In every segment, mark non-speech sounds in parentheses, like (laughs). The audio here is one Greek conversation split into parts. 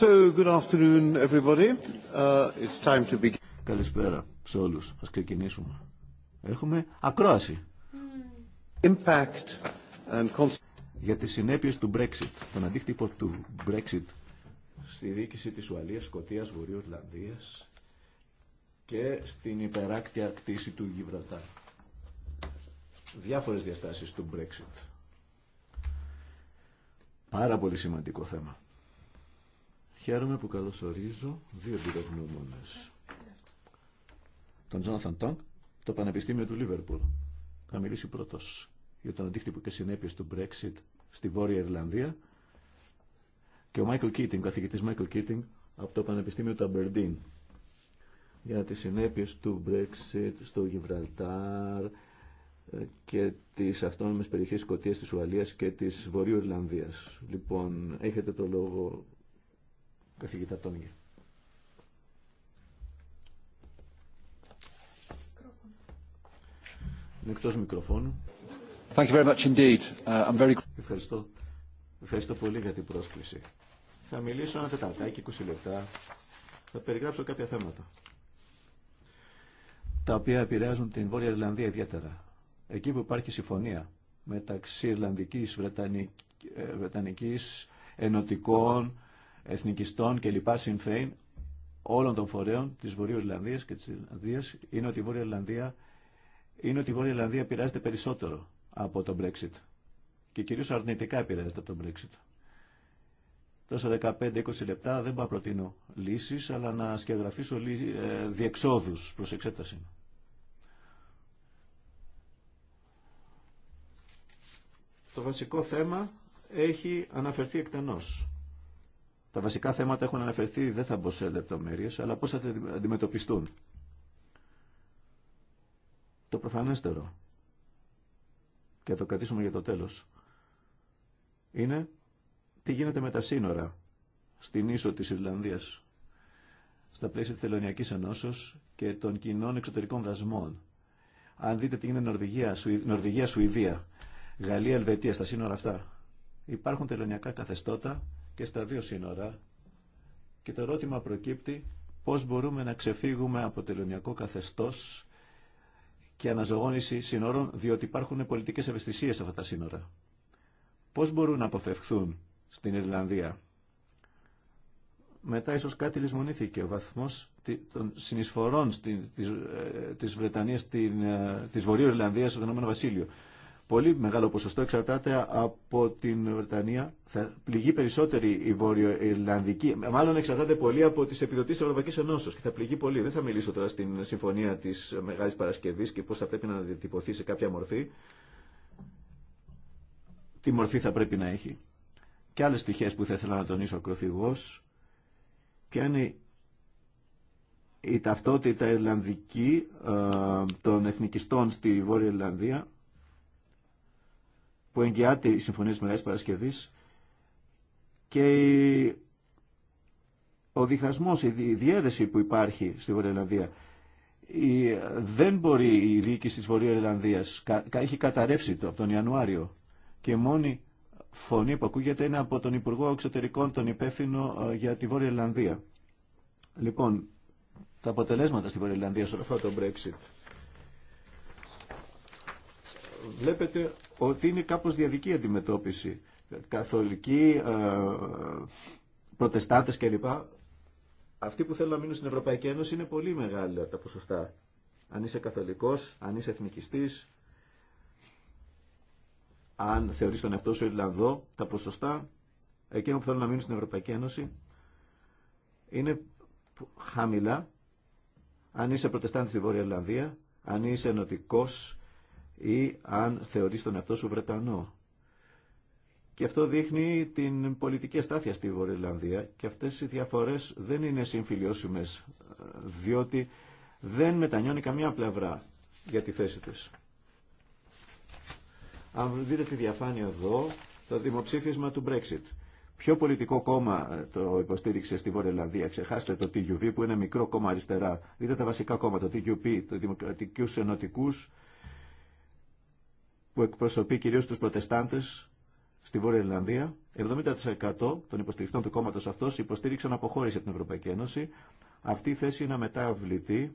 Uh, Καλησπέρα σε όλους. Ας ξεκινήσουμε. Έχουμε ακρόαση. Impact and... Για τις συνέπειες του Brexit, τον αντίκτυπο του Brexit στη διοίκηση της Ουαλίας, Σκοτίας, Βορείου Ιρλανδίας και στην υπεράκτια κτήση του Γιβρατά. Διάφορες διαστάσεις του Brexit. Πάρα πολύ σημαντικό θέμα. Χαίρομαι που καλωσορίζω δύο εμπειρογνώμονες. Τον Τζόναθαν Τόγκ, το Πανεπιστήμιο του Λίβερπουλ. Θα μιλήσει πρώτο. για τον αντίκτυπο και συνέπειε του Brexit στη Βόρεια Ιρλανδία και ο Μάικλ Κίτινγκ, καθηγητή Μάικλ Κίτινγκ από το Πανεπιστήμιο του Αμπερντίν για τι συνέπειε του Brexit στο Γιβραλτάρ ε, και τι αυτόνομε περιοχέ σκοτία τη Ουαλία και τη Βορείου Λοιπόν, έχετε το λόγο καθηγητά Είναι εκτός μικροφώνου. Thank you very much indeed. Uh, I'm very... Ευχαριστώ. Ευχαριστώ πολύ για την πρόσκληση. Θα μιλήσω ένα τεταρτάκι, 20 λεπτά. Θα περιγράψω κάποια θέματα. Τα οποία επηρεάζουν την Βόρεια Ιρλανδία ιδιαίτερα. Εκεί που υπάρχει συμφωνία μεταξύ Ιρλανδικής, ε, Βρετανικής ενωτικών εθνικιστών και λοιπά, Συμφέιν όλων των φορέων της Βορείου και της Ιρλανδίας είναι ότι η Βόρεια Ιρλανδία, είναι ότι η Βόρεια Ιρλανδία πειράζεται περισσότερο από το Brexit και κυρίως αρνητικά επηρεάζεται από το Brexit. τοσα 15-20 λεπτά δεν μπορώ να προτείνω λύσεις, αλλά να σκεγγραφίσω ε, διεξόδους προς εξέταση. Το βασικό θέμα έχει αναφερθεί εκτενώς. Τα βασικά θέματα έχουν αναφερθεί, δεν θα μπω σε λεπτομέρειες, αλλά πώς θα αντιμετωπιστούν. Το προφανέστερο, και το κρατήσουμε για το τέλος, είναι τι γίνεται με τα σύνορα στην ίσο της Ιρλανδίας, στα πλαίσια της Θελωνιακής Ενώσεως και των κοινών εξωτερικών δασμών. Αν δείτε τι γίνεται Νορβηγία, Νορβηγία Σουηδία, Γαλλία, Ελβετία, στα σύνορα αυτά, υπάρχουν τελωνιακά καθεστώτα και στα δύο σύνορα και το ερώτημα προκύπτει πώς μπορούμε να ξεφύγουμε από τελωνιακό καθεστώς και αναζωγόνηση σύνορων, διότι υπάρχουν πολιτικές ευαισθησίες σε αυτά τα σύνορα. Πώς μπορούν να αποφευχθούν στην Ιρλανδία. Μετά ίσως κάτι λησμονήθηκε. Ο βαθμός των συνεισφορών ε, της Βρετανίας, ε, της Βορείου Ιρλανδίας στο Βασίλειο. Πολύ μεγάλο ποσοστό εξαρτάται από την Βρετανία. Θα πληγεί περισσότερη η Βόρειο Ιρλανδική. Μάλλον εξαρτάται πολύ από τι επιδοτήσει τη Ευρωπαϊκή Ενώσεω και θα πληγεί πολύ. Δεν θα μιλήσω τώρα στην συμφωνία τη Μεγάλη Παρασκευή και πώ θα πρέπει να διατυπωθεί σε κάποια μορφή. Τι μορφή θα πρέπει να έχει. Και άλλε στοιχείε που θα ήθελα να τονίσω ο Ποια είναι η ταυτότητα Ιρλανδική ε, των εθνικιστών στη Βόρεια Ιρλανδία που εγγυάται η Συμφωνία της Μεγάλης Παρασκευής και ο διχασμός, η διέρεση που υπάρχει στη Βορεια η Δεν μπορεί η διοίκηση της κα, έχει καταρρεύσει το από τον Ιανουάριο και μόνη φωνή που ακούγεται είναι από τον Υπουργό Εξωτερικών, τον υπεύθυνο ε, για τη Βόρεια Ιρλανδία. Λοιπόν, τα αποτελέσματα στη βορεια σε αυτό το Brexit βλέπετε ότι είναι κάπως διαδική αντιμετώπιση. Καθολικοί, ε, προτεστάτες κλπ. Αυτοί που θέλουν να μείνουν στην Ευρωπαϊκή Ένωση είναι πολύ μεγάλα τα ποσοστά. Αν είσαι καθολικός, αν είσαι εθνικιστής, αν θεωρείς τον εαυτό σου Ιρλανδό, τα ποσοστά εκείνων που θέλουν να μείνουν στην Ευρωπαϊκή Ένωση είναι χαμηλά. Αν είσαι προτεστάντη στη Βόρεια Ιρλανδία, αν είσαι ενωτικός, ή αν θεωρείς τον εαυτό σου Βρετανό. Και αυτό δείχνει την πολιτική αστάθεια στη Βορειοελλανδία και αυτές οι διαφορές δεν είναι συμφιλιώσιμες, διότι δεν μετανιώνει καμία πλευρά για τη θέση της. Αν δείτε τη διαφάνεια εδώ, το δημοψήφισμα του Brexit. Ποιο πολιτικό κόμμα ε, το υποστήριξε στη Βόρεια Ελλανδία. Ξεχάστε το TUV που είναι μικρό κόμμα αριστερά. Δείτε τα βασικά κόμματα, το TUP, το Δημοκρατικούς Ενωτικούς, που εκπροσωπεί κυρίως τους προτεστάντες στη Βόρεια Ιρλανδία, 70% των υποστηριχτών του κόμματο αυτό υποστήριξαν αποχώρηση από την Ευρωπαϊκή Ένωση. Αυτή η θέση είναι αμετάβλητη.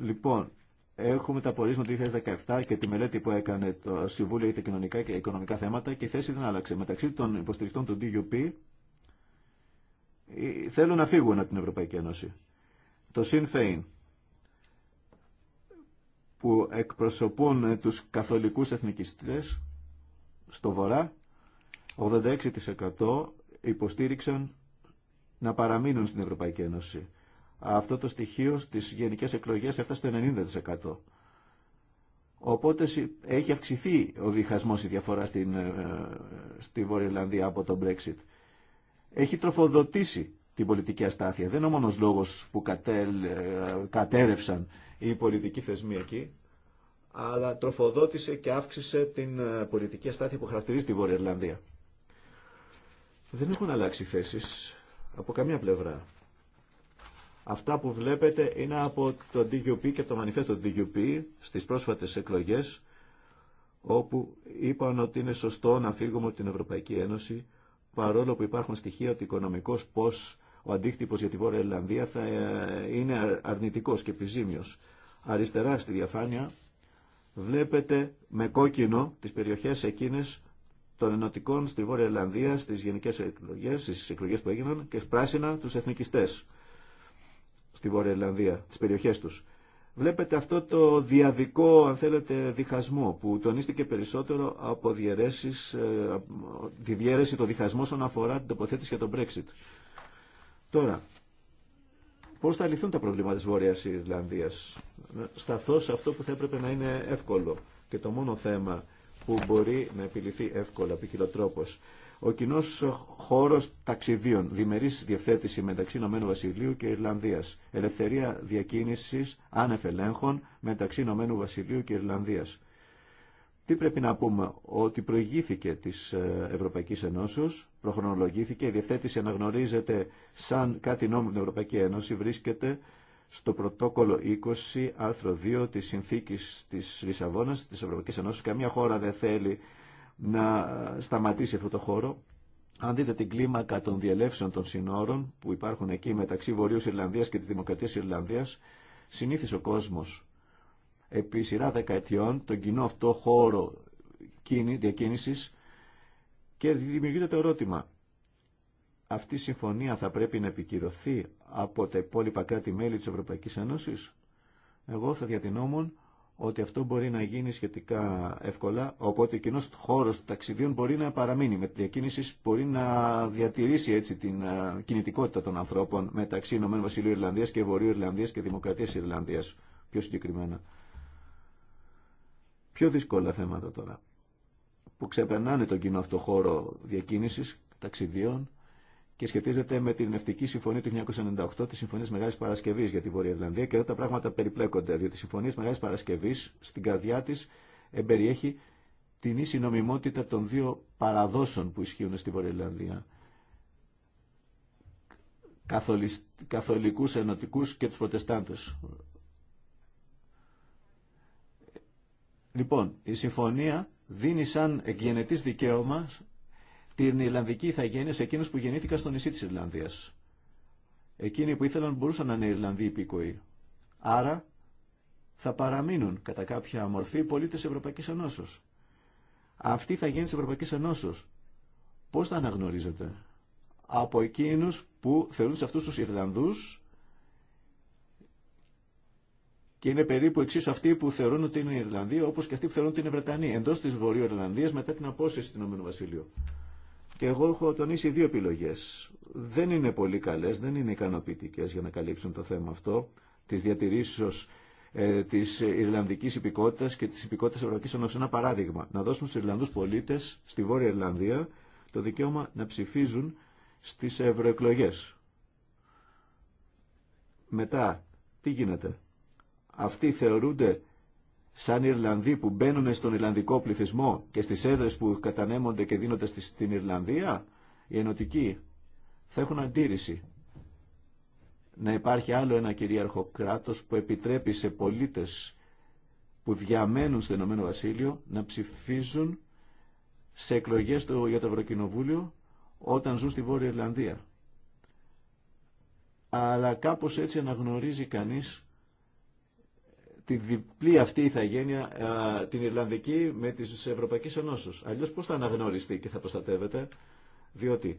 Λοιπόν, έχουμε τα πορίσματα του 2017 και τη μελέτη που έκανε το Συμβούλιο για κοινωνικά και οικονομικά θέματα και η θέση δεν άλλαξε. Μεταξύ των υποστηριχτών του DUP ε, θέλουν να φύγουν από την Ευρωπαϊκή Ένωση. Το Sinn Féin που εκπροσωπούν ε, τους καθολικούς εθνικιστές στο Βορρά, 86% υποστήριξαν να παραμείνουν στην Ευρωπαϊκή Ένωση. Αυτό το στοιχείο στις γενικές εκλογές έφτασε στο 90%. Οπότε έχει αυξηθεί ο διχασμός η διαφορά στην, ε, στη Βόρεια από το Brexit. Έχει τροφοδοτήσει την πολιτική αστάθεια. Δεν είναι ο μόνος λόγος που ε, κατέρευσαν η πολιτική θεσμοί εκεί, αλλά τροφοδότησε και αύξησε την ε, πολιτική αστάθεια που χαρακτηρίζει τη Βόρεια Δεν έχουν αλλάξει θέσεις από καμία πλευρά. Αυτά που βλέπετε είναι από το DUP και το μανιφέστο του DUP στις πρόσφατες εκλογές όπου είπαν ότι είναι σωστό να φύγουμε από την Ευρωπαϊκή Ένωση παρόλο που υπάρχουν στοιχεία ότι οικονομικός πώς ο αντίκτυπο για τη Βόρεια Ιρλανδία θα ε, είναι αρνητικό και επιζήμιος. Αριστερά στη διαφάνεια βλέπετε με κόκκινο τι περιοχέ εκείνε των ενωτικών στη Βόρεια Ιρλανδία στι γενικέ εκλογέ, στι εκλογέ που έγιναν και πράσινα του εθνικιστές στη Βόρεια Ιρλανδία, τι περιοχέ του. Βλέπετε αυτό το διαδικό, αν θέλετε, διχασμό που τονίστηκε περισσότερο ε, από τη διαίρεση, το διχασμό όσον αφορά την τοποθέτηση για τον Brexit. Τώρα, πώς θα λυθούν τα προβλήματα της Βόρειας Ιρλανδίας. Σταθώ αυτό που θα έπρεπε να είναι εύκολο και το μόνο θέμα που μπορεί να επιληθεί εύκολα, ποικιλοτρόπως. Ο κοινό χώρο ταξιδίων, διμερή διευθέτηση μεταξύ Ηνωμένου Βασιλείου και Ιρλανδίας, Ελευθερία διακίνηση άνευ ελέγχων μεταξύ Ηνωμένου Βασιλείου και Ιρλανδία. Τι πρέπει να πούμε, ότι προηγήθηκε της ε, Ευρωπαϊκής Ενώσεως, προχρονολογήθηκε, η διευθέτηση αναγνωρίζεται σαν κάτι νόμιμο την Ευρωπαϊκή Ένωση, βρίσκεται στο πρωτόκολλο 20, άρθρο 2 της συνθήκης της Λισαβόνας, της Ευρωπαϊκής Ενώσεως. Καμία χώρα δεν θέλει να ε, σταματήσει αυτό το χώρο. Αν δείτε την κλίμακα των διελεύσεων των συνόρων που υπάρχουν εκεί μεταξύ Βορείου Ιρλανδίας και της Δημοκρατίας Ιρλανδίας, συνήθισε ο κόσμος επί σειρά δεκαετιών τον κοινό αυτό χώρο διακίνησης και δημιουργείται το ερώτημα αυτή η συμφωνία θα πρέπει να επικυρωθεί από τα υπόλοιπα κράτη-μέλη της Ευρωπαϊκής Ένωσης. Εγώ θα διατηνόμουν ότι αυτό μπορεί να γίνει σχετικά εύκολα, οπότε ο κοινό χώρο του ταξιδίων μπορεί να παραμείνει. Με τη διακίνηση μπορεί να διατηρήσει έτσι την κινητικότητα των ανθρώπων μεταξύ Ηνωμένου Βασιλείου Ιρλανδίας και Βορείου Ιρλανδία και Δημοκρατία Ιρλανδία, πιο συγκεκριμένα πιο δύσκολα θέματα τώρα που ξεπερνάνε τον κοινό αυτό χώρο διακίνησης ταξιδιών και σχετίζεται με την Ευτική Συμφωνία του 1998 τη Συμφωνία Μεγάλη Παρασκευή για τη Βόρεια Ιρλανδία. Και εδώ τα πράγματα περιπλέκονται, διότι η Συμφωνία Μεγάλη Παρασκευή στην καρδιά τη εμπεριέχει την ίση νομιμότητα των δύο παραδόσεων που ισχύουν στη Βόρεια Ιρλανδία. Καθολικούς ενωτικούς και τους προτεστάντες Λοιπόν, η συμφωνία δίνει σαν εγγενετής δικαίωμα την Ιρλανδική ηθαγένεια σε εκείνου που γεννήθηκαν στο νησί τη Ιρλανδίας. Εκείνοι που ήθελαν μπορούσαν να είναι Ιρλανδοί υπήκοοι. Άρα θα παραμείνουν κατά κάποια μορφή πολίτες Ευρωπαϊκή Ενώσεω. Αυτή θα γίνει τη Ευρωπαϊκής Ενώσεω. Πώς θα αναγνωρίζεται από εκείνου που θεωρούν σε αυτού του Ιρλανδού. Και είναι περίπου εξίσου αυτοί που θεωρούν ότι είναι η Ιρλανδία, όπω και αυτοί που θεωρούν ότι είναι Βρετανοί, εντό τη Βορείου Ιρλανδία μετά την απόσυρση του Ηνωμένου Βασιλείου. Και εγώ έχω τονίσει δύο επιλογέ. Δεν είναι πολύ καλέ, δεν είναι ικανοποιητικέ για να καλύψουν το θέμα αυτό τη διατηρήσεω ε, τη Ιρλανδική υπηκότητα και τη υπηκότητα Ευρωπαϊκή Ένωση. Ένα παράδειγμα, να δώσουν στου Ιρλανδού πολίτε στη Βόρεια Ιρλανδία το δικαίωμα να ψηφίζουν στι ευρωεκλογέ. Μετά, τι γίνεται αυτοί θεωρούνται σαν Ιρλανδοί που μπαίνουν στον Ιρλανδικό πληθυσμό και στις έδρες που κατανέμονται και δίνονται στην Ιρλανδία, οι ενωτικοί θα έχουν αντίρρηση να υπάρχει άλλο ένα κυρίαρχο κράτος που επιτρέπει σε πολίτες που διαμένουν στο Ηνωμένο Βασίλειο να ψηφίζουν σε εκλογές για το Ευρωκοινοβούλιο όταν ζουν στη Βόρεια Ιρλανδία. Αλλά κάπως έτσι αναγνωρίζει κανείς τη διπλή αυτή ηθαγένεια ε, την Ιρλανδική με τις Ευρωπαϊκές Ενώσεις. Αλλιώς πώς θα αναγνωριστεί και θα προστατεύεται, διότι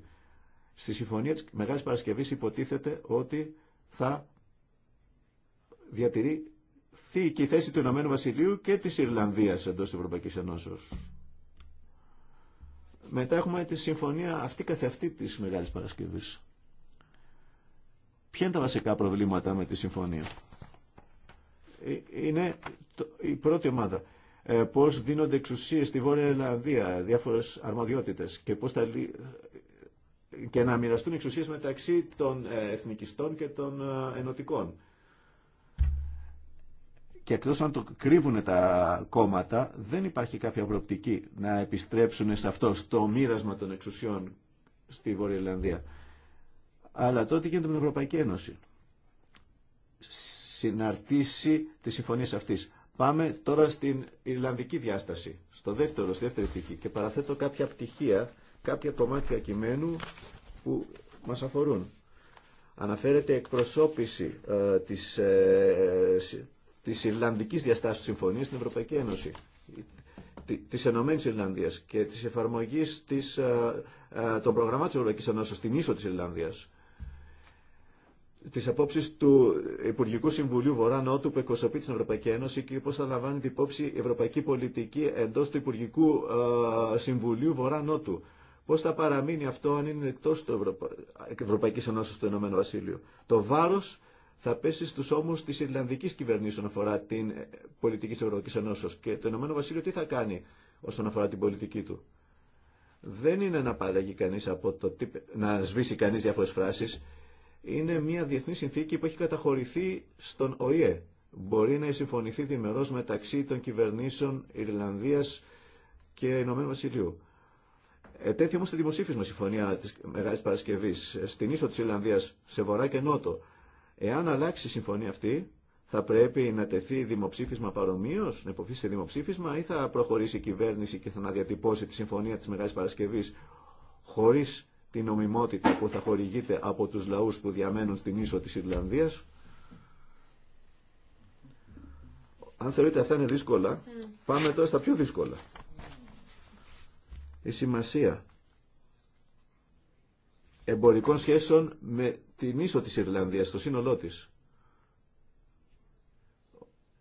στη Συμφωνία της Μεγάλης Παρασκευής υποτίθεται ότι θα διατηρεί και η θέση του Ηνωμένου Βασιλείου και της Ιρλανδίας εντός της Ευρωπαϊκής Ενώσεως. Μετά έχουμε τη συμφωνία αυτή καθεαυτή της Μεγάλης Παρασκευής. Ποια είναι τα βασικά προβλήματα με τη συμφωνία είναι η πρώτη ομάδα. Ε, πώς δίνονται εξουσίες στη Βόρεια Ελλανδία, διάφορες αρμοδιότητες και πώς τα και να μοιραστούν εξουσίες μεταξύ των ε, εθνικιστών και των ε, ενωτικών. Και εκτο αν το κρύβουν τα κόμματα, δεν υπάρχει κάποια προοπτική να επιστρέψουν σε αυτό, στο μοίρασμα των εξουσιών στη Βόρεια Ελλανδία. Αλλά τότε γίνεται με την Ευρωπαϊκή Ένωση συναρτήσει τη συμφωνία αυτής. Πάμε τώρα στην Ιρλανδική διάσταση, στο δεύτερο, στη δεύτερη πτυχή και παραθέτω κάποια πτυχία, κάποια κομμάτια κειμένου που μας αφορούν. Αναφέρεται εκπροσώπηση ε, της, ε, της Ιρλανδικής διαστάσεως συμφωνίας στην Ευρωπαϊκή Ένωση της Ενωμένης Ιρλανδίας και της εφαρμογής της, ε, ε, των προγραμμάτων της Ευρωπαϊκής Ένωσης στην ίσο της Ιρλανδίας τις απόψεις του Υπουργικού Συμβουλίου Βορρά Νότου που εκπροσωπεί την Ευρωπαϊκή Ένωση και πώς θα λαμβάνει την υπόψη η Ευρωπαϊκή Πολιτική εντός του Υπουργικού ε, Συμβουλίου Βορρά Νότου. Πώς θα παραμείνει αυτό αν είναι εκτός του Ευρωπα... Ευρωπαϊκής Ενώσης του Ηνωμένου Βασίλειου. Το βάρος θα πέσει στου ώμου τη Ιρλανδική κυβερνήσης όσον αφορά την ε, πολιτική τη Ευρωπαϊκή Ενώσεω. Και το Ηνωμένο Βασίλειο τι θα κάνει όσον αφορά την πολιτική του. Δεν είναι να κανεί από το τι... να σβήσει κανεί διάφορε φράσει είναι μια διεθνή συνθήκη που έχει καταχωρηθεί στον ΟΗΕ. Μπορεί να συμφωνηθεί διμερό μεταξύ των κυβερνήσεων Ιρλανδίας και Ηνωμένου Βασιλείου. Ετέθη όμω το δημοσίφισμα συμφωνία τη Μεγάλη Παρασκευή ε, στην ίσο τη Ιρλανδία, σε βορρά και νότο. Εάν αλλάξει η συμφωνία αυτή, θα πρέπει να τεθεί δημοψήφισμα παρομοίω, να υποφύσει σε δημοψήφισμα, ή θα προχωρήσει η κυβέρνηση και θα αναδιατυπώσει τη συμφωνία τη Μεγάλη Παρασκευή χωρί την νομιμότητα που θα χορηγείται από τους λαούς που διαμένουν στην ίσο της Ιρλανδίας. Αν θεωρείτε αυτά είναι δύσκολα, mm. πάμε τώρα στα πιο δύσκολα. Η σημασία εμπορικών σχέσεων με την ίσο της Ιρλανδίας, στο σύνολό της.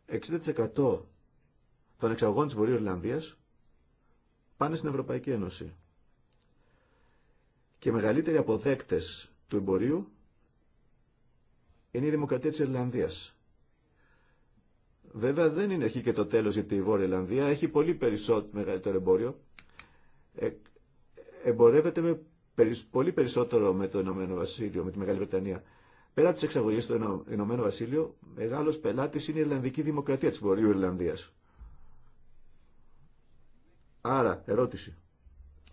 60% των εξαγωγών της Βορείου Ιρλανδίας πάνε στην Ευρωπαϊκή Ένωση και μεγαλύτεροι αποδέκτες του εμπορίου είναι η Δημοκρατία της Ιρλανδίας. Βέβαια δεν είναι αρχή και το τέλος γιατί η Βόρεια Ιρλανδία έχει πολύ περισσότερο εμπόριο. Ε, εμπορεύεται με πολύ περισσότερο με το Ηνωμένο Βασίλειο, με τη Μεγάλη Βρετανία. Πέρα από τι εξαγωγέ στο Ηνωμένο Βασίλειο, μεγάλο πελάτη είναι η Ιρλανδική Δημοκρατία τη Βορείου Ιρλανδία. Άρα, ερώτηση.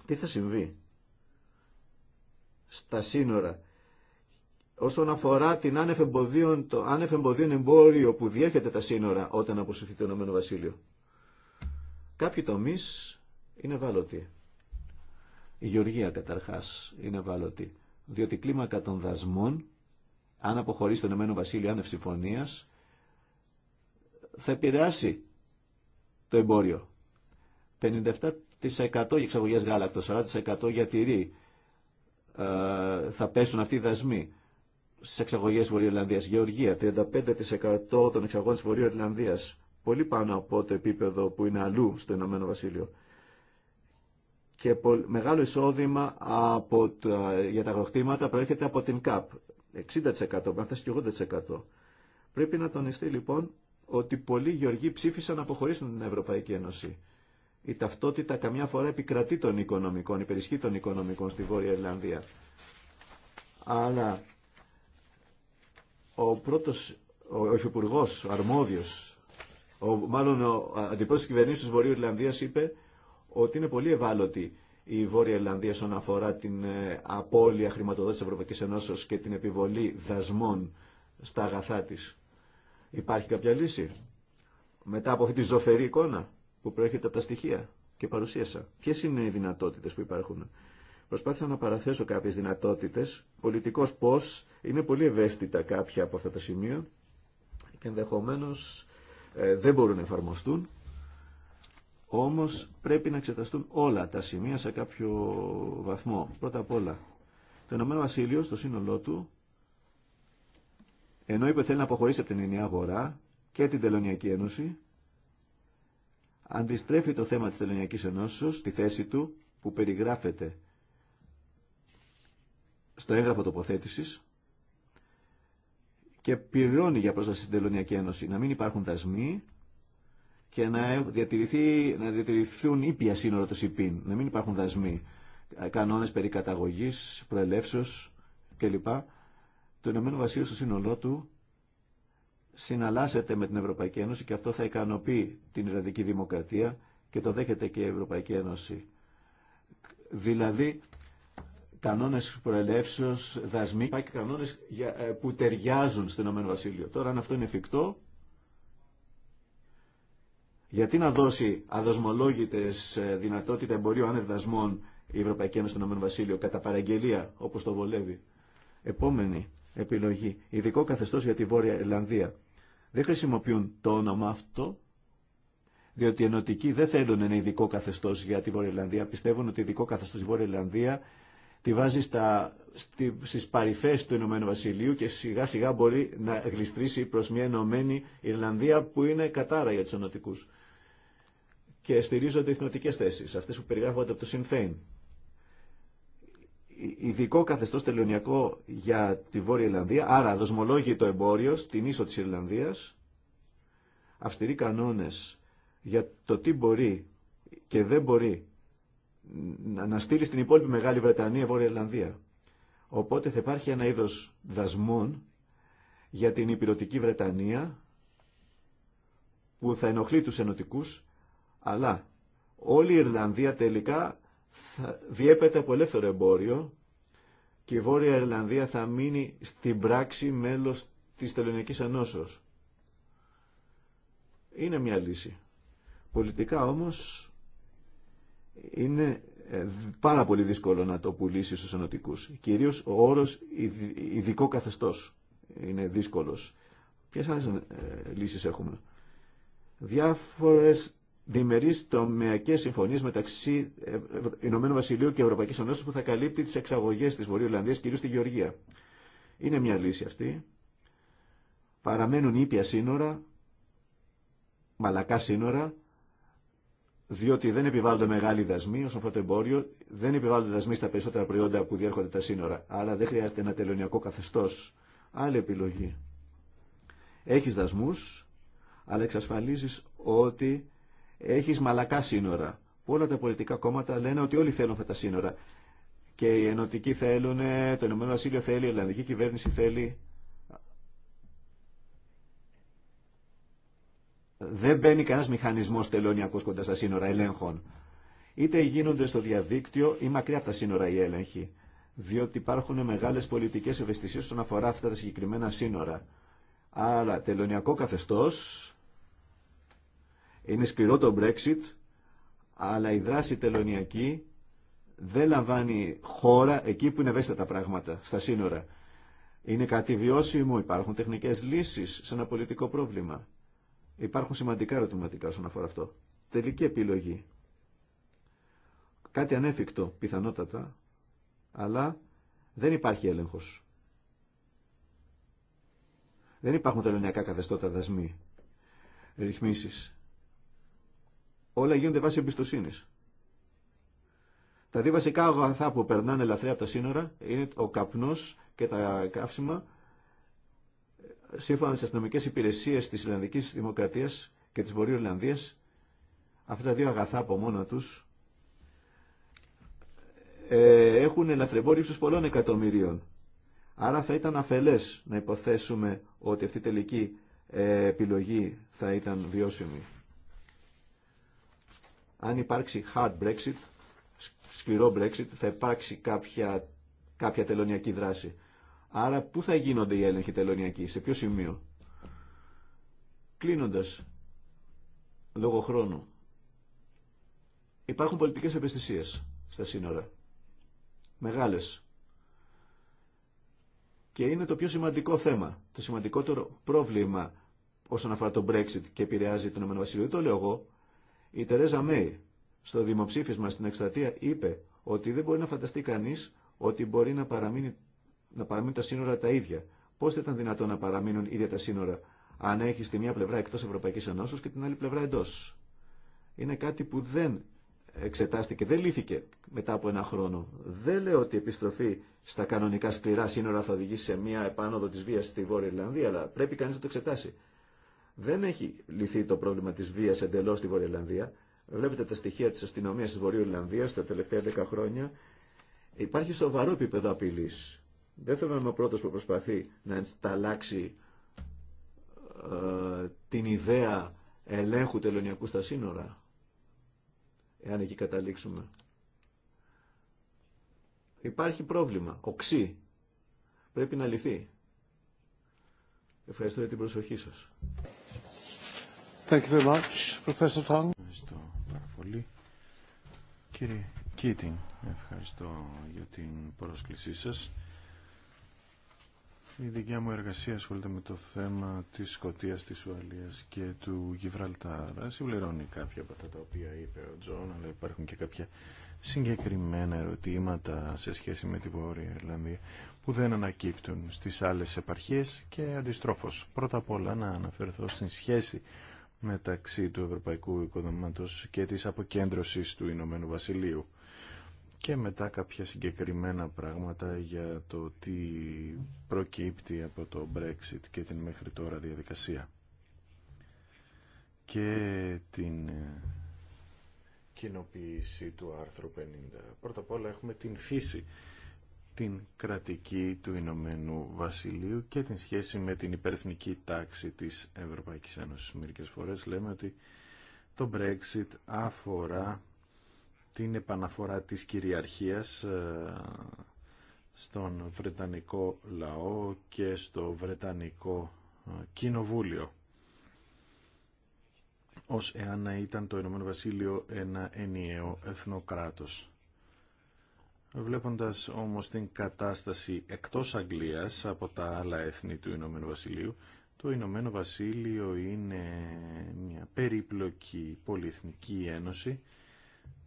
Τι θα συμβεί στα σύνορα. Όσον αφορά την άνευ το άνευ εμποδίων εμπόριο που διέρχεται τα σύνορα όταν αποσυρθεί το Ηνωμένο Βασίλειο. Κάποιοι τομεί είναι βάλωτοι. Η γεωργία καταρχά είναι βάλωτη, διότι η κλίμακα των δασμών, αν αποχωρήσει το Ηνωμένο Βασίλειο άνευ συμφωνία, θα επηρεάσει το εμπόριο. 57% για εξαγωγέ γάλακτο, 40% για τυρί, ε, θα πέσουν αυτοί οι δασμοί στι εξαγωγέ Βορείου Γεωργία, 35% των εξαγωγών τη Βορείου Πολύ πάνω από το επίπεδο που είναι αλλού στο Ηνωμένο Βασίλειο. Και μεγάλο εισόδημα από τα, για τα αγροκτήματα προέρχεται από την ΚΑΠ. 60%, μπορεί να φτάσει και 80%. Πρέπει να τονιστεί λοιπόν ότι πολλοί γεωργοί ψήφισαν να αποχωρήσουν την Ευρωπαϊκή Ένωση η ταυτότητα καμιά φορά επικρατεί των οικονομικών, υπερισχύει των οικονομικών στη Βόρεια Ιρλανδία. Αλλά ο πρώτος, ο υφυπουργό, ο αρμόδιος, ο, μάλλον ο αντιπρόσωπος κυβερνήσης της Βορείου Ιρλανδίας είπε ότι είναι πολύ ευάλωτη η Βόρεια Ιρλανδία όσον αφορά την ε, απώλεια χρηματοδότηση της Ευρωπαϊκής Ενώσεως και την επιβολή δασμών στα αγαθά της. Υπάρχει κάποια λύση μετά από αυτή τη ζωφερή εικόνα που προέρχεται από τα στοιχεία και παρουσίασα. Ποιε είναι οι δυνατότητε που υπάρχουν. Προσπάθησα να παραθέσω κάποιε δυνατότητε. Πολιτικό πώ είναι πολύ ευαίσθητα κάποια από αυτά τα σημεία και ενδεχομένω ε, δεν μπορούν να εφαρμοστούν. Όμω πρέπει να εξεταστούν όλα τα σημεία σε κάποιο βαθμό. Πρώτα απ' όλα, το Ηνωμένο Βασίλειο στο σύνολό του, ενώ είπε θέλει να αποχωρήσει από την ενιαία αγορά και την Τελωνιακή Ένωση, αντιστρέφει το θέμα της Τελωνιακής Ενώσεως στη θέση του που περιγράφεται στο έγγραφο τοποθέτησης και πληρώνει για πρόσβαση στην Τελωνιακή Ένωση να μην υπάρχουν δασμοί και να, διατηρηθεί, να διατηρηθούν ήπια σύνορα των ΣΥΠΗΝ, να μην υπάρχουν δασμοί, κανόνες περί καταγωγής, προελεύσεως κλπ. Το Ηνωμένο Βασίλειο στο σύνολό του συναλλάσσεται με την Ευρωπαϊκή Ένωση και αυτό θα ικανοποιεί την Ιρλανδική Δημοκρατία και το δέχεται και η Ευρωπαϊκή Ένωση. Δηλαδή, κανόνε προελεύσεως, δασμοί και κανόνε ε, που ταιριάζουν στο Ηνωμένο Βασίλειο. Τώρα, αν αυτό είναι εφικτό, γιατί να δώσει αδοσμολόγητε ε, δυνατότητα εμπορίου άνευ δασμών η Ευρωπαϊκή Ένωση στον Βασίλειο κατά παραγγελία όπω το βολεύει. Επόμενη επιλογή. Ειδικό καθεστώ για τη Βόρεια Ιρλανδία δεν χρησιμοποιούν το όνομα αυτό, διότι οι ενωτικοί δεν θέλουν ένα ειδικό καθεστώ για τη Βόρεια Ιρλανδία. Πιστεύουν ότι ειδικό καθεστώ στη Βόρεια Ιρλανδία τη βάζει στα, στη, στις του Ηνωμένου Βασιλείου και σιγά σιγά μπορεί να γλιστρήσει προς μια Ενωμένη Ιρλανδία που είναι κατάρα για τους ενωτικούς. Και στηρίζονται οι εθνοτικές θέσεις, αυτές που περιγράφονται από το Sinn ειδικό καθεστώ τελωνιακό για τη Βόρεια Ιρλανδία, άρα δοσμολόγει το εμπόριο στην ίσο της Ιρλανδίας, αυστηροί κανόνες για το τι μπορεί και δεν μπορεί να στείλει στην υπόλοιπη Μεγάλη Βρετανία Βόρεια Ιρλανδία. Οπότε θα υπάρχει ένα είδο δασμών για την υπηρετική Βρετανία που θα ενοχλεί τους ενωτικούς, αλλά όλη η Ιρλανδία τελικά θα διέπεται από ελεύθερο εμπόριο και η Βόρεια Ιρλανδία θα μείνει στην πράξη μέλος της Τελωνιακής Ενώσεως. Είναι μια λύση. Πολιτικά όμως είναι ε, πάρα πολύ δύσκολο να το πουλήσει στους ενωτικούς. Κυρίως ο όρος ειδικό καθεστώς είναι δύσκολος. Ποιες άλλες ε, λύσεις έχουμε. Διάφορες διμερεί τομεακέ συμφωνίε μεταξύ Ηνωμένου Βασιλείου και Ευρωπαϊκή Ενώσης που θα καλύπτει τις εξαγωγές της Βορειοελλανδίας, κυρίω στη Γεωργία. Είναι μια λύση αυτή. Παραμένουν ήπια σύνορα, μαλακά σύνορα, διότι δεν επιβάλλονται μεγάλοι δασμοί όσον αφορά το εμπόριο, δεν επιβάλλονται δασμοί στα περισσότερα προϊόντα που διέρχονται τα σύνορα. Άρα δεν χρειάζεται ένα τελωνιακό καθεστώ. Άλλη επιλογή. Έχει δασμού, αλλά εξασφαλίζει ότι έχεις μαλακά σύνορα. που Όλα τα πολιτικά κόμματα λένε ότι όλοι θέλουν αυτά τα σύνορα. Και οι ενωτικοί θέλουν, το Ηνωμένο Βασίλειο θέλει, η ελληνική κυβέρνηση θέλει. Δεν μπαίνει κανένα μηχανισμό τελώνιακο κοντά στα σύνορα ελέγχων. Είτε γίνονται στο διαδίκτυο ή μακριά από τα σύνορα οι έλεγχοι. Διότι υπάρχουν μεγάλε πολιτικέ ευαισθησίε όσον αφορά αυτά τα συγκεκριμένα σύνορα. Άρα, τελωνιακό καθεστώ είναι σκληρό το Brexit, αλλά η δράση τελωνιακή δεν λαμβάνει χώρα εκεί που είναι ευαίσθητα τα πράγματα, στα σύνορα. Είναι κάτι βιώσιμο, υπάρχουν τεχνικές λύσεις σε ένα πολιτικό πρόβλημα. Υπάρχουν σημαντικά ερωτηματικά όσον αφορά αυτό. Τελική επιλογή. Κάτι ανέφικτο, πιθανότατα, αλλά δεν υπάρχει έλεγχος. Δεν υπάρχουν τελωνιακά καθεστώτα δασμοί, ρυθμίσεις όλα γίνονται βάσει εμπιστοσύνη. Τα δύο βασικά αγαθά που περνάνε ελαφριά από τα σύνορα είναι ο καπνό και τα καύσιμα. Σύμφωνα με τι αστυνομικέ υπηρεσίε τη Ιρλανδική Δημοκρατία και τη Βορείου Ιρλανδία, αυτά τα δύο αγαθά από μόνα του ε, έχουν ελαφρεμπόριο ύψου πολλών εκατομμυρίων. Άρα θα ήταν αφελές να υποθέσουμε ότι αυτή η τελική ε, επιλογή θα ήταν βιώσιμη αν υπάρξει hard Brexit, σκληρό Brexit, θα υπάρξει κάποια, κάποια τελωνιακή δράση. Άρα πού θα γίνονται οι έλεγχοι τελωνιακοί, σε ποιο σημείο. Κλείνοντας, λόγω χρόνου, υπάρχουν πολιτικές επαισθησίες στα σύνορα. Μεγάλες. Και είναι το πιο σημαντικό θέμα, το σημαντικότερο πρόβλημα όσον αφορά το Brexit και επηρεάζει τον ΕΒ, το λέω εγώ, η Τερέζα Μέη στο δημοψήφισμα στην εκστρατεία είπε ότι δεν μπορεί να φανταστεί κανείς ότι μπορεί να, παραμείνει, να παραμείνουν τα σύνορα τα ίδια. Πώς θα ήταν δυνατόν να παραμείνουν ίδια τα σύνορα αν έχει τη μία πλευρά εκτός Ευρωπαϊκής Ενώσεως και την άλλη πλευρά εντός. Είναι κάτι που δεν εξετάστηκε, δεν λύθηκε μετά από ένα χρόνο. Δεν λέω ότι η επιστροφή στα κανονικά σκληρά σύνορα θα οδηγήσει σε μια επάνωδο της βίας στη Βόρεια Ιρλανδία, αλλά πρέπει κανείς να το εξετάσει. Δεν έχει λυθεί το πρόβλημα της βίας εντελώς στη Βόρεια Βλέπετε τα στοιχεία της αστυνομίας της Βορείου τα τελευταία δέκα χρόνια. Υπάρχει σοβαρό επίπεδο απειλή. Δεν θέλω να είμαι ο πρώτος που προσπαθεί να ενσταλλάξει ε, την ιδέα ελέγχου τελωνιακού στα σύνορα. Εάν εκεί καταλήξουμε. Υπάρχει πρόβλημα. Οξύ. Πρέπει να λυθεί. Ευχαριστώ για την προσοχή σας. Thank you very much, Professor Tang. Ευχαριστώ πάρα πολύ. Κύριε Κίτιν, ευχαριστώ για την πρόσκλησή σας. Η δικιά μου εργασία ασχολείται με το θέμα της Σκοτίας, της Ουαλίας και του Γιβραλτάρα. Συμπληρώνει κάποια από αυτά τα οποία είπε ο Τζον, αλλά υπάρχουν και κάποια συγκεκριμένα ερωτήματα σε σχέση με τη Βόρεια Ιρλανδία που δεν ανακύπτουν στις άλλες επαρχίες και αντιστρόφως. Πρώτα απ' όλα να αναφερθώ στην σχέση μεταξύ του Ευρωπαϊκού Οικοδομήματος και της αποκέντρωσης του Ηνωμένου Βασιλείου και μετά κάποια συγκεκριμένα πράγματα για το τι προκύπτει από το Brexit και την μέχρι τώρα διαδικασία και την ε, κοινοποίηση του άρθρου 50. Πρώτα απ' όλα έχουμε την φύση την κρατική του Ηνωμένου Βασιλείου και την σχέση με την υπερθνική τάξη της Ευρωπαϊκής Ένωσης. Μερικές φορές λέμε ότι το Brexit αφορά την επαναφορά της κυριαρχίας ε, στον Βρετανικό λαό και στο Βρετανικό ε, Κοινοβούλιο ως εάν να ήταν το Ηνωμένο Βασίλειο ένα ενιαίο εθνοκράτος. Βλέποντας όμως την κατάσταση εκτός Αγγλίας από τα άλλα έθνη του Ηνωμένου Βασιλείου, το Ηνωμένο Βασίλειο είναι μια περίπλοκη πολυεθνική ένωση,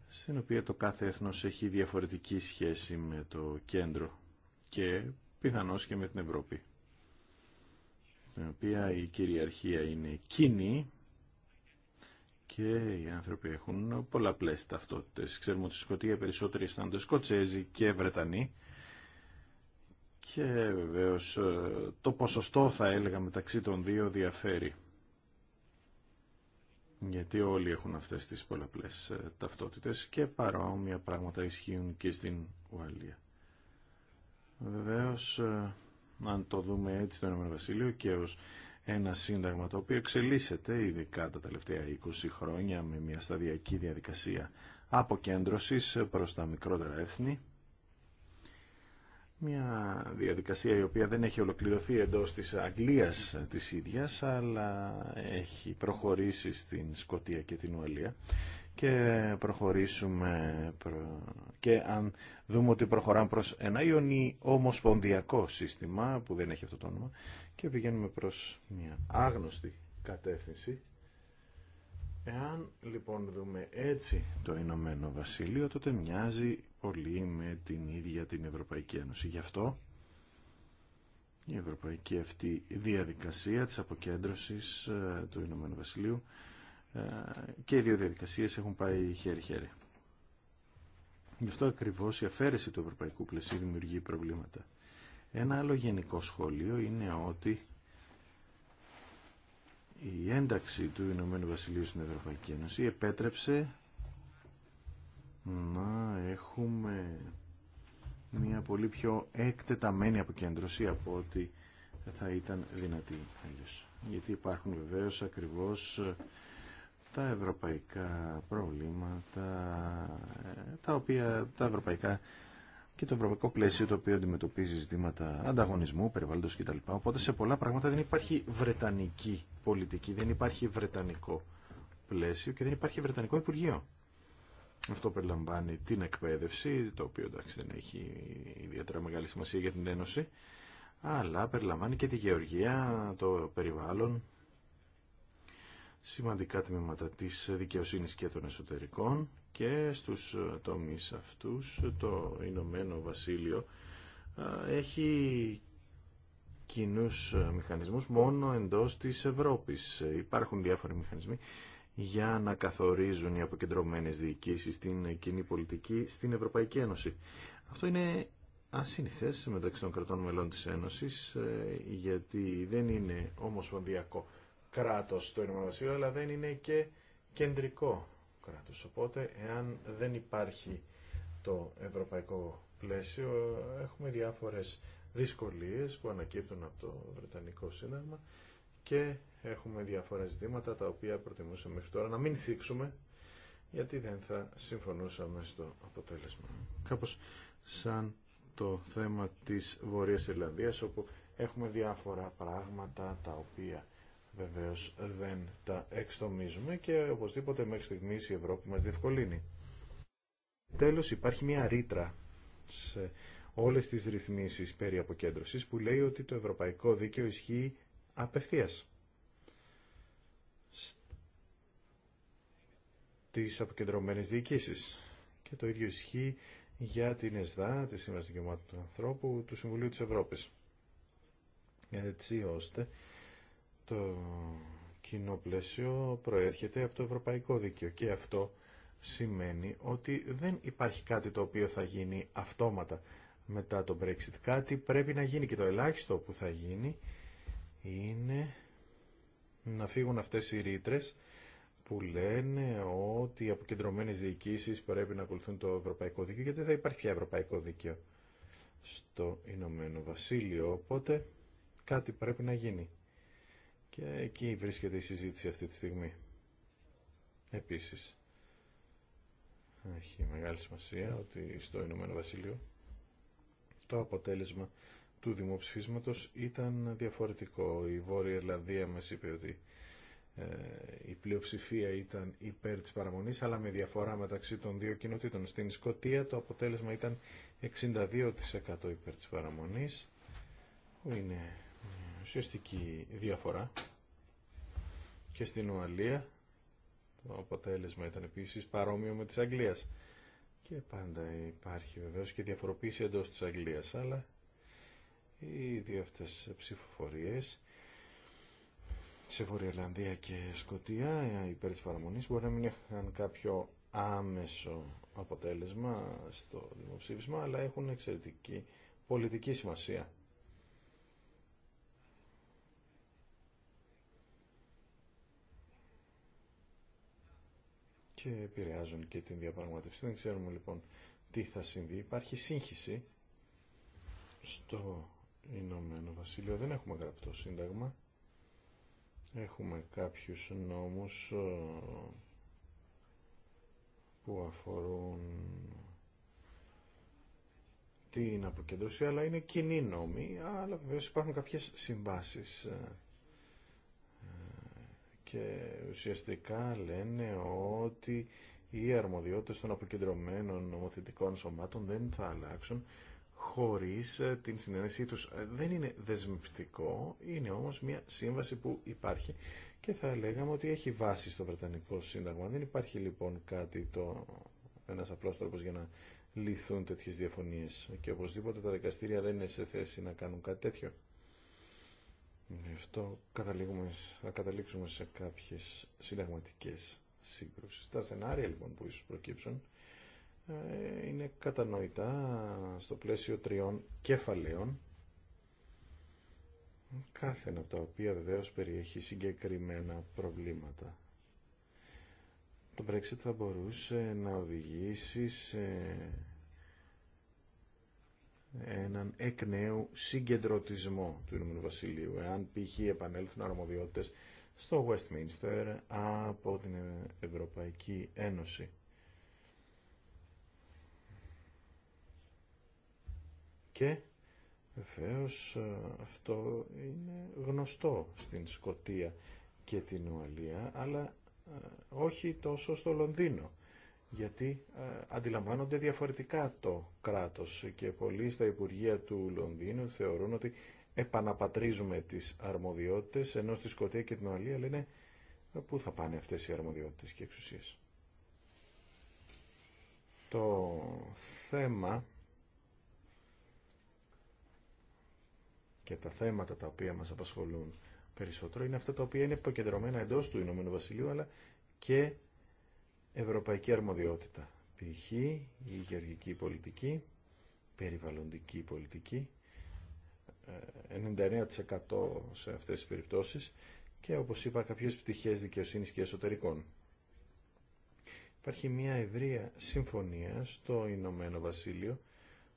στην οποία το κάθε έθνος έχει διαφορετική σχέση με το κέντρο και πιθανώς και με την Ευρώπη, την οποία η κυριαρχία είναι κοινή και οι άνθρωποι έχουν πολλαπλέ ταυτότητε. Ξέρουμε ότι στη Σκοτία περισσότεροι αισθάνονται Σκοτσέζοι και Βρετανοί και βεβαίω ε, το ποσοστό θα έλεγα μεταξύ των δύο διαφέρει. Γιατί όλοι έχουν αυτέ τι πολλαπλέ ε, ταυτότητε και παρόμοια πράγματα ισχύουν και στην Ουαλία. Βεβαίω, ε, αν το δούμε έτσι το Ηνωμένο Βασίλειο και ως ένα σύνταγμα το οποίο εξελίσσεται ειδικά τα τελευταία 20 χρόνια με μια σταδιακή διαδικασία αποκέντρωσης προς τα μικρότερα έθνη. Μια διαδικασία η οποία δεν έχει ολοκληρωθεί εντός της Αγγλίας της ίδιας, αλλά έχει προχωρήσει στην Σκοτία και την Ουαλία και προχωρήσουμε και αν δούμε ότι προχωράμε προς ένα ιονί ομοσπονδιακό σύστημα που δεν έχει αυτό το όνομα και πηγαίνουμε προς μια άγνωστη κατεύθυνση. Εάν λοιπόν δούμε έτσι το Ηνωμένο Βασίλειο, τότε μοιάζει πολύ με την ίδια την Ευρωπαϊκή Ένωση. Γι' αυτό η ευρωπαϊκή αυτή διαδικασία της αποκέντρωσης ε, του Ηνωμένου Βασιλείου ε, και οι δύο διαδικασίες έχουν πάει χέρι-χέρι. Γι' αυτό ακριβώς η αφαίρεση του ευρωπαϊκού πλαισίου δημιουργεί προβλήματα. Ένα άλλο γενικό σχόλιο είναι ότι η ένταξη του Ηνωμένου Βασιλείου στην Ευρωπαϊκή Ένωση επέτρεψε να έχουμε μια πολύ πιο εκτεταμένη αποκέντρωση από ό,τι θα ήταν δυνατή αλλιώς. Γιατί υπάρχουν βεβαίως ακριβώς τα ευρωπαϊκά προβλήματα, τα οποία τα ευρωπαϊκά και το ευρωπαϊκό πλαίσιο το οποίο αντιμετωπίζει ζητήματα ανταγωνισμού, περιβάλλοντος κτλ. Οπότε σε πολλά πράγματα δεν υπάρχει βρετανική πολιτική, δεν υπάρχει βρετανικό πλαίσιο και δεν υπάρχει βρετανικό υπουργείο. Αυτό περιλαμβάνει την εκπαίδευση, το οποίο εντάξει δεν έχει ιδιαίτερα μεγάλη σημασία για την Ένωση, αλλά περιλαμβάνει και τη γεωργία, το περιβάλλον, σημαντικά τμήματα της δικαιοσύνης και των εσωτερικών και στους τομείς αυτούς το Ηνωμένο Βασίλειο έχει κοινούς μηχανισμούς μόνο εντός της Ευρώπης. Υπάρχουν διάφοροι μηχανισμοί για να καθορίζουν οι αποκεντρωμένες διοικήσεις στην κοινή πολιτική στην Ευρωπαϊκή Ένωση. Αυτό είναι ασύνηθες μεταξύ των κρατών μελών της Ένωσης ε, γιατί δεν είναι ομοσπονδιακό κράτος το Ηνωμένο αλλά δεν είναι και κεντρικό κράτους. Οπότε, εάν δεν υπάρχει το ευρωπαϊκό πλαίσιο, έχουμε διάφορες δυσκολίες που ανακύπτουν από το Βρετανικό Σύνταγμα και έχουμε διάφορα ζητήματα τα οποία προτιμούσαμε μέχρι τώρα να μην θίξουμε γιατί δεν θα συμφωνούσαμε στο αποτέλεσμα. Κάπως σαν το θέμα της Βορείας Ιρλανδίας όπου έχουμε διάφορα πράγματα τα οποία βεβαίως δεν τα εξτομίζουμε και οπωσδήποτε μέχρι στιγμής η Ευρώπη μας διευκολύνει. Τέλος υπάρχει μια ρήτρα σε όλες τις ρυθμίσεις περί αποκέντρωσης που λέει ότι το ευρωπαϊκό δίκαιο ισχύει απευθείας. Τις αποκεντρωμένες διοικήσεις. Και το ίδιο ισχύει για την ΕΣΔΑ, τη Σύμβαση Δικαιωμάτων του Ανθρώπου, του Συμβουλίου της Ευρώπης. Έτσι ώστε το κοινό πλαίσιο προέρχεται από το ευρωπαϊκό δίκαιο και αυτό σημαίνει ότι δεν υπάρχει κάτι το οποίο θα γίνει αυτόματα μετά το Brexit. Κάτι πρέπει να γίνει και το ελάχιστο που θα γίνει είναι να φύγουν αυτές οι ρήτρε που λένε ότι οι αποκεντρωμένες διοικήσεις πρέπει να ακολουθούν το ευρωπαϊκό δίκαιο γιατί δεν θα υπάρχει πια ευρωπαϊκό δίκαιο στο Ηνωμένο Βασίλειο οπότε κάτι πρέπει να γίνει. Και εκεί βρίσκεται η συζήτηση αυτή τη στιγμή. Επίσης, έχει μεγάλη σημασία ότι στο Ηνωμένο Βασίλειο το αποτέλεσμα του δημοψηφίσματος ήταν διαφορετικό. Η Βόρεια Ιρλανδία μας είπε ότι ε, η πλειοψηφία ήταν υπέρ της παραμονής, αλλά με διαφορά μεταξύ των δύο κοινοτήτων. Στην Σκοτία το αποτέλεσμα ήταν 62% υπέρ της παραμονής, που είναι ουσιαστική διαφορά και στην Ουαλία το αποτέλεσμα ήταν επίσης παρόμοιο με της Αγγλίας και πάντα υπάρχει βεβαίως και διαφοροποίηση εντός της Αγγλίας αλλά οι δύο αυτές ψηφοφορίες σε Βόρεια και Σκοτία υπέρ της παραμονής μπορεί να μην είχαν κάποιο άμεσο αποτέλεσμα στο δημοψήφισμα αλλά έχουν εξαιρετική πολιτική σημασία και επηρεάζουν και την διαπραγματεύση. Δεν ξέρουμε λοιπόν τι θα συμβεί. Υπάρχει σύγχυση στο Ηνωμένο Βασίλειο. Δεν έχουμε γραπτό σύνταγμα. Έχουμε κάποιους νόμους ε, που αφορούν την αποκέντρωση, αλλά είναι κοινή νόμη, αλλά βεβαίως υπάρχουν κάποιες συμβάσεις ε, και ουσιαστικά λένε ότι οι αρμοδιότητες των αποκεντρωμένων νομοθετικών σωμάτων δεν θα αλλάξουν χωρίς ε, την συνένεσή τους. Ε, δεν είναι δεσμευτικό, είναι όμως μια σύμβαση που υπάρχει και θα λέγαμε ότι έχει βάση στο Βρετανικό Σύνταγμα. Δεν υπάρχει λοιπόν κάτι το ένας απλός τρόπος για να λυθούν τέτοιες διαφωνίες και οπωσδήποτε τα δικαστήρια δεν είναι σε θέση να κάνουν κάτι τέτοιο. Γι' αυτό καταλήγουμε, θα καταλήξουμε σε κάποιες συνταγματικές σύγκρουσεις. Τα σενάρια λοιπόν που ίσως προκύψουν ε, είναι κατανοητά στο πλαίσιο τριών κεφαλαίων κάθε ένα από τα οποία βεβαίως περιέχει συγκεκριμένα προβλήματα. Το Brexit θα μπορούσε να οδηγήσει σε έναν εκ νέου συγκεντρωτισμό του Ηνωμένου Βασιλείου, εάν π.χ. επανέλθουν αρμοδιότητες στο Westminster από την Ευρωπαϊκή Ένωση. Και βεβαίω αυτό είναι γνωστό στην Σκοτία και την Ουαλία, αλλά ε, όχι τόσο στο Λονδίνο γιατί ε, αντιλαμβάνονται διαφορετικά το κράτος και πολλοί στα Υπουργεία του Λονδίνου θεωρούν ότι επαναπατρίζουμε τις αρμοδιότητες, ενώ στη Σκοτία και την Ουαλία λένε «Ε, πού θα πάνε αυτές οι αρμοδιότητες και εξουσίες. Το θέμα και τα θέματα τα οποία μας απασχολούν περισσότερο είναι αυτά τα οποία είναι υποκεντρωμένα εντός του Ηνωμένου Βασιλείου αλλά και ευρωπαϊκή αρμοδιότητα. Π.χ. η γεωργική πολιτική, περιβαλλοντική πολιτική, 99% ε, σε αυτές τις περιπτώσεις και όπως είπα κάποιες πτυχές δικαιοσύνης και εσωτερικών. Υπάρχει μια ευρεία συμφωνία στο Ηνωμένο Βασίλειο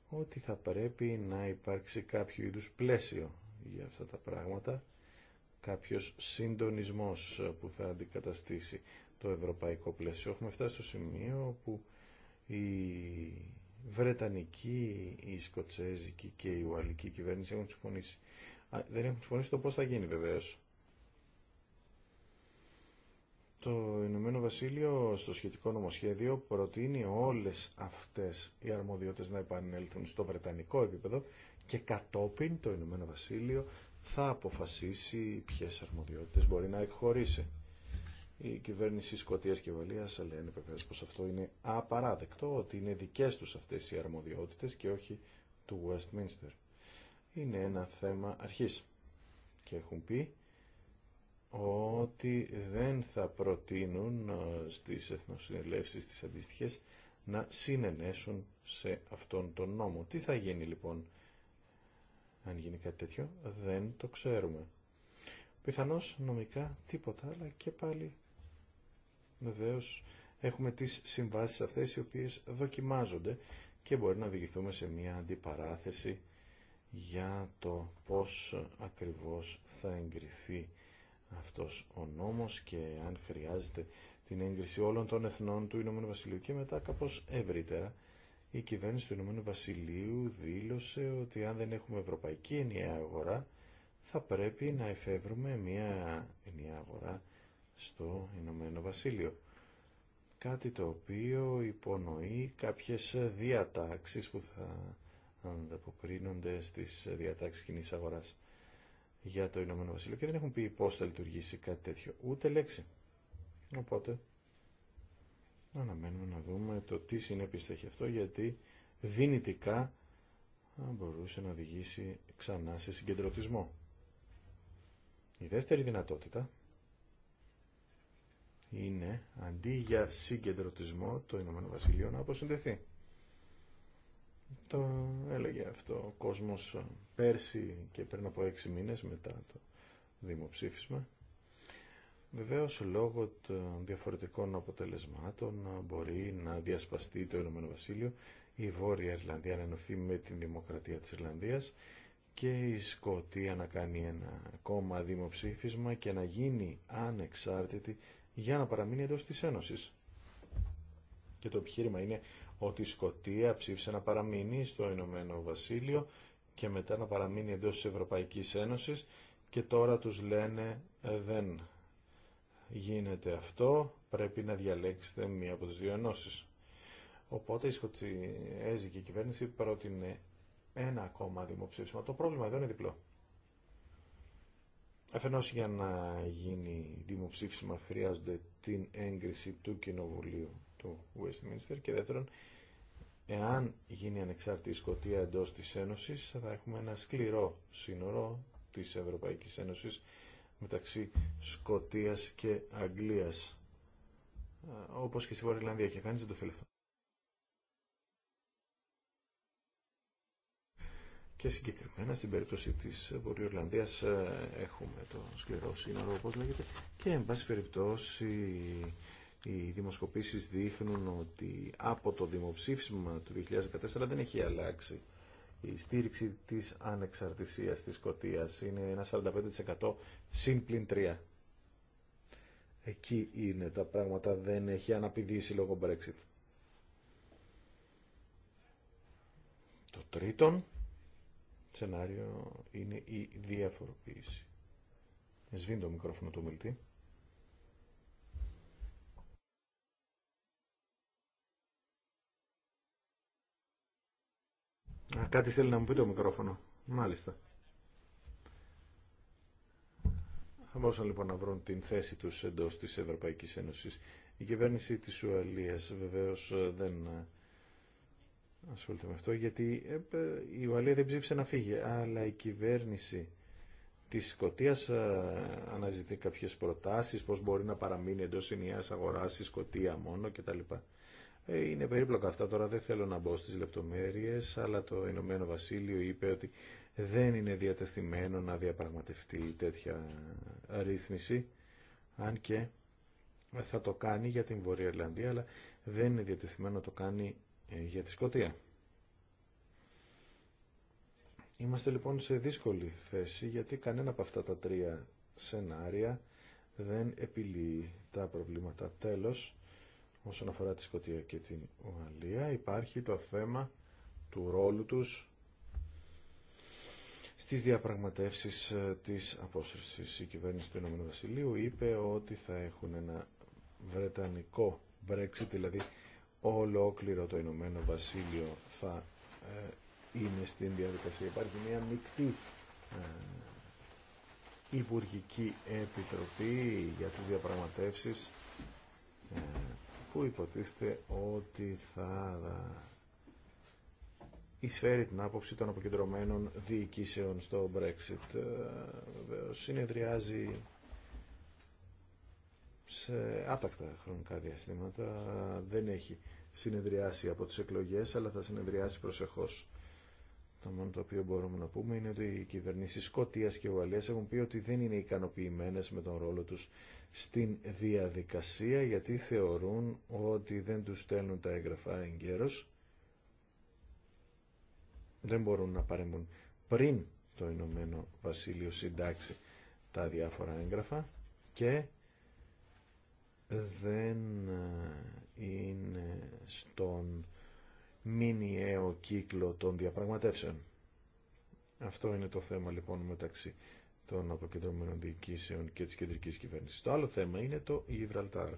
ότι θα πρέπει να υπάρξει κάποιο είδους πλαίσιο για αυτά τα πράγματα, κάποιος συντονισμός που θα αντικαταστήσει το ευρωπαϊκό πλαίσιο. Έχουμε φτάσει στο σημείο που η Βρετανική, η Σκοτσέζικη και η Ουαλική κυβέρνηση έχουν συμφωνήσει. δεν έχουν συμφωνήσει το πώς θα γίνει βεβαίω. Το Ηνωμένο Βασίλειο στο σχετικό νομοσχέδιο προτείνει όλες αυτές οι αρμοδιότητες να επανέλθουν στο βρετανικό επίπεδο και κατόπιν το Ηνωμένο Βασίλειο θα αποφασίσει ποιες αρμοδιότητες μπορεί να εκχωρήσει η κυβέρνηση Σκοτίας και Βαλίας λένε πραγματικά πως αυτό είναι απαράδεκτο, ότι είναι δικέ τους αυτές οι αρμοδιότητες και όχι του Westminster. Είναι ένα θέμα αρχής και έχουν πει ότι δεν θα προτείνουν ε, στις εθνοσυνελεύσεις τις αντίστοιχες να συνενέσουν σε αυτόν τον νόμο. Τι θα γίνει λοιπόν αν γίνει κάτι τέτοιο, δεν το ξέρουμε. Πιθανώς νομικά τίποτα, αλλά και πάλι Βεβαίω, έχουμε τις συμβάσεις αυτές οι οποίες δοκιμάζονται και μπορεί να οδηγηθούμε σε μια αντιπαράθεση για το πώς ακριβώς θα εγκριθεί αυτός ο νόμος και αν χρειάζεται την έγκριση όλων των εθνών του Ηνωμένου Βασιλείου και μετά κάπως ευρύτερα η κυβέρνηση του Ηνωμένου Βασιλείου δήλωσε ότι αν δεν έχουμε ευρωπαϊκή ενιαία αγορά θα πρέπει να εφεύρουμε μια ενιαία αγορά στο Ηνωμένο Βασίλειο. Κάτι το οποίο υπονοεί κάποιες διατάξεις που θα ανταποκρίνονται στις διατάξεις κοινή αγοράς για το Ηνωμένο Βασίλειο και δεν έχουν πει πώς θα λειτουργήσει κάτι τέτοιο, ούτε λέξη. Οπότε, αναμένουμε να δούμε το τι συνέπειες θα αυτό, γιατί δυνητικά θα μπορούσε να οδηγήσει ξανά σε συγκεντρωτισμό. Η δεύτερη δυνατότητα είναι αντί για συγκεντρωτισμό το Ηνωμένο Βασιλείο να αποσυνδεθεί. Το έλεγε αυτό ο κόσμος πέρσι και πριν από έξι μήνες μετά το δημοψήφισμα. Βεβαίως λόγω των διαφορετικών αποτελεσμάτων μπορεί να διασπαστεί το Ηνωμένο Βασίλειο η Βόρεια Ιρλανδία να ενωθεί με την Δημοκρατία της Ιρλανδίας και η Σκοτία να κάνει ένα ακόμα δημοψήφισμα και να γίνει ανεξάρτητη για να παραμείνει εντός της Ένωσης. Και το επιχείρημα είναι ότι η Σκωτία ψήφισε να παραμείνει στο Ηνωμένο Βασίλειο και μετά να παραμείνει εντός της Ευρωπαϊκής Ένωσης και τώρα τους λένε «Ε, δεν γίνεται αυτό, πρέπει να διαλέξετε μία από τις δύο ενώσεις. Οπότε η Σκοτσέζικη κυβέρνηση πρότεινε ένα ακόμα δημοψήφισμα. Το πρόβλημα εδώ είναι διπλό. Αφενός για να γίνει δημοψήφισμα χρειάζονται την έγκριση του Κοινοβουλίου του Westminster και δεύτερον, εάν γίνει ανεξάρτητη σκοτία εντός της Ένωσης θα έχουμε ένα σκληρό σύνορο της Ευρωπαϊκής Ένωσης μεταξύ Σκοτίας και Αγγλίας όπως και στη Βόρεια και κανείς δεν το θέλει αυτό. Και συγκεκριμένα στην περίπτωση της Βορειοϊρλανδίας ε, έχουμε το σκληρό σύνορο όπω λέγεται και εν πάση περιπτώσει οι δημοσκοπήσεις δείχνουν ότι από το δημοψήφισμα του 2014 δεν έχει αλλάξει η στήριξη της ανεξαρτησίας της Σκωτία. είναι ένα 45% συν 3. Εκεί είναι τα πράγματα, δεν έχει αναπηδήσει λόγω Brexit. Το τρίτον, σενάριο είναι η διαφοροποίηση. Σβήνει το μικρόφωνο του μιλτή. Α, κάτι θέλει να μου πει το μικρόφωνο. Μάλιστα. Θα μπορούσαν λοιπόν να βρουν την θέση τους εντός της Ευρωπαϊκής Ένωσης. Η κυβέρνηση της Ουαλίας βεβαίως δεν ασχολείται με αυτό, γιατί ε, ε, η Ουαλία δεν ψήφισε να φύγει, αλλά η κυβέρνηση της Σκοτίας ε, αναζητεί κάποιες προτάσεις, πώς μπορεί να παραμείνει εντός ενιαίας αγοράς η Σκοτία μόνο κτλ. Είναι περίπλοκα αυτά, τώρα δεν θέλω να μπω στις λεπτομέρειες, αλλά το Ηνωμένο Βασίλειο είπε ότι δεν είναι διατεθειμένο να διαπραγματευτεί τέτοια ρύθμιση, αν και θα το κάνει για την Βορεια αλλά δεν είναι διατεθειμένο να το κάνει ε, για τη Σκωτία. Είμαστε λοιπόν σε δύσκολη θέση γιατί κανένα από αυτά τα τρία σενάρια δεν επιλύει τα προβλήματα. Τέλος, όσον αφορά τη Σκωτία και την Ουαλία, υπάρχει το θέμα του ρόλου τους στις διαπραγματεύσεις ε, της απόσυρσης. Η κυβέρνηση του Ηνωμένου Βασιλείου είπε ότι θα έχουν ένα βρετανικό Brexit, δηλαδή ολόκληρο το Ηνωμένο Βασίλειο θα ε, είναι στην διαδικασία. Υπάρχει μια μεικτή ε, Υπουργική Επιτροπή για τις διαπραγματεύσεις ε, που υποτίθεται ότι θα εισφέρει την άποψη των αποκεντρωμένων διοικήσεων στο Brexit. Βεβαίως συνεδριάζει σε άτακτα χρονικά διαστήματα. Δεν έχει συνεδριάσει από τις εκλογές, αλλά θα συνεδριάσει προσεχώς. Το μόνο το οποίο μπορούμε να πούμε είναι ότι οι κυβερνήσεις Σκοτίας και Ουαλίας έχουν πει ότι δεν είναι ικανοποιημένες με τον ρόλο τους στην διαδικασία γιατί θεωρούν ότι δεν τους στέλνουν τα έγγραφα εγκαίρως. Δεν μπορούν να παρέμβουν πριν το Ηνωμένο Βασίλειο συντάξει τα διάφορα έγγραφα και δεν ε, είναι στον μηνιαίο κύκλο των διαπραγματεύσεων. Αυτό είναι το θέμα λοιπόν μεταξύ των αποκεντρωμένων διοικήσεων και της κεντρικής κυβέρνησης. Το άλλο θέμα είναι το Γιβραλτάρ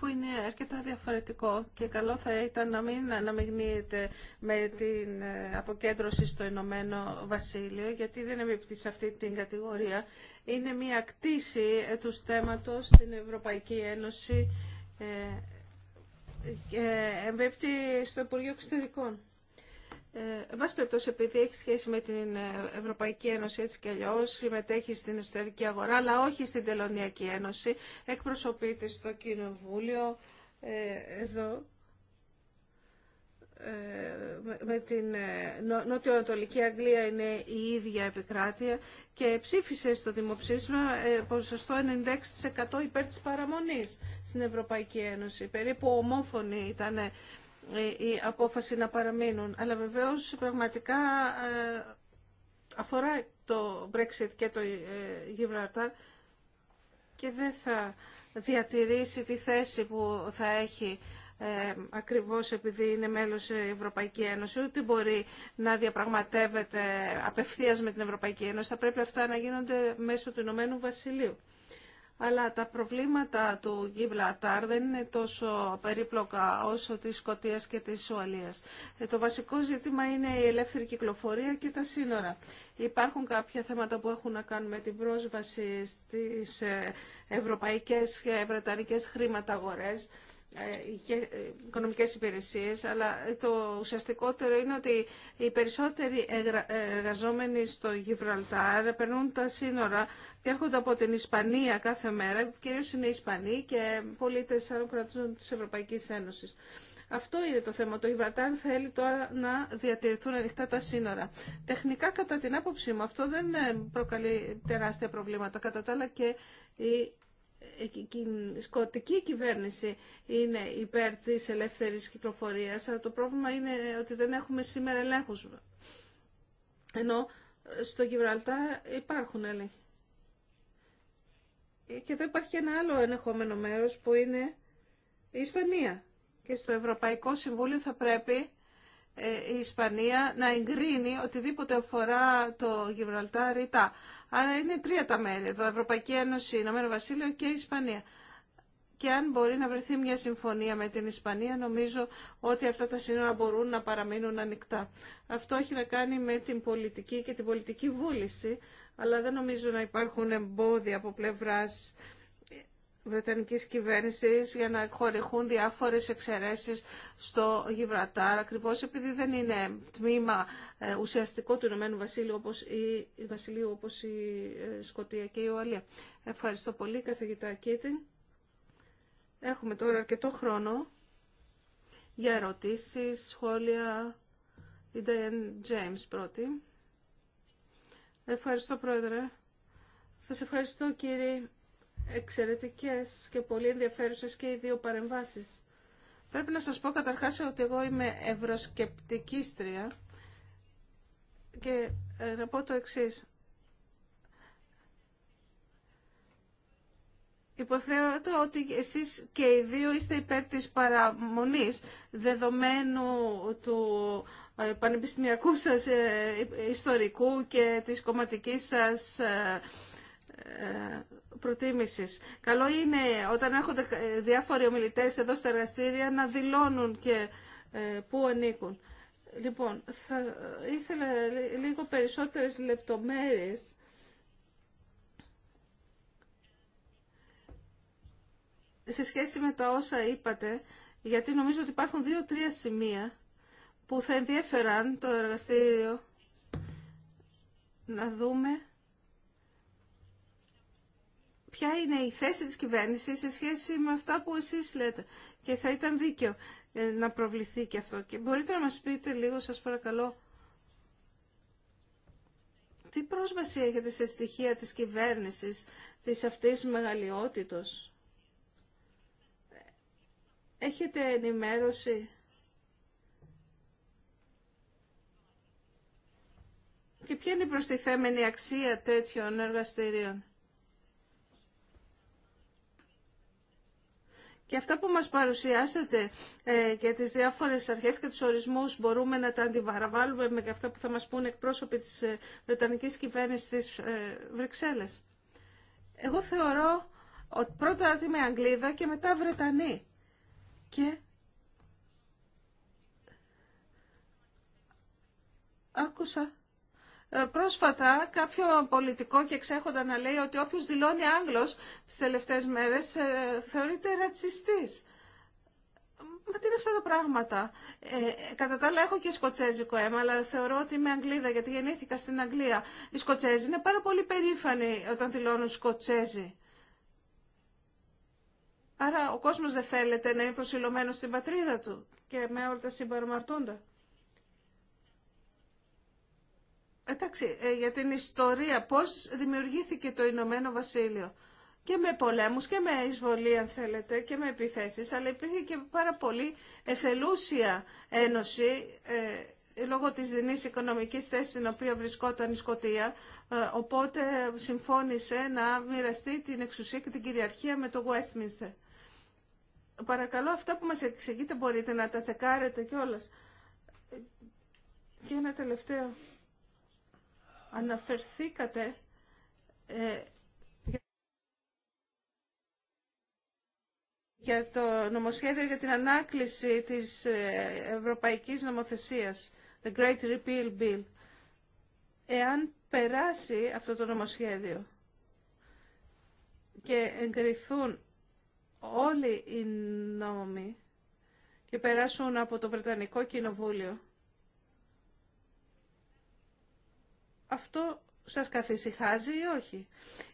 που είναι αρκετά διαφορετικό και καλό θα ήταν να μην αναμειγνύεται με την ε, αποκέντρωση στο Ηνωμένο Βασίλειο, γιατί δεν εμπίπτει σε αυτή την κατηγορία. Είναι μια κτήση ε, του στέματος στην Ευρωπαϊκή Ένωση ε, και εμπίπτει στο Υπουργείο Εξωτερικών. Ε, εν περιπτώσει, επειδή έχει σχέση με την ε, Ευρωπαϊκή Ένωση έτσι κι αλλιώ, συμμετέχει στην εσωτερική αγορά, αλλά όχι στην Τελωνιακή Ένωση, εκπροσωπείται στο Κοινοβούλιο ε, εδώ ε, με την νο, νότιο-ανατολική Αγγλία είναι η ίδια επικράτεια και ψήφισε στο δημοψήφισμα ε, ποσοστό 96% υπέρ της παραμονής στην Ευρωπαϊκή Ένωση. Περίπου ομόφωνη ήταν η ε, απόφαση να παραμείνουν. Αλλά βεβαίως πραγματικά ε, αφορά το Brexit και το Γιβραλτάρ ε, και δεν θα διατηρήσει τη θέση που θα έχει ε, ακριβώς επειδή είναι μέλος η Ευρωπαϊκή Ένωση, ούτε μπορεί να διαπραγματεύεται απευθείας με την Ευρωπαϊκή Ένωση. Θα πρέπει αυτά να γίνονται μέσω του Ηνωμένου Βασιλείου αλλά τα προβλήματα του Gibraltar δεν είναι τόσο περίπλοκα όσο της Σκοτίας και της Ουαλίας. Ε, το βασικό ζήτημα είναι η ελεύθερη κυκλοφορία και τα σύνορα. Υπάρχουν κάποια θέματα που έχουν να κάνουν με την πρόσβαση στις ε, ευρωπαϊκές και βρετανικές χρήματα αγορές ε, και ε, οικονομικές υπηρεσίες, αλλά το ουσιαστικότερο είναι ότι οι περισσότεροι εργαζόμενοι στο Γιβραλτάρ περνούν τα σύνορα και έρχονται από την Ισπανία κάθε μέρα, κυρίως είναι Ισπανοί και πολίτες άλλων κρατών της Ευρωπαϊκής Ένωσης. Αυτό είναι το θέμα. Το Γιβραλτάρ θέλει τώρα να διατηρηθούν ανοιχτά τα σύνορα. Τεχνικά, κατά την άποψή μου, αυτό δεν ε, προκαλεί τεράστια προβλήματα. Κατά τα άλλα και η ε, η σκοτική κυβέρνηση είναι υπέρ της ελεύθερης κυκλοφορίας, αλλά το πρόβλημα είναι ότι δεν έχουμε σήμερα ελέγχους. Ενώ ε, στο Γιβραλτά υπάρχουν έλεγχοι. Ε, και εδώ υπάρχει ένα άλλο ενεχόμενο μέρος που είναι η Ισπανία. Και στο Ευρωπαϊκό Συμβούλιο θα πρέπει ε, η Ισπανία να εγκρίνει οτιδήποτε αφορά το Γιβραλτάρ ή τα. Άρα είναι τρία τα μέρη εδώ, Ευρωπαϊκή Ένωση, Ηνωμένο Βασίλειο και η Ισπανία. Και αν μπορεί να βρεθεί μια συμφωνία με την Ισπανία, νομίζω ότι αυτά τα σύνορα μπορούν να παραμείνουν ανοιχτά. Αυτό έχει να κάνει με την πολιτική και την πολιτική βούληση, αλλά δεν νομίζω να υπάρχουν εμπόδια από πλευράς Βρετανικής κυβέρνησης για να χορηγούν διάφορες εξαιρέσεις στο Γιβρατάρ, ακριβώς επειδή δεν είναι τμήμα ε, ουσιαστικό του Ηνωμένου Βασίλειου όπως η, η όπως η ε, Σκοτία και η Ουαλία. Ευχαριστώ πολύ, καθηγητά Κίτιν. Έχουμε τώρα αρκετό χρόνο για ερωτήσεις, σχόλια. Η πρώτη. Ευχαριστώ, Πρόεδρε. Σας ευχαριστώ, κύριε εξαιρετικές και πολύ ενδιαφέρουσες και οι δύο παρεμβάσεις. Πρέπει να σας πω καταρχάς ότι εγώ είμαι ευρωσκεπτικίστρια και ε, να πω το εξής. Υποθέτω ότι εσείς και οι δύο είστε υπέρ της παραμονής δεδομένου του ε, πανεπιστημιακού σας ε, ιστορικού και της κομματικής σας προτίμησης. Καλό είναι όταν έρχονται ε, διάφοροι ομιλητέ εδώ στα εργαστήρια να δηλώνουν και ε, πού ανήκουν. Λοιπόν, θα ήθελα λίγο περισσότερες λεπτομέρειες σε σχέση με τα όσα είπατε, γιατί νομίζω ότι υπάρχουν δύο-τρία σημεία που θα ενδιέφεραν το εργαστήριο να δούμε ποια είναι η θέση της κυβέρνησης σε σχέση με αυτά που εσείς λέτε. Και θα ήταν δίκαιο ε, να προβληθεί και αυτό. Και μπορείτε να μας πείτε λίγο, σας παρακαλώ, τι πρόσβαση έχετε σε στοιχεία της κυβέρνησης, της αυτής μεγαλειότητος. Έχετε ενημέρωση. Και ποια είναι η προστιθέμενη αξία τέτοιων εργαστηρίων. Και αυτά που μας παρουσιάσατε ε, για τις διάφορες αρχές και τους ορισμούς μπορούμε να τα αντιβαραβάλουμε με αυτά που θα μας πούνε εκπρόσωποι της ε, Βρετανικής κυβέρνησης της ε, Εγώ θεωρώ ότι πρώτα ότι είμαι Αγγλίδα και μετά Βρετανή. Και άκουσα ε, πρόσφατα κάποιο πολιτικό και ξέχοντα να λέει ότι όποιος δηλώνει Άγγλος τις τελευταίες μέρες ε, θεωρείται ρατσιστής. Μα τι είναι αυτά τα πράγματα. Ε, κατά τα άλλα έχω και σκοτσέζικο αίμα, αλλά θεωρώ ότι είμαι Αγγλίδα γιατί γεννήθηκα στην Αγγλία. Οι Σκοτσέζοι είναι πάρα πολύ περήφανοι όταν δηλώνουν Σκοτσέζοι. Άρα ο κόσμος δεν θέλετε να είναι προσιλωμένος στην πατρίδα του και με όλα τα συμπαρομαρτούντα. Εντάξει, ε, για την ιστορία, πώς δημιουργήθηκε το Ηνωμένο Βασίλειο. Και με πολέμους και με εισβολή αν θέλετε και με επιθέσεις, αλλά υπήρχε και πάρα πολύ εθελούσια ένωση ε, λόγω της δινής οικονομικής θέσης στην οποία βρισκόταν η Σκοτία, ε, οπότε συμφώνησε να μοιραστεί την εξουσία και την κυριαρχία με το Westminster. Παρακαλώ αυτά που μας εξηγείτε μπορείτε να τα τσεκάρετε κιόλας. Και ένα τελευταίο αναφερθήκατε ε, για το νομοσχέδιο για την ανάκληση της ε, ευρωπαϊκής νομοθεσίας, the Great Repeal Bill. Εάν περάσει αυτό το νομοσχέδιο και εγκριθούν όλοι οι νόμοι και περάσουν από το Βρετανικό Κοινοβούλιο, Αυτό σας καθησυχάζει ή όχι.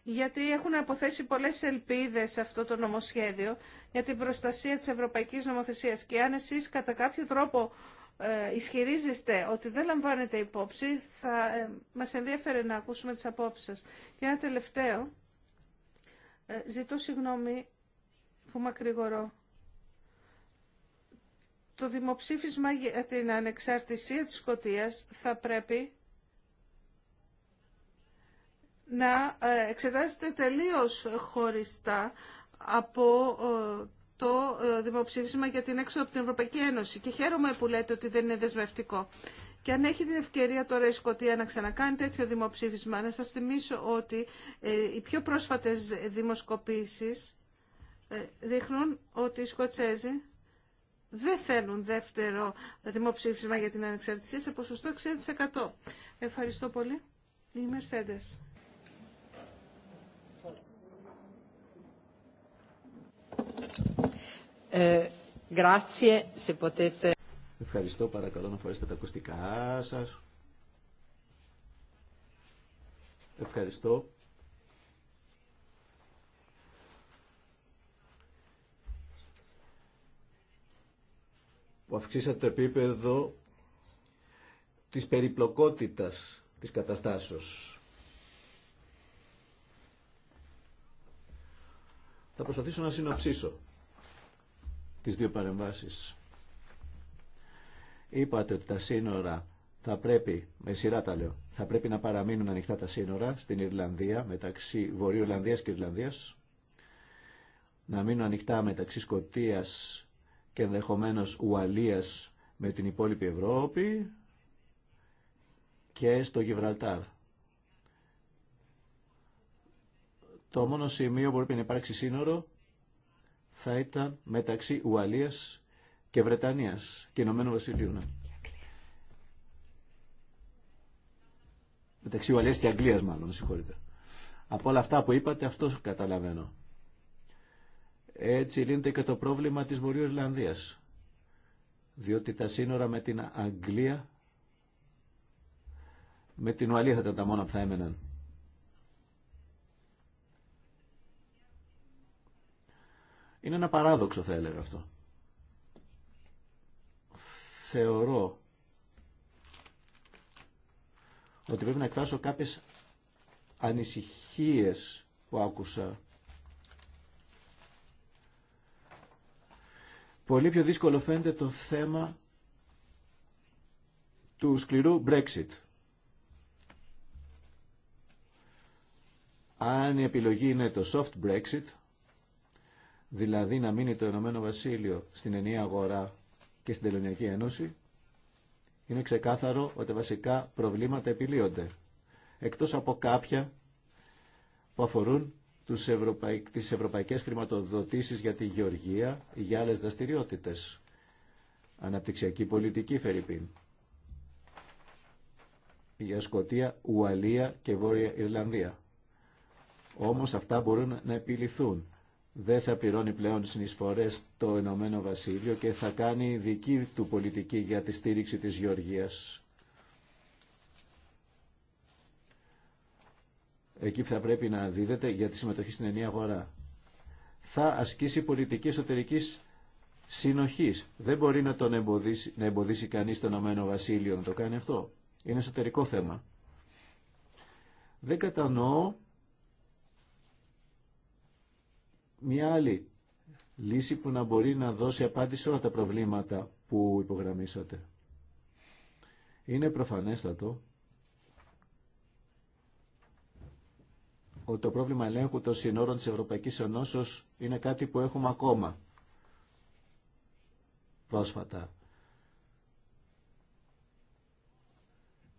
Γιατί έχουν αποθέσει πολλές ελπίδες σε αυτό το νομοσχέδιο για την προστασία της ευρωπαϊκής νομοθεσίας και αν εσείς κατά κάποιο τρόπο ε, ισχυρίζεστε ότι δεν λαμβάνετε υπόψη, θα ε, μας ενδιαφέρει να ακούσουμε τις απόψεις σας. Και ένα τελευταίο, ε, ζητώ συγγνώμη που μακρηγορώ. Το δημοψήφισμα για την ανεξαρτησία της Σκοτίας θα πρέπει να ε, εξετάζεται τελείως χωριστά από ε, το ε, δημοψήφισμα για την έξοδο από την Ευρωπαϊκή Ένωση. Και χαίρομαι που λέτε ότι δεν είναι δεσμευτικό. Και αν έχει την ευκαιρία τώρα η Σκωτία να ξανακάνει τέτοιο δημοψήφισμα, να σας θυμίσω ότι οι πιο πρόσφατες δημοσκοπήσεις δείχνουν ότι οι Σκοτσέζοι δεν θέλουν δεύτερο δημοψήφισμα για την ανεξαρτησία σε ποσοστό 60%. Ευχαριστώ πολύ. Η Ε, Ευχαριστώ, παρακαλώ να φορέσετε τα ακουστικά σας. Ευχαριστώ. Που αυξήσατε το επίπεδο της περιπλοκότητας της καταστάσεως. Θα προσπαθήσω να συνοψίσω τις δύο παρεμβάσεις. Είπατε ότι τα σύνορα θα πρέπει, με σειρά τα λέω, θα πρέπει να παραμείνουν ανοιχτά τα σύνορα στην Ιρλανδία, μεταξύ Βορείου Ιρλανδίας και Ιρλανδίας, να μείνουν ανοιχτά μεταξύ Σκοτίας και ενδεχομένω Ουαλίας με την υπόλοιπη Ευρώπη και στο Γιβραλτάρ. Το μόνο σημείο που πρέπει να υπάρξει σύνορο θα ήταν μεταξύ Ουαλίας και Βρετανίας και Ηνωμένου Βασιλείου. Ναι. Μεταξύ Ουαλίας και Αγγλίας μάλλον, συγχωρείτε. Από όλα αυτά που είπατε αυτό καταλαβαίνω. Έτσι λύνεται και το πρόβλημα της Βορείου Ιρλανδίας. Διότι τα σύνορα με την Αγγλία, με την Ουαλία θα ήταν τα μόνα που θα έμεναν. Είναι ένα παράδοξο θα έλεγα αυτό. Θεωρώ ότι πρέπει να εκφράσω κάποιες ανησυχίες που άκουσα. Πολύ πιο δύσκολο φαίνεται το θέμα του σκληρού Brexit. Αν η επιλογή είναι το soft Brexit, δηλαδή να μείνει το Ηνωμένο Βασίλειο στην ενιαία αγορά και στην Τελωνιακή Ένωση, είναι ξεκάθαρο ότι βασικά προβλήματα επιλύονται, εκτός από κάποια που αφορούν τους ευρωπαϊ... τις ευρωπαϊκές χρηματοδοτήσεις για τη γεωργία ή για άλλες δραστηριότητες. Αναπτυξιακή πολιτική, Φερρυπίν. Για Σκοτία, Ουαλία και Βόρεια Ιρλανδία. Όμως αυτά μπορούν να επιληθούν δεν θα πληρώνει πλέον συνεισφορές το Ηνωμένο Βασίλειο και θα κάνει δική του πολιτική για τη στήριξη της Γεωργίας. Εκεί που θα πρέπει να δίδεται για τη συμμετοχή στην ενία αγορά. Θα ασκήσει πολιτική εσωτερική συνοχής. Δεν μπορεί να τον εμποδίσει, να εμποδίσει κανείς το Ηνωμένο Βασίλειο να το κάνει αυτό. Είναι εσωτερικό θέμα. Δεν κατανοώ Μια άλλη λύση που να μπορεί να δώσει απάντηση σε όλα τα προβλήματα που υπογραμμίσατε. Είναι προφανέστατο ότι το πρόβλημα ελέγχου των συνόρων της Ευρωπαϊκής Ενώσεως είναι κάτι που έχουμε ακόμα πρόσφατα.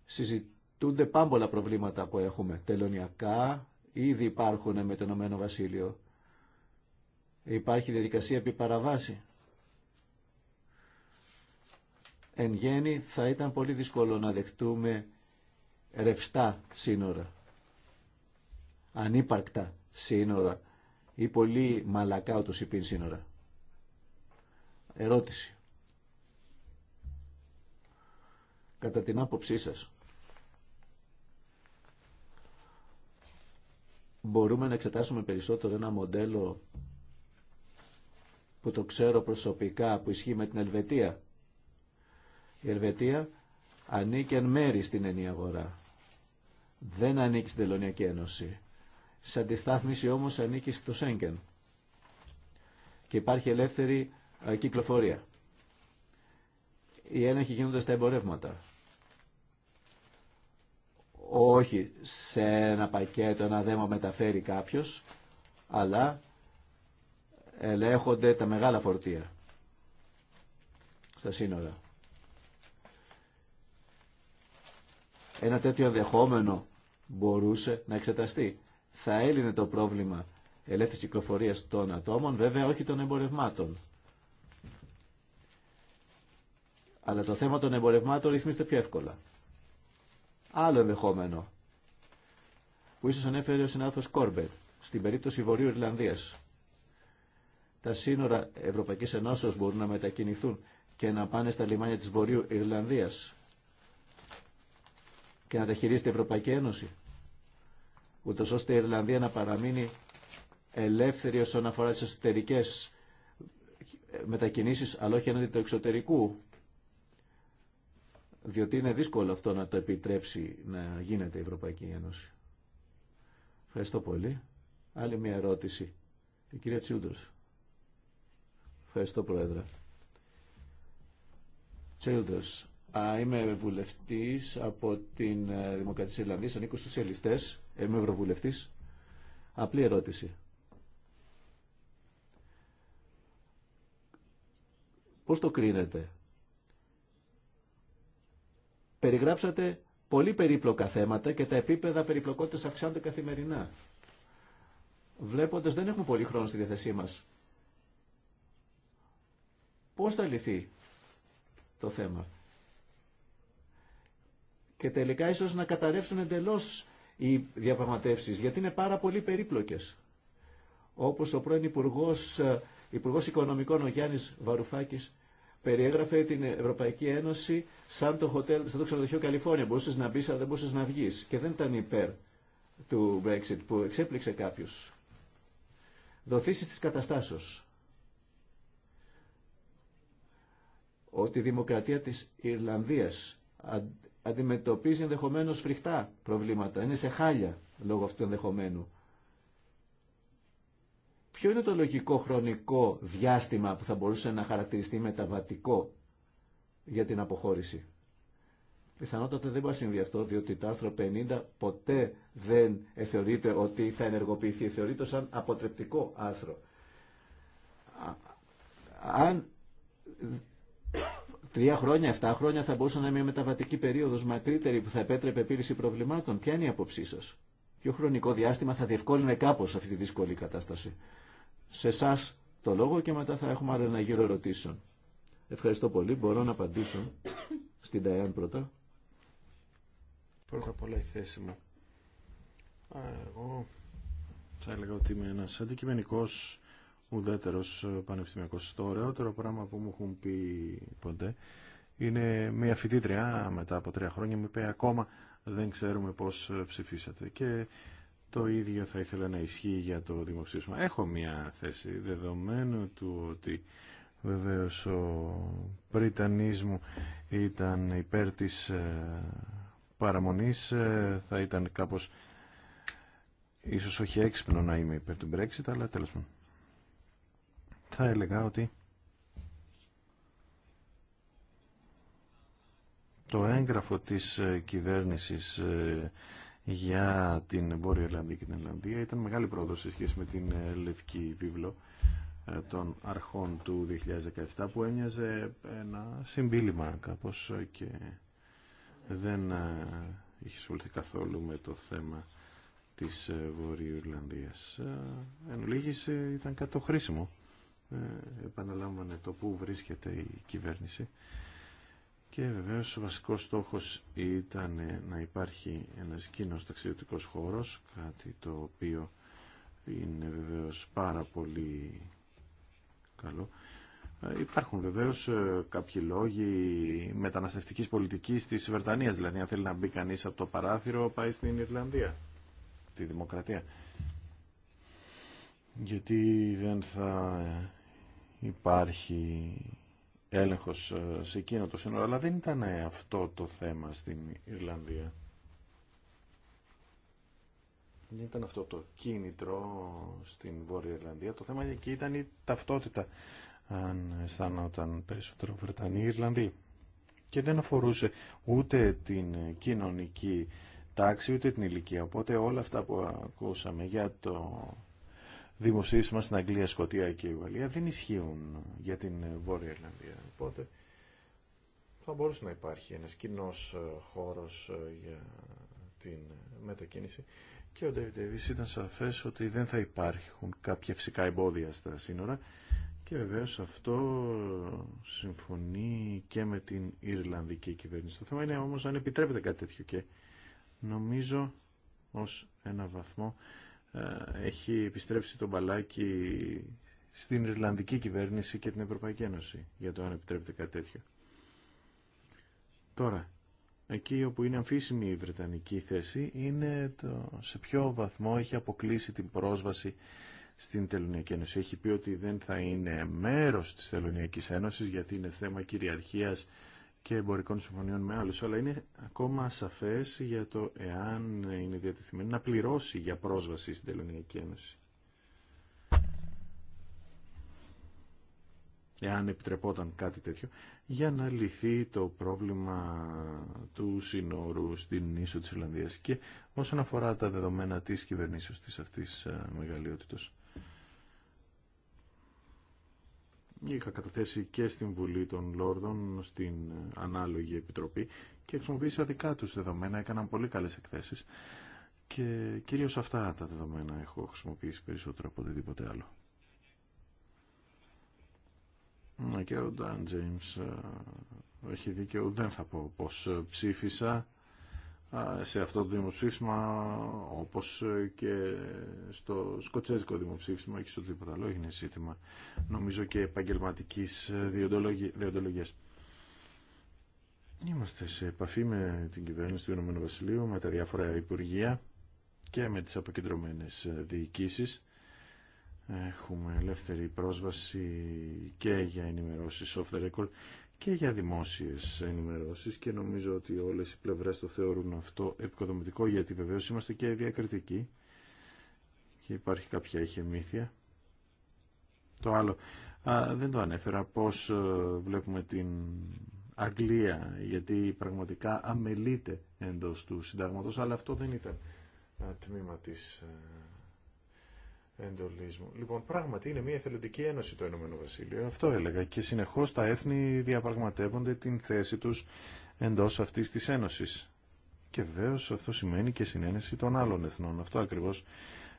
Συζητούνται πάμπολα προβλήματα που έχουμε. Τελωνιακά ήδη υπάρχουν με το Ηνωμένο Βασίλειο Υπάρχει διαδικασία επί παραβάση. Εν γέννη θα ήταν πολύ δύσκολο να δεχτούμε ρευστά σύνορα, ανύπαρκτα σύνορα ή πολύ μαλακά ούτως υπήν σύνορα. Ερώτηση. Κατά την άποψή σας, μπορούμε να εξετάσουμε περισσότερο ένα μοντέλο που το ξέρω προσωπικά, που ισχύει με την Ελβετία. Η Ελβετία ανήκει εν μέρη στην ενή αγορά. Δεν ανήκει στην Τελωνιακή Ένωση. Σε αντιστάθμιση όμως ανήκει στο Σέγγεν. Και υπάρχει ελεύθερη κυκλοφορία. Η έλεγχοι γίνονται στα εμπορεύματα. Όχι σε ένα πακέτο, ένα δέμα μεταφέρει κάποιος, αλλά ελέγχονται τα μεγάλα φορτία στα σύνορα. Ένα τέτοιο ενδεχόμενο μπορούσε να εξεταστεί. Θα έλυνε το πρόβλημα ελεύθερης κυκλοφορίας των ατόμων, βέβαια όχι των εμπορευμάτων. Αλλά το θέμα των εμπορευμάτων ρυθμίζεται πιο εύκολα. Άλλο ενδεχόμενο, που ίσως ανέφερε ο συνάδελφος Κόρμπετ στην περίπτωση Βορείου Ιρλανδίας τα σύνορα Ευρωπαϊκής Ενώσεως μπορούν να μετακινηθούν και να πάνε στα λιμάνια της Βορείου Ιρλανδίας και να τα χειρίζεται η Ευρωπαϊκή Ένωση, ούτως ώστε η Ιρλανδία να παραμείνει ελεύθερη όσον αφορά τις εσωτερικές μετακινήσεις, αλλά όχι ενάντια του εξωτερικού, διότι είναι δύσκολο αυτό να το επιτρέψει να γίνεται η Ευρωπαϊκή Ένωση. Ευχαριστώ πολύ. Άλλη μια ερώτηση. Η κυρία Τσιούντος. Ευχαριστώ, Πρόεδρε. Childers. είμαι βουλευτής από την ε, Δημοκρατία της Ιρλανδίας, ανήκω στους σοσιαλιστές, είμαι ευρωβουλευτής. Απλή ερώτηση. Πώς το κρίνετε. Περιγράψατε πολύ περίπλοκα θέματα και τα επίπεδα περιπλοκότητας αυξάνονται καθημερινά. Βλέποντας δεν έχουμε πολύ χρόνο στη διαθεσή μας Πώς θα λυθεί το θέμα. Και τελικά ίσως να καταρρεύσουν εντελώς οι διαπραγματεύσεις, γιατί είναι πάρα πολύ περίπλοκες. Όπως ο πρώην Υπουργός, ε, Οικονομικών, ο Γιάννης Βαρουφάκης, περιέγραφε την Ευρωπαϊκή Ένωση σαν το, hotel, σαν το ξενοδοχείο Καλιφόρνια. Μπορούσε να μπει, αλλά δεν μπορούσε να βγει. Και δεν ήταν υπέρ του Brexit που εξέπληξε κάποιου. Δοθήσει τη καταστάσεω. ότι η δημοκρατία της Ιρλανδίας αντιμετωπίζει ενδεχομένω φρικτά προβλήματα. Είναι σε χάλια λόγω αυτού του ενδεχομένου. Ποιο είναι το λογικό χρονικό διάστημα που θα μπορούσε να χαρακτηριστεί μεταβατικό για την αποχώρηση. Πιθανότατα δεν μπορεί να συμβεί αυτό, διότι το άρθρο 50 ποτέ δεν θεωρείται ότι θα ενεργοποιηθεί. Θεωρείται σαν αποτρεπτικό άρθρο. Αν Τρία χρόνια, εφτά χρόνια θα μπορούσε να είναι μια μεταβατική περίοδος μακρύτερη που θα επέτρεπε επίλυση προβλημάτων. Ποια είναι η άποψή σα. Ποιο χρονικό διάστημα θα διευκόλυνε κάπως αυτή τη δύσκολη κατάσταση. Σε εσά το λόγο και μετά θα έχουμε άλλο ένα γύρο ερωτήσεων. Ευχαριστώ πολύ. Μπορώ να απαντήσω στην Ταϊάν πρώτα. Πρώτα απ' όλα η θέση μου. Εγώ θα έλεγα ότι είμαι ένας αντικειμενικός ουδέτερος ε, πανεπιστημιακός. Το ωραιότερο πράγμα που μου έχουν πει ποτέ είναι μια φοιτήτρια μετά από τρία χρόνια μου είπε ακόμα δεν ξέρουμε πώς ε, ψηφίσατε και το ίδιο θα ήθελα να ισχύει για το δημοψήφισμα. Έχω μια θέση δεδομένου του ότι βεβαίω ο Πρίτανή μου ήταν υπέρ της ε, παραμονής θα ήταν κάπω ίσως όχι έξυπνο να είμαι υπέρ του Brexit αλλά τέλος πάντων θα έλεγα ότι το έγγραφο της ε, κυβέρνησης ε, για την Βόρεια Ιρλανδία και την Ιρλανδία ήταν μεγάλη πρόοδος σε σχέση με την ε, Λευκή Βίβλο των αρχών του 2017 που έμοιαζε ένα συμπίλημα κάπως και δεν είχε σχοληθεί καθόλου με το θέμα της Βόρειου Ιρλανδίας. Εν ήταν κάτι το χρήσιμο ε, επαναλάμβανε το πού βρίσκεται η κυβέρνηση και βεβαίως ο βασικός στόχος ήταν να υπάρχει ένας κοινός ταξιδιωτικός χώρος, κάτι το οποίο είναι βεβαίως πάρα πολύ καλό. Ε, υπάρχουν βεβαίως ε, κάποιοι λόγοι μεταναστευτικής πολιτικής της Βρετανίας, δηλαδή αν θέλει να μπει κανείς από το παράθυρο πάει στην Ιρλανδία, τη δημοκρατία γιατί δεν θα υπάρχει έλεγχος σε εκείνο το σύνολο. αλλά δεν ήταν αυτό το θέμα στην Ιρλανδία. Δεν ήταν αυτό το κίνητρο στην Βόρεια Ιρλανδία. Το θέμα εκεί ήταν η ταυτότητα, αν αισθανόταν περισσότερο ή Ιρλανδή Και δεν αφορούσε ούτε την κοινωνική τάξη, ούτε την ηλικία. Οπότε όλα αυτά που ακούσαμε για το δημοσίευμα στην Αγγλία, Σκοτία και η δεν ισχύουν για την Βόρεια Ιρλανδία. Οπότε θα μπορούσε να υπάρχει ένας κοινό ε, χώρος ε, για την μετακίνηση και ο David Davis ήταν σαφέ ότι δεν θα υπάρχουν κάποια φυσικά εμπόδια στα σύνορα και βεβαίω αυτό συμφωνεί και με την Ιρλανδική κυβέρνηση. Το θέμα είναι όμω αν επιτρέπεται κάτι τέτοιο και νομίζω ως ένα βαθμό ε, έχει επιστρέψει το μπαλάκι στην Ιρλανδική κυβέρνηση και την Ευρωπαϊκή Ένωση για το αν επιτρέπεται κάτι τέτοιο. Τώρα, εκεί όπου είναι αμφίσιμη η Βρετανική θέση είναι το σε ποιο βαθμό έχει αποκλείσει την πρόσβαση στην Τελωνιακή Ένωση. Έχει πει ότι δεν θα είναι μέρος της Τελωνιακής Ένωσης γιατί είναι θέμα κυριαρχίας και εμπορικών συμφωνιών με άλλους, αλλά είναι ακόμα σαφές για το εάν είναι διατεθειμένη να πληρώσει για πρόσβαση στην Τελωνιακή Ένωση. εάν επιτρεπόταν κάτι τέτοιο, για να λυθεί το πρόβλημα του σύνορου στην ίσο της Ιρλανδίας και όσον αφορά τα δεδομένα της κυβερνήσεως της αυτής ε, μεγαλειότητος. είχα καταθέσει και στην Βουλή των Λόρδων, στην ανάλογη επιτροπή και χρησιμοποίησα δικά τους δεδομένα, έκαναν πολύ καλές εκθέσεις και κυρίως αυτά τα δεδομένα έχω χρησιμοποιήσει περισσότερο από οτιδήποτε άλλο. Και ο Νταν Τζέιμς ε, έχει δίκαιο, δεν θα πω πώς ψήφισα σε αυτό το δημοψήφισμα όπως και στο σκοτσέζικο δημοψήφισμα και σε οτιδήποτε άλλο είναι ζήτημα νομίζω και επαγγελματική διοντολογίας. Είμαστε σε επαφή με την κυβέρνηση του Ηνωμένου Βασιλείου, με τα διάφορα υπουργεία και με τις αποκεντρωμένες διοικήσεις. Έχουμε ελεύθερη πρόσβαση και για ενημερώσεις soft record και για δημόσιες ενημερώσεις και νομίζω ότι όλες οι πλευρές το θεωρούν αυτό επικοδομητικό γιατί βεβαίω είμαστε και διακριτικοί και υπάρχει κάποια ηχεμήθεια. Το άλλο, α, δεν το ανέφερα, πώς ε, βλέπουμε την Αγγλία γιατί πραγματικά αμελείται εντός του συντάγματος αλλά αυτό δεν ήταν ε, τμήμα της ε, Λοιπόν, πράγματι είναι μια εθελοντική ένωση το Ηνωμένο Βασίλειο. Αυτό έλεγα. Και συνεχώς τα έθνη διαπραγματεύονται την θέση τους εντός αυτής της ένωσης. Και βεβαίω αυτό σημαίνει και συνένεση των άλλων εθνών. Αυτό ακριβώς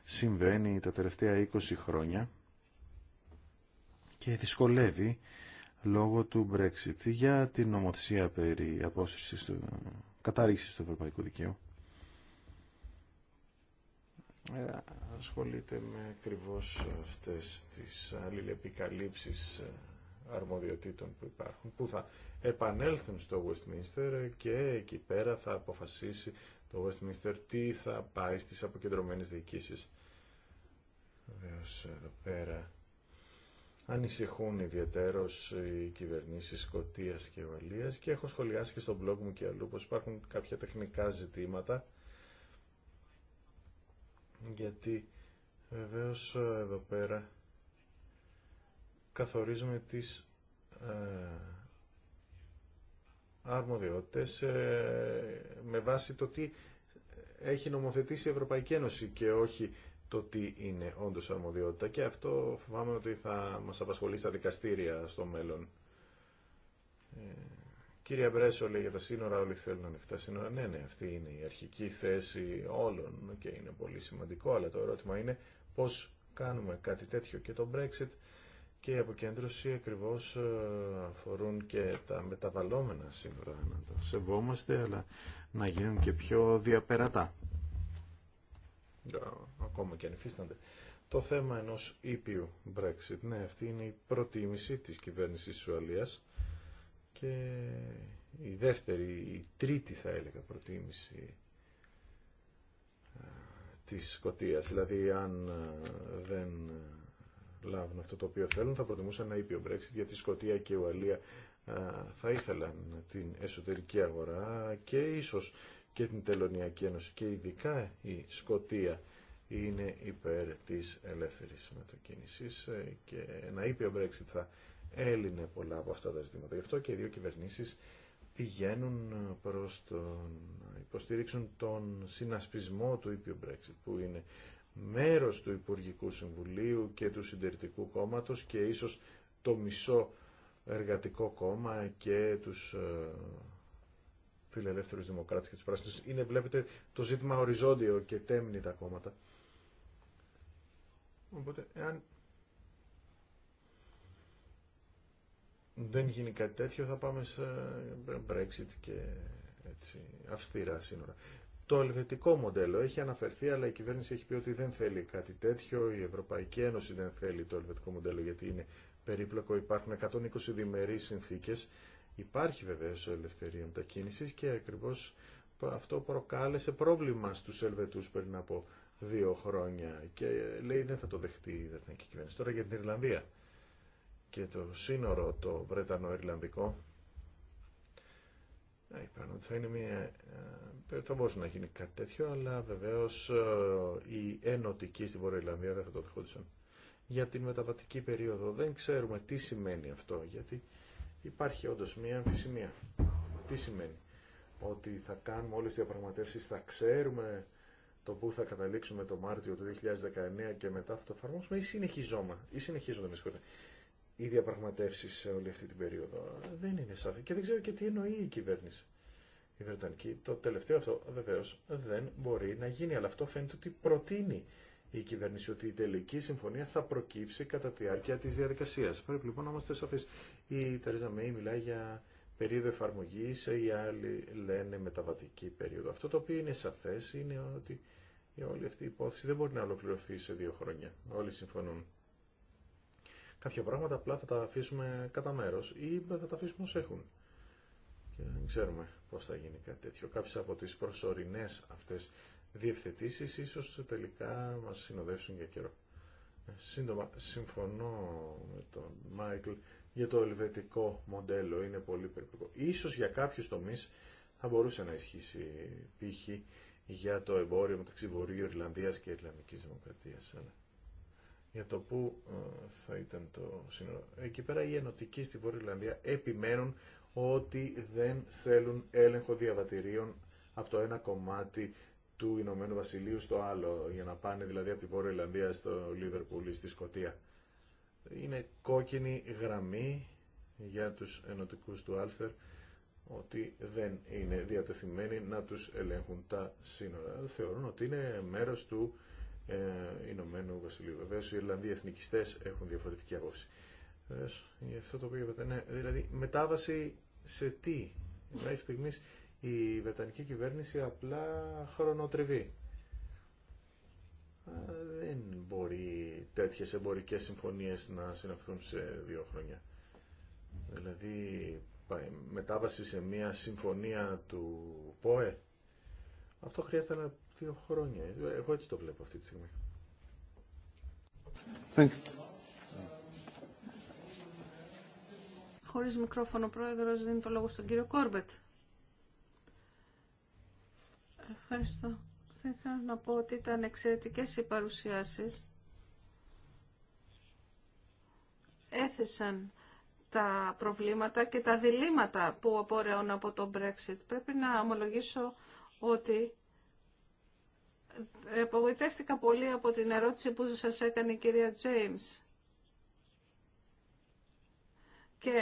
συμβαίνει τα τελευταία 20 χρόνια και δυσκολεύει λόγω του Brexit για την νομοθεσία περί απόσυρσης του, κατάργησης του ευρωπαϊκού δικαίου. Ε, ασχολείται με ακριβώ αυτές τις αλληλεπικαλύψεις ε, αρμοδιοτήτων που υπάρχουν, που θα επανέλθουν στο Westminster και εκεί πέρα θα αποφασίσει το Westminster τι θα πάει στις αποκεντρωμένες διοικήσεις. Βεβαίω εδώ πέρα ανησυχούν ιδιαίτερως οι κυβερνήσεις Σκοτίας και Βαλίας και έχω σχολιάσει και στο blog μου και αλλού πως υπάρχουν κάποια τεχνικά ζητήματα γιατί βεβαίως ε, εδώ πέρα καθορίζουμε τις ε, αρμοδιότητες ε, με βάση το τι έχει νομοθετήσει η Ευρωπαϊκή Ένωση και όχι το τι είναι όντως αρμοδιότητα και αυτό φοβάμαι ότι θα μας απασχολεί στα δικαστήρια στο μέλλον. Κύριε Μπρέσο λέει για τα σύνορα όλοι θέλουν να ανοιχτά σύνορα. Ναι, ναι, αυτή είναι η αρχική θέση όλων και είναι πολύ σημαντικό, αλλά το ερώτημα είναι πώς κάνουμε κάτι τέτοιο και το Brexit και η αποκέντρωση ακριβώς ε, αφορούν και τα μεταβαλλόμενα σύνορα. Να τα σεβόμαστε, αλλά να γίνουν και πιο διαπερατά. Ε, ακόμα και αν υφίστανται. Το θέμα ενός ήπιου Brexit, ναι, αυτή είναι η προτίμηση της κυβέρνησης της και η δεύτερη, η τρίτη θα έλεγα προτίμηση της σκοτίας. Δηλαδή αν δεν λάβουν αυτό το οποίο θέλουν θα προτιμούσαν να είπε ο Brexit γιατί η Σκοτία και η Ουαλία θα ήθελαν την εσωτερική αγορά και ίσως και την Τελωνιακή Ένωση και ειδικά η Σκοτία είναι υπέρ της ελεύθερης μετακίνησης ε, και να είπε ο Brexit θα έλυνε πολλά από αυτά τα ζητήματα. Γι' αυτό και οι δύο κυβερνήσεις πηγαίνουν προς τον... υποστηρίξουν τον συνασπισμό του ήπιου Brexit που είναι μέρος του Υπουργικού Συμβουλίου και του Συντηρητικού Κόμματος και ίσως το μισό εργατικό κόμμα και τους ε, φιλελεύθερους δημοκράτες και τους πράσινους. Είναι βλέπετε το ζήτημα οριζόντιο και τέμνη τα κόμματα. Οπότε εάν δεν γίνει κάτι τέτοιο θα πάμε σε Brexit και έτσι, αυστηρά σύνορα. Το ελβετικό μοντέλο έχει αναφερθεί, αλλά η κυβέρνηση έχει πει ότι δεν θέλει κάτι τέτοιο. Η Ευρωπαϊκή Ένωση δεν θέλει το ελβετικό μοντέλο γιατί είναι περίπλοκο. Υπάρχουν 120 διμερείς συνθήκες. Υπάρχει βεβαίως ελευθερία μετακίνηση και ακριβώς αυτό προκάλεσε πρόβλημα στους Ελβετούς πριν από δύο χρόνια και λέει δεν θα το δεχτεί η Δεθνική Κυβέρνηση. Τώρα για την Ιρλανδία και το σύνορο το Βρετανο-Ιρλανδικό θα, είναι μια, ε, θα μπορούσε να γίνει κάτι τέτοιο, αλλά βεβαίως ε, οι ενωτικοί στην Βόρεια δεν θα το δεχόντουσαν. Για την μεταβατική περίοδο δεν ξέρουμε τι σημαίνει αυτό, γιατί υπάρχει όντως μια αμφισημία. Τι σημαίνει, ότι θα κάνουμε όλες τις διαπραγματεύσεις, θα ξέρουμε το πού θα καταλήξουμε το Μάρτιο του 2019 και μετά θα το εφαρμόσουμε ή συνεχίζομαι, ή συνεχίζονται, με συγχωρείτε οι διαπραγματεύσει σε όλη αυτή την περίοδο. Δεν είναι σαφή και δεν ξέρω και τι εννοεί η κυβέρνηση. Η Βρετανική, το τελευταίο αυτό βεβαίω δεν μπορεί να γίνει, αλλά αυτό φαίνεται ότι προτείνει η κυβέρνηση ότι η τελική συμφωνία θα προκύψει κατά τη διάρκεια τη διαδικασία. Πρέπει λοιπόν να είμαστε σαφεί. Η Τερίζα Μέη μιλάει για περίοδο εφαρμογή, οι άλλοι λένε μεταβατική περίοδο. Αυτό το οποίο είναι σαφέ είναι ότι όλη αυτή η υπόθεση δεν μπορεί να ολοκληρωθεί σε δύο χρόνια. Όλοι συμφωνούν. Κάποια πράγματα απλά θα τα αφήσουμε κατά μέρο ή θα τα αφήσουμε όσο έχουν. Και δεν ξέρουμε πώ θα γίνει κάτι τέτοιο. Κάποιε από τι προσωρινέ αυτέ διευθετήσει, ίσω τελικά μα συνοδεύσουν για καιρό. Ε, σύντομα, συμφωνώ με τον Μάικλ για το ελβετικό μοντέλο. Είναι πολύ περιπλοκό. Ίσως για κάποιου τομεί θα μπορούσε να ισχύσει π.χ. για το εμπόριο μεταξύ Βορείου Ιρλανδίας και Ιρλανδικής Δημοκρατίας. Αλλά για το πού ε, θα ήταν το σύνολο. Εκεί πέρα οι ενωτικοί στη Βόρεια Ιρλανδία επιμένουν ότι δεν θέλουν έλεγχο διαβατηρίων από το ένα κομμάτι του Ηνωμένου Βασιλείου στο άλλο, για να πάνε δηλαδή από τη Βόρεια Ιρλανδία στο Λίβερπουλ ή στη Σκωτία. Είναι κόκκινη γραμμή για τους ενωτικούς του Άλστερ ότι δεν είναι διατεθειμένοι να τους ελέγχουν τα σύνορα. Θεωρούν ότι είναι μέρος του ε, Ηνωμένου Βασιλείου. Βεβαίω οι Ιρλανδοί εθνικιστέ έχουν διαφορετική άποψη. Ε, αυτό το οποίο είπατε. Ναι, δηλαδή μετάβαση σε τι. Μέχρι στιγμή η Βρετανική κυβέρνηση απλά χρονοτριβεί. Δεν μπορεί τέτοιε εμπορικέ συμφωνίες να συναυθούν σε δύο χρόνια. Δηλαδή μετάβαση σε μια συμφωνία του ΠΟΕ. Αυτό χρειάζεται να δύο χρόνια. Εγώ έτσι το βλέπω αυτή τη στιγμή. Thank you. Χωρίς μικρόφωνο πρόεδρος δίνει το λόγο στον κύριο Κόρμπετ. Ευχαριστώ. Θα ήθελα να πω ότι ήταν εξαιρετικές οι παρουσιάσεις. Έθεσαν τα προβλήματα και τα διλήμματα που απορρέουν από το Brexit. Πρέπει να ομολογήσω ότι απογοητεύτηκα πολύ από την ερώτηση που σας έκανε η κυρία Τζέιμς. Και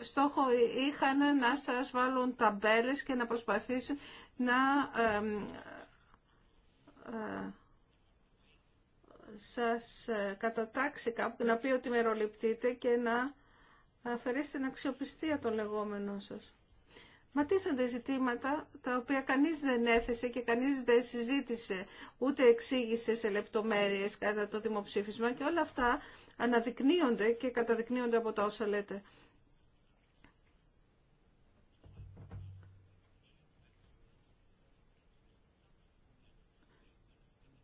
στόχο είχαν να σας βάλουν ταμπέλες και να προσπαθήσουν να ε, σας κατατάξει κάπου, να πει ότι μεροληπτείτε και να αφαιρέσει την αξιοπιστία των λεγόμενων σας. Μα τίθενται ζητήματα τα οποία κανείς δεν έθεσε και κανείς δεν συζήτησε, ούτε εξήγησε σε λεπτομέρειες κατά το δημοψήφισμα και όλα αυτά αναδεικνύονται και καταδεικνύονται από τα όσα λέτε.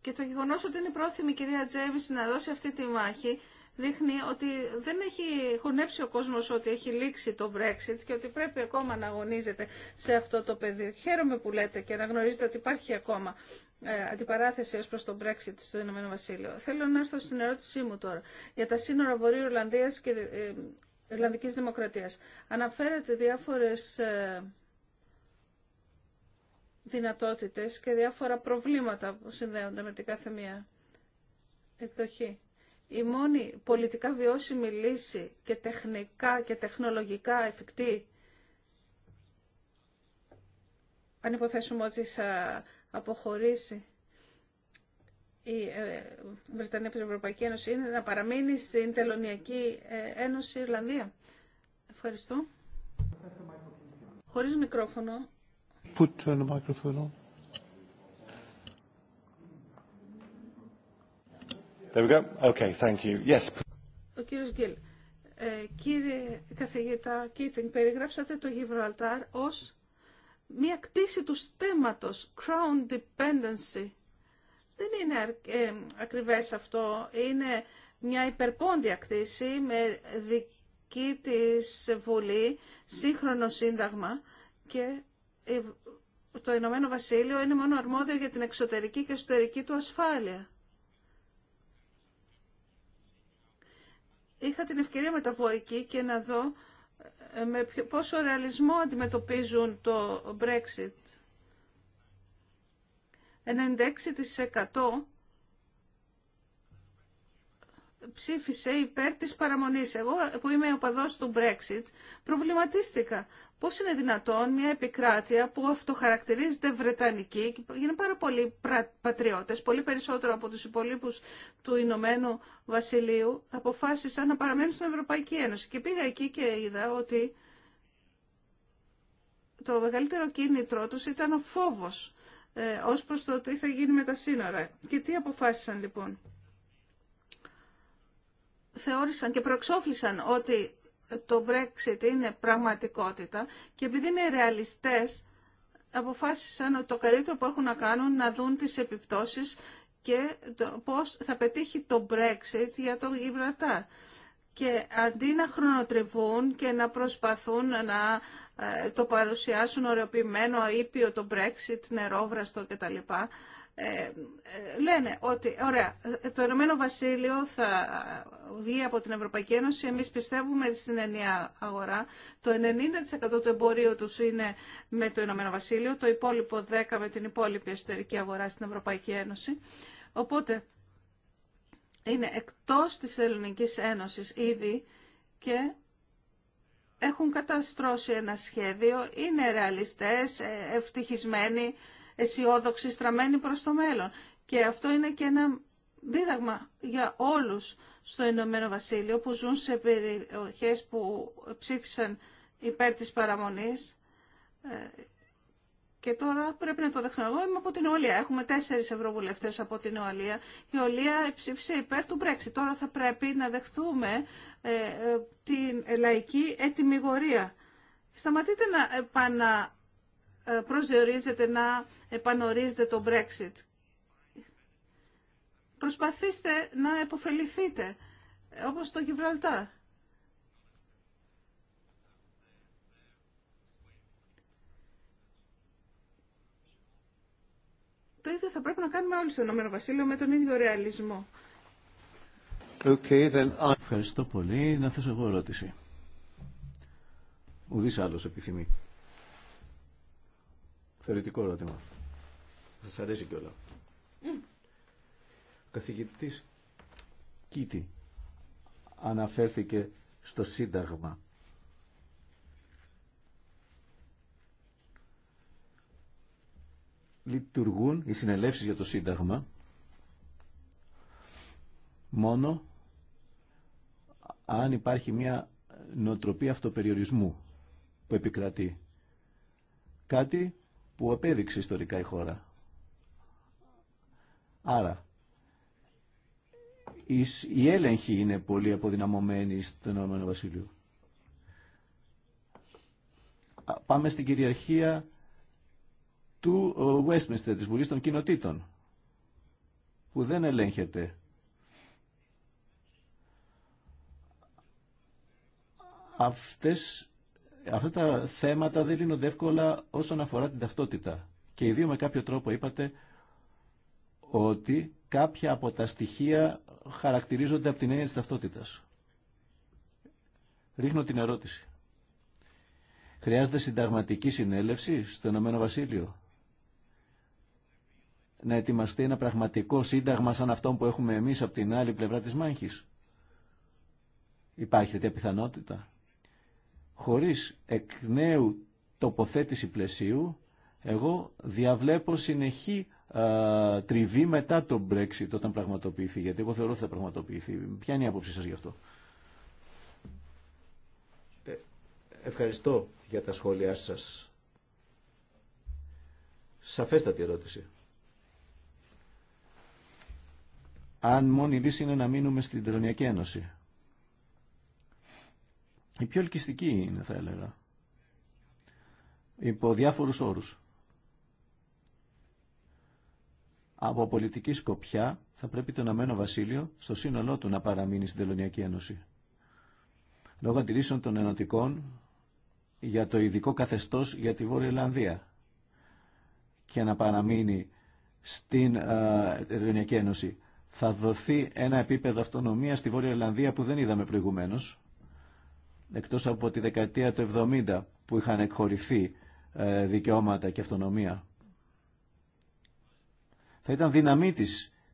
Και το γεγονός ότι είναι πρόθυμη η κυρία Τζέβης να δώσει αυτή τη μάχη δείχνει ότι δεν έχει χωνέψει ο κόσμος ότι έχει λήξει το Brexit και ότι πρέπει ακόμα να αγωνίζεται σε αυτό το πεδίο. Χαίρομαι που λέτε και να γνωρίζετε ότι υπάρχει ακόμα ε, αντιπαράθεση ως προς το Brexit στο Ηνωμένο Βασίλειο. Θέλω να έρθω στην ερώτησή μου τώρα για τα σύνορα Βορείου Ιρλανδίας και ε, Ιρλανδικής Δημοκρατίας. Αναφέρετε διάφορες ε, δυνατότητες και διάφορα προβλήματα που συνδέονται με την κάθε μία εκδοχή η μόνη πολιτικά βιώσιμη λύση και τεχνικά και τεχνολογικά εφικτή, αν υποθέσουμε ότι θα αποχωρήσει η ε, Βρετανία από την Ευρωπαϊκή Ένωση, είναι να παραμείνει στην Τελωνιακή ε, Ένωση Ιρλανδία. Ευχαριστώ. Χωρίς μικρόφωνο. Put the microphone Ο κύριος Γκίλ. Ε, κύριε καθηγητά Κίτσινγκ, περιγράψατε το Γιβραλτάρ ως μια κτήση του στέματος, crown dependency. Δεν είναι αρ, ε, ακριβές αυτό. Είναι μια υπερπόντια κτήση με δική της βουλή, σύγχρονο σύνταγμα και το Ηνωμένο Βασίλειο είναι μόνο αρμόδιο για την εξωτερική και εσωτερική του ασφάλεια. είχα την ευκαιρία να μεταβώ εκεί και να δω ε, με πόσο ρεαλισμό αντιμετωπίζουν το Brexit. 96% ψήφισε υπέρ της παραμονής. Εγώ που είμαι οπαδός του Brexit προβληματίστηκα Πώς είναι δυνατόν μια επικράτεια που αυτοχαρακτηρίζεται βρετανική και είναι πάρα πολλοί πατριώτες, πολύ περισσότερο από τους υπολείπους του Ηνωμένου Βασιλείου, αποφάσισαν να παραμένουν στην Ευρωπαϊκή Ένωση. Και πήγα εκεί και είδα ότι το μεγαλύτερο κίνητρό τους ήταν ο φόβος ε, ως προς το τι θα γίνει με τα σύνορα. Και τι αποφάσισαν λοιπόν. Θεώρησαν και προεξόφλησαν ότι το Brexit είναι πραγματικότητα και επειδή είναι ρεαλιστές αποφάσισαν το καλύτερο που έχουν να κάνουν να δουν τις επιπτώσεις και το, πώς θα πετύχει το Brexit για το Γιβραλτάρ. Και αντί να χρονοτριβούν και να προσπαθούν να ε, το παρουσιάσουν ωραιοποιημένο, ήπιο το Brexit, νερόβραστο κτλ. Ε, ε, λένε ότι, ωραία, το Ηνωμένο Βασίλειο θα βγει από την Ευρωπαϊκή Ένωση, εμείς πιστεύουμε στην ενιαία αγορά, το 90% του εμπορίου τους είναι με το Ηνωμένο Βασίλειο, το υπόλοιπο 10% με την υπόλοιπη εσωτερική αγορά στην Ευρωπαϊκή Ένωση. Οπότε, είναι εκτός της Ελληνικής Ένωσης ήδη και έχουν καταστρώσει ένα σχέδιο, είναι ρεαλιστές, ε, ευτυχισμένοι, αισιόδοξη, στραμμένη προς το μέλλον. Και αυτό είναι και ένα δίδαγμα για όλους στο Ηνωμένο Βασίλειο που ζουν σε περιοχές που ψήφισαν υπέρ της παραμονής. Ε, και τώρα πρέπει να το δεχτώ. Εγώ είμαι από την Ολία. Έχουμε τέσσερι ευρωβουλευτέ από την Ολία. Η Ολία ψήφισε υπέρ του Brexit. Τώρα θα πρέπει να δεχθούμε ε, ε, την λαϊκή ετοιμιγορία. Σταματείτε να επανα προσδιορίζεται να επανορίζεται το Brexit. Προσπαθήστε να επωφεληθείτε, όπως το Γιβραλτά. Το ίδιο θα πρέπει να κάνουμε όλοι στο Ηνωμένο Βασίλειο με τον ίδιο ρεαλισμό. Okay, then I... Ευχαριστώ πολύ. Να θέσω εγώ ερώτηση. Ουδής άλλος επιθυμεί. Θεωρητικό ερώτημα. Σας αρέσει κιόλα. Mm. καθηγητής Κίτη αναφέρθηκε στο Σύνταγμα. Λειτουργούν οι συνελεύσεις για το Σύνταγμα μόνο αν υπάρχει μια νοοτροπία αυτοπεριορισμού που επικρατεί. Κάτι που απέδειξε ιστορικά η χώρα. Άρα, η έλεγχη είναι πολύ αποδυναμωμένη στον Ηνωμένο Βασίλειο. Πάμε στην κυριαρχία του Westminster, της Βουλής των Κοινοτήτων, που δεν ελέγχεται. Αυτές αυτά τα θέματα δεν λύνονται εύκολα όσον αφορά την ταυτότητα. Και ιδίω με κάποιο τρόπο είπατε ότι κάποια από τα στοιχεία χαρακτηρίζονται από την έννοια της ταυτότητας. Ρίχνω την ερώτηση. Χρειάζεται συνταγματική συνέλευση στο Ηνωμένο Βασίλειο. Να ετοιμαστεί ένα πραγματικό σύνταγμα σαν αυτό που έχουμε εμείς από την άλλη πλευρά της μάχης. Υπάρχει τέτοια πιθανότητα χωρίς εκ νέου τοποθέτηση πλαισίου, εγώ διαβλέπω συνεχή τριβή μετά το Brexit όταν πραγματοποιηθεί, γιατί εγώ θεωρώ ότι θα πραγματοποιηθεί. Ποια είναι η άποψή σας γι' αυτό. Ε, ευχαριστώ για τα σχόλιά σας. Σαφέστατη ερώτηση. Αν μόνη λύση είναι να μείνουμε στην Τελωνιακή Ένωση η πιο ελκυστική είναι θα έλεγα υπό διάφορους όρους. Από πολιτική σκοπιά θα πρέπει το Ενωμένο Βασίλειο στο σύνολό του να παραμείνει στην Τελωνιακή Ένωση. Λόγω αντιρρήσεων των ενωτικών για το ειδικό καθεστώς για τη Βόρεια Ελλανδία και να παραμείνει στην ε, Τελωνιακή Ένωση. Θα δοθεί ένα επίπεδο αυτονομίας στη Βόρεια Ελλανδία που δεν είδαμε προηγουμένως εκτός από τη δεκαετία του 70 που είχαν εκχωρηθεί ε, δικαιώματα και αυτονομία. Θα ήταν δύναμή τη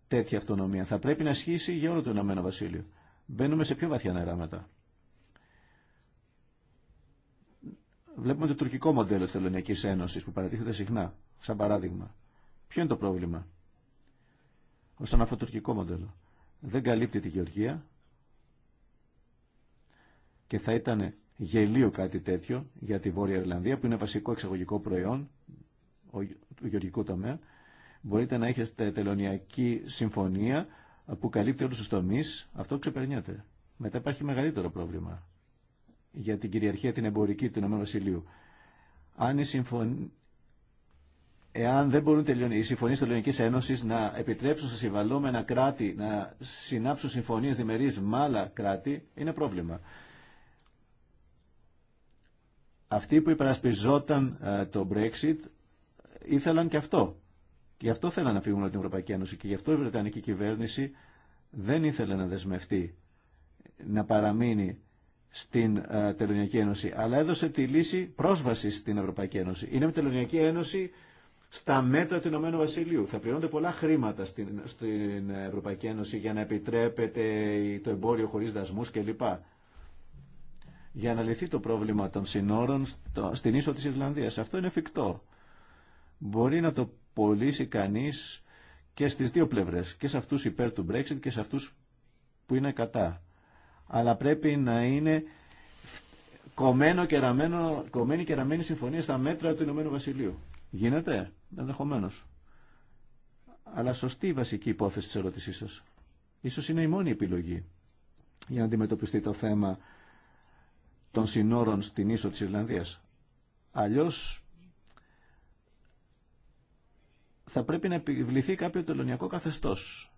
τέτοια αυτονομία. Θα πρέπει να ισχύσει για όλο το Ηνωμένο Βασίλειο. Μπαίνουμε σε πιο βαθιά νερά μετά. Βλέπουμε το τουρκικό μοντέλο τη Θελωνιακή Ένωση που παρατίθεται συχνά, σαν παράδειγμα. Ποιο είναι το πρόβλημα όσον αφορά μοντέλο. Δεν καλύπτει τη Γεωργία, και θα ήταν γελίο κάτι τέτοιο για τη Βόρεια Ιρλανδία που είναι βασικό εξαγωγικό προϊόν του γεωργικού τομέα. Μπορείτε να έχετε τελωνιακή συμφωνία που καλύπτει όλους τους τομείς. Αυτό ξεπερνιέται. Μετά υπάρχει μεγαλύτερο πρόβλημα για την κυριαρχία την εμπορική του Ηνωμένου Βασιλείου. Αν η Εάν δεν μπορούν οι συμφωνίε τη Ελληνική Ένωση να επιτρέψουν σε συμβαλόμενα κράτη να συνάψουν συμφωνίε διμερεί με άλλα κράτη, είναι πρόβλημα. Αυτοί που υπερασπιζόταν ε, το Brexit ήθελαν και αυτό. Και γι' αυτό θέλαν να φύγουν από την Ευρωπαϊκή Ένωση και γι' αυτό η Βρετανική κυβέρνηση δεν ήθελε να δεσμευτεί να παραμείνει στην ε, Τελωνιακή Ένωση, αλλά έδωσε τη λύση πρόσβαση στην Ευρωπαϊκή Ένωση. Είναι με Τελωνιακή Ένωση στα μέτρα του Ηνωμένου Βασιλείου. Θα πληρώνονται πολλά χρήματα στην, στην Ευρωπαϊκή Ένωση για να επιτρέπεται το εμπόριο χωρί δασμού κλπ για να λυθεί το πρόβλημα των συνόρων στην ίσο της Ιρλανδίας. Αυτό είναι εφικτό. Μπορεί να το πωλήσει κανείς και στις δύο πλευρές, και σε αυτούς υπέρ του Brexit και σε αυτούς που είναι κατά. Αλλά πρέπει να είναι κομμένο και ραμμένο, κομμένη και ραμμένη συμφωνία στα μέτρα του Ηνωμένου Βασιλείου. Γίνεται, ενδεχομένω. Αλλά σωστή η βασική υπόθεση της ερώτησής σας. Ίσως είναι η μόνη επιλογή για να αντιμετωπιστεί το θέμα των συνόρων στην ίσο της Ιρλανδίας. Αλλιώς θα πρέπει να επιβληθεί κάποιο τελωνιακό καθεστώς.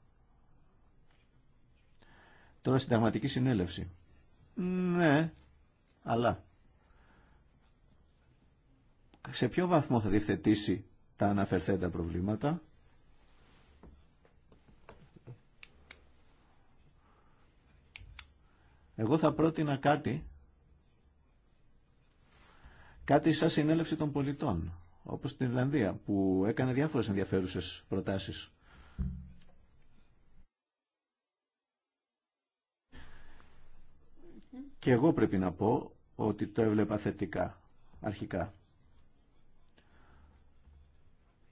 Τώρα συνταγματική συνέλευση. Ναι, αλλά σε ποιο βαθμό θα διευθετήσει τα αναφερθέντα προβλήματα. Εγώ θα πρότεινα κάτι κάτι σαν συνέλευση των πολιτών, όπως στην Ιρλανδία, που έκανε διάφορες ενδιαφέρουσες προτάσεις. Και εγώ πρέπει να πω ότι το έβλεπα θετικά, αρχικά.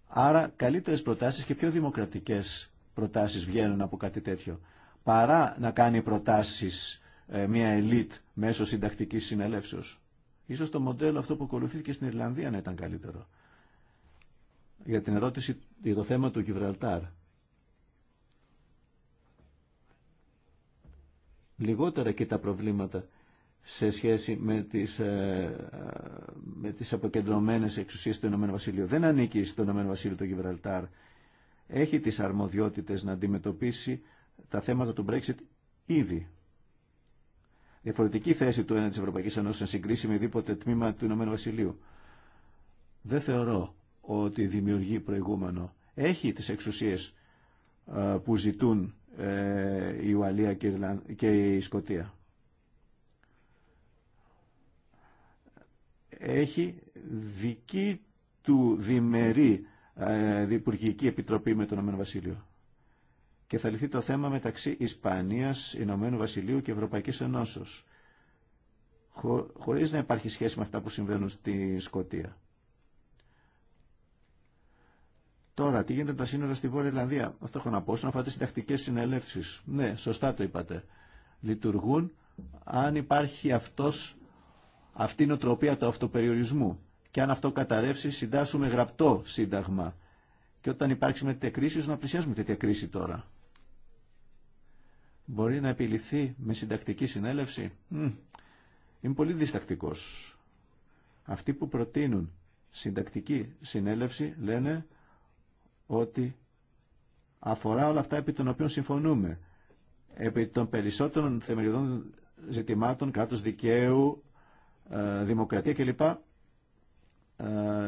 Άρα καλύτερες προτάσεις και πιο δημοκρατικές προτάσεις βγαίνουν από κάτι τέτοιο. Παρά να κάνει προτάσεις ε, μια ελίτ μέσω συντακτικής συνελεύσεως. Ίσως το μοντέλο αυτό που ακολουθήθηκε στην Ιρλανδία να ήταν καλύτερο. Για την ερώτηση για το θέμα του Γιβραλτάρ. Λιγότερα και τα προβλήματα σε σχέση με τις, ε, με τις αποκεντρωμένες εξουσίες του ΕΒ. Δεν ανήκει στο ΕΒ το Γιβραλτάρ. Έχει τις αρμοδιότητες να αντιμετωπίσει τα θέματα του Brexit ήδη διαφορετική θέση του έναντι τη Ευρωπαϊκή Ένωση σε συγκρίση με οτιδήποτε τμήμα του Ηνωμένου Βασιλείου. Δεν θεωρώ ότι δημιουργεί προηγούμενο. Έχει τι εξουσίε που ζητούν ε, η Ουαλία και η Σκοτία. Έχει δική του διμερή ε, Διπουργική Επιτροπή με το Ηνωμένο Βασίλειο και θα λυθεί το θέμα μεταξύ Ισπανίας, Ηνωμένου Βασιλείου και Ευρωπαϊκής Ενώσεως, χω, χωρίς να υπάρχει σχέση με αυτά που συμβαίνουν στη Σκωτία. Τώρα, τι γίνεται με τα σύνορα στη Βόρεια Ιρλανδία. Αυτό έχω να πω. Όσον αφορά τι συντακτικέ συνελεύσει. Ναι, σωστά το είπατε. Λειτουργούν αν υπάρχει αυτός, αυτή η νοοτροπία του αυτοπεριορισμού. Και αν αυτό καταρρεύσει, συντάσσουμε γραπτό σύνταγμα. Και όταν υπάρξει με τέτοια κρίση, να πλησιάζουμε τέτοια κρίση τώρα μπορεί να επιληθεί με συντακτική συνέλευση. Είμαι πολύ διστακτικός. Αυτοί που προτείνουν συντακτική συνέλευση λένε ότι αφορά όλα αυτά επί των οποίων συμφωνούμε. Επί των περισσότερων θεμελιωδών ζητημάτων, κράτος δικαίου, ε, δημοκρατία κλπ. Ε,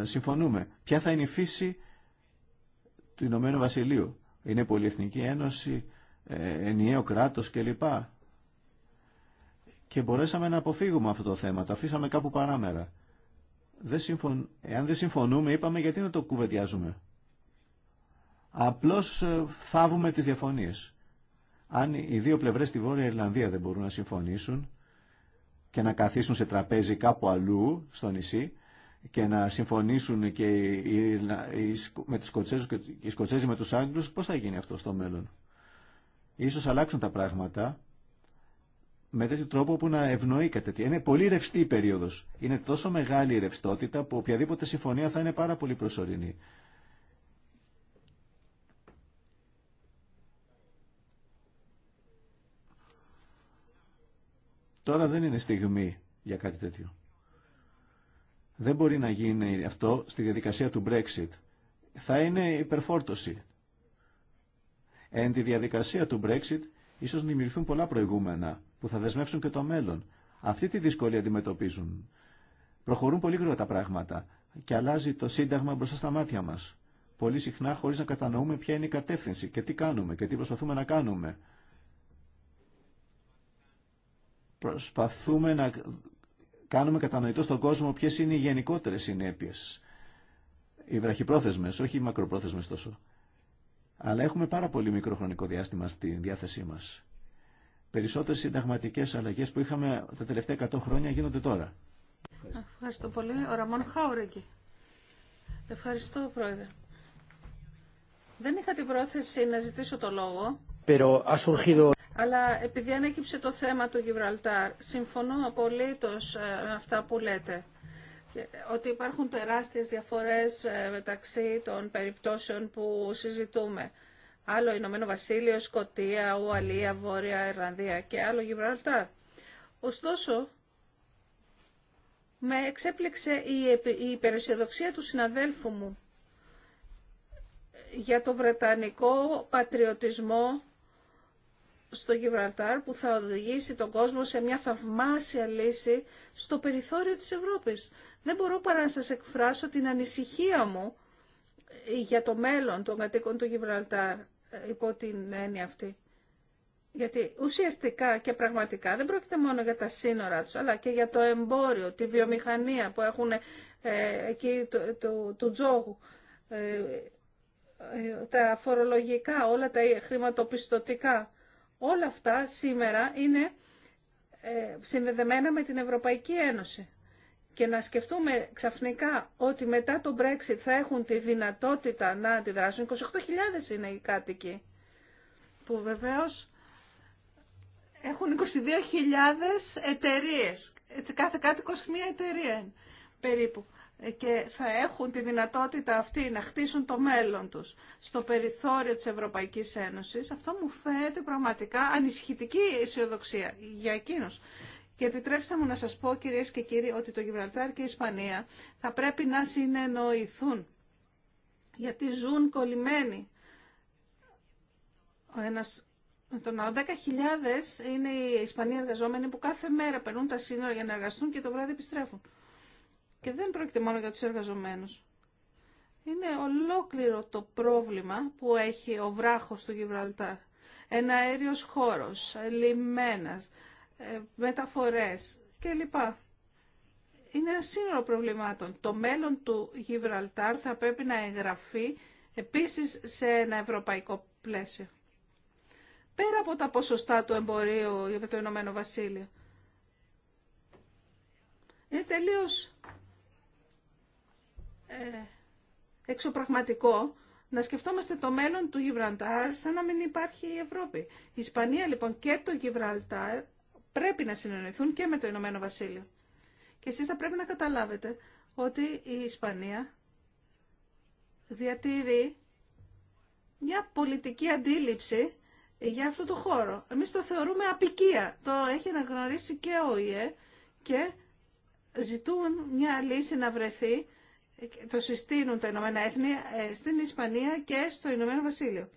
συμφωνούμε. Ποια θα είναι η φύση του Ηνωμένου Βασιλείου. Είναι πολυεθνική ένωση, ε, ενιαίο κράτος κλπ. Και μπορέσαμε να αποφύγουμε αυτό το θέμα, το αφήσαμε κάπου παράμερα. Δεν συμφων... Εάν δεν συμφωνούμε είπαμε γιατί να το κουβεντιάζουμε. Απλώς φάβουμε ε, τις διαφωνίες. Αν οι δύο πλευρές στη Βόρεια Ιρλανδία δεν μπορούν να συμφωνήσουν και να καθίσουν σε τραπέζι κάπου αλλού στο νησί και να συμφωνήσουν και οι... με τους Σκοτσέζους και οι Σκοτσέζοι με τους Άγγλους, πώς θα γίνει αυτό στο μέλλον ίσως αλλάξουν τα πράγματα με τέτοιο τρόπο που να ευνοεί κάτι Είναι πολύ ρευστή η περίοδος. Είναι τόσο μεγάλη η ρευστότητα που οποιαδήποτε συμφωνία θα είναι πάρα πολύ προσωρινή. Τώρα δεν είναι στιγμή για κάτι τέτοιο. Δεν μπορεί να γίνει αυτό στη διαδικασία του Brexit. Θα είναι υπερφόρτωση. Εν τη διαδικασία του Brexit, ίσω δημιουργηθούν πολλά προηγούμενα που θα δεσμεύσουν και το μέλλον. Αυτή τη δυσκολία αντιμετωπίζουν. Προχωρούν πολύ γρήγορα τα πράγματα και αλλάζει το Σύνταγμα μπροστά στα μάτια μα. Πολύ συχνά χωρί να κατανοούμε ποια είναι η κατεύθυνση και τι κάνουμε και τι προσπαθούμε να κάνουμε. Προσπαθούμε να κάνουμε κατανοητό στον κόσμο ποιε είναι οι γενικότερε συνέπειε. Οι βραχυπρόθεσμε, όχι οι μακροπρόθεσμε τόσο αλλά έχουμε πάρα πολύ μικρό χρονικό διάστημα στη διάθεσή μας. Περισσότερες συνταγματικές αλλαγές που είχαμε τα τελευταία 100 χρόνια γίνονται τώρα. Ευχαριστώ, πολύ. Ο Ραμόν Χάουρεκη. Ευχαριστώ, Πρόεδρε. Δεν είχα την πρόθεση να ζητήσω το λόγο. Pero ha surgido... Αλλά επειδή ανέκυψε το θέμα του Γιβραλτάρ, συμφωνώ απολύτως ε, με αυτά που λέτε. Ε, ότι υπάρχουν τεράστιες διαφορές ε, μεταξύ των περιπτώσεων που συζητούμε. Άλλο Ηνωμένο Βασίλειο, Σκοτία, Ουαλία, Βόρεια Ιρλανδία και άλλο Γιβραλτάρ. Ωστόσο, με εξέπληξε η υπεραισιοδοξία του συναδέλφου μου ε, για το βρετανικό πατριωτισμό στο Γιβραλτάρ που θα οδηγήσει τον κόσμο σε μια θαυμάσια λύση στο περιθώριο της Ευρώπης δεν μπορώ παρά να σας εκφράσω την ανησυχία μου για το μέλλον των κατοίκων του Γιβραλτάρ υπό την έννοια αυτή. Γιατί ουσιαστικά και πραγματικά δεν πρόκειται μόνο για τα σύνορα τους, αλλά και για το εμπόριο, τη βιομηχανία που έχουν ε, εκεί του το, τζόγου, ε, ε, τα φορολογικά, όλα τα χρηματοπιστωτικά. Όλα αυτά σήμερα είναι συνδεδεμένα με την Ευρωπαϊκή Ένωση και να σκεφτούμε ξαφνικά ότι μετά το Brexit θα έχουν τη δυνατότητα να αντιδράσουν. 28.000 είναι οι κάτοικοι που βεβαίως έχουν 22.000 εταιρείε. Έτσι κάθε κάτοικος μία εταιρεία περίπου. Και θα έχουν τη δυνατότητα αυτή να χτίσουν το μέλλον τους στο περιθώριο της Ευρωπαϊκής Ένωσης. Αυτό μου φαίνεται πραγματικά ανησυχητική αισιοδοξία για εκείνους. Και επιτρέψτε μου να σας πω κυρίες και κύριοι ότι το Γιβραλτάρ και η Ισπανία θα πρέπει να συνεννοηθούν γιατί ζουν κολλημένοι. Ο ένας με τον 10.000 είναι οι Ισπανοί εργαζόμενοι που κάθε μέρα περνούν τα σύνορα για να εργαστούν και το βράδυ επιστρέφουν. Και δεν πρόκειται μόνο για τους εργαζομένους. Είναι ολόκληρο το πρόβλημα που έχει ο βράχος του Γιβραλτάρ. Ένα αέριος χώρος, λιμένας, ε, μεταφορές κλπ. Είναι ένα σύνολο προβλημάτων. Το μέλλον του Γιβραλτάρ θα πρέπει να εγγραφεί επίσης σε ένα ευρωπαϊκό πλαίσιο. Πέρα από τα ποσοστά του εμπορίου για το Ηνωμένο Βασίλειο. Είναι τελείως ε, εξωπραγματικό να σκεφτόμαστε το μέλλον του Γιβραλτάρ σαν να μην υπάρχει η Ευρώπη. Η Ισπανία λοιπόν και το Γιβραλτάρ πρέπει να συνεννοηθούν και με το Ηνωμένο Βασίλειο. Και εσείς θα πρέπει να καταλάβετε ότι η Ισπανία διατηρεί μια πολιτική αντίληψη για αυτό το χώρο. Εμείς το θεωρούμε απικία. Το έχει αναγνωρίσει και ο ΙΕ και ζητούν μια λύση να βρεθεί, το συστήνουν τα Ηνωμένα Έθνη ε, στην Ισπανία και στο Ηνωμένο Βασίλειο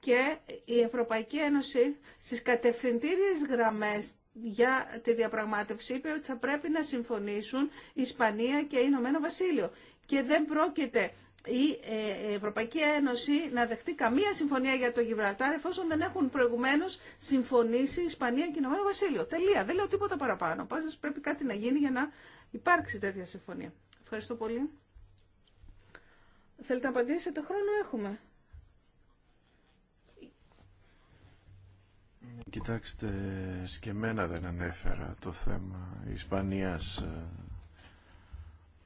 και η Ευρωπαϊκή Ένωση στις κατευθυντήριες γραμμές για τη διαπραγμάτευση είπε ότι θα πρέπει να συμφωνήσουν η Ισπανία και η Ηνωμένο Βασίλειο. Και δεν πρόκειται ε, η Ευρωπαϊκή Ένωση να δεχτεί καμία συμφωνία για το Γιβραλτάρ εφόσον δεν έχουν προηγουμένως συμφωνήσει η Ισπανία και η Ηνωμένο Βασίλειο. Τελεία. Δεν λέω τίποτα παραπάνω. Πάντως πρέπει κάτι να γίνει για να υπάρξει τέτοια συμφωνία. Ευχαριστώ πολύ. Θέλετε να απαντήσετε. Χρόνο έχουμε. Κοιτάξτε, και εμένα δεν ανέφερα το θέμα Ισπανίας ε,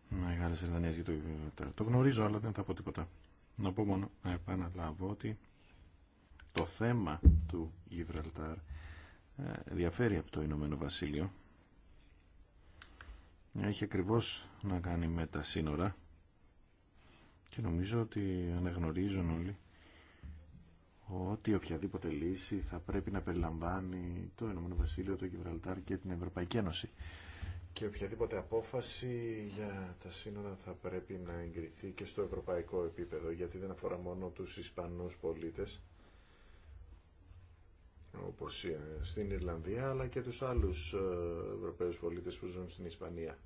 Μεγάλη Βρετανία για το Ιβρυματάριο. Το γνωρίζω, αλλά δεν θα πω τίποτα. Να πω μόνο να επαναλάβω ότι το θέμα του Γιβραλτάρ ε, διαφέρει από το Ηνωμένο Βασίλειο. Έχει ακριβώς να κάνει με τα σύνορα και νομίζω ότι αναγνωρίζουν όλοι ότι οποιαδήποτε λύση θα πρέπει να περιλαμβάνει το Ηνωμένο Βασίλειο, το Γιβραλτάρ και την Ευρωπαϊκή Ένωση. Και οποιαδήποτε απόφαση για τα σύνορα θα πρέπει να εγκριθεί και στο ευρωπαϊκό επίπεδο, γιατί δεν αφορά μόνο τους Ισπανούς πολίτες, όπως στην Ιρλανδία, αλλά και τους άλλους ε, Ευρωπαίους πολίτες που ζουν στην Ισπανία.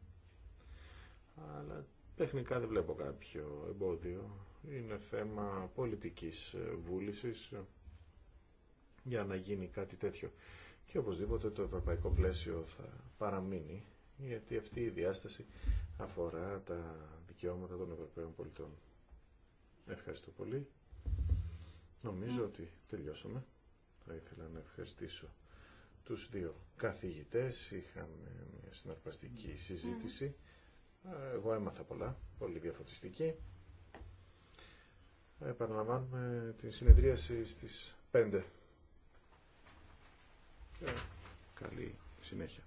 Αλλά τεχνικά δεν βλέπω κάποιο εμπόδιο είναι θέμα πολιτικής βούλησης για να γίνει κάτι τέτοιο. Και οπωσδήποτε το ευρωπαϊκό πλαίσιο θα παραμείνει, γιατί αυτή η διάσταση αφορά τα δικαιώματα των Ευρωπαίων πολιτών. Ευχαριστώ πολύ. Νομίζω ναι. ότι τελειώσαμε. Θα ήθελα να ευχαριστήσω τους δύο καθηγητές. Είχαμε μια συναρπαστική ναι. συζήτηση. Εγώ έμαθα πολλά, πολύ διαφωτιστική. Επαναλαμβάνουμε τη συνεδρίαση στις 5. Ε, καλή συνέχεια.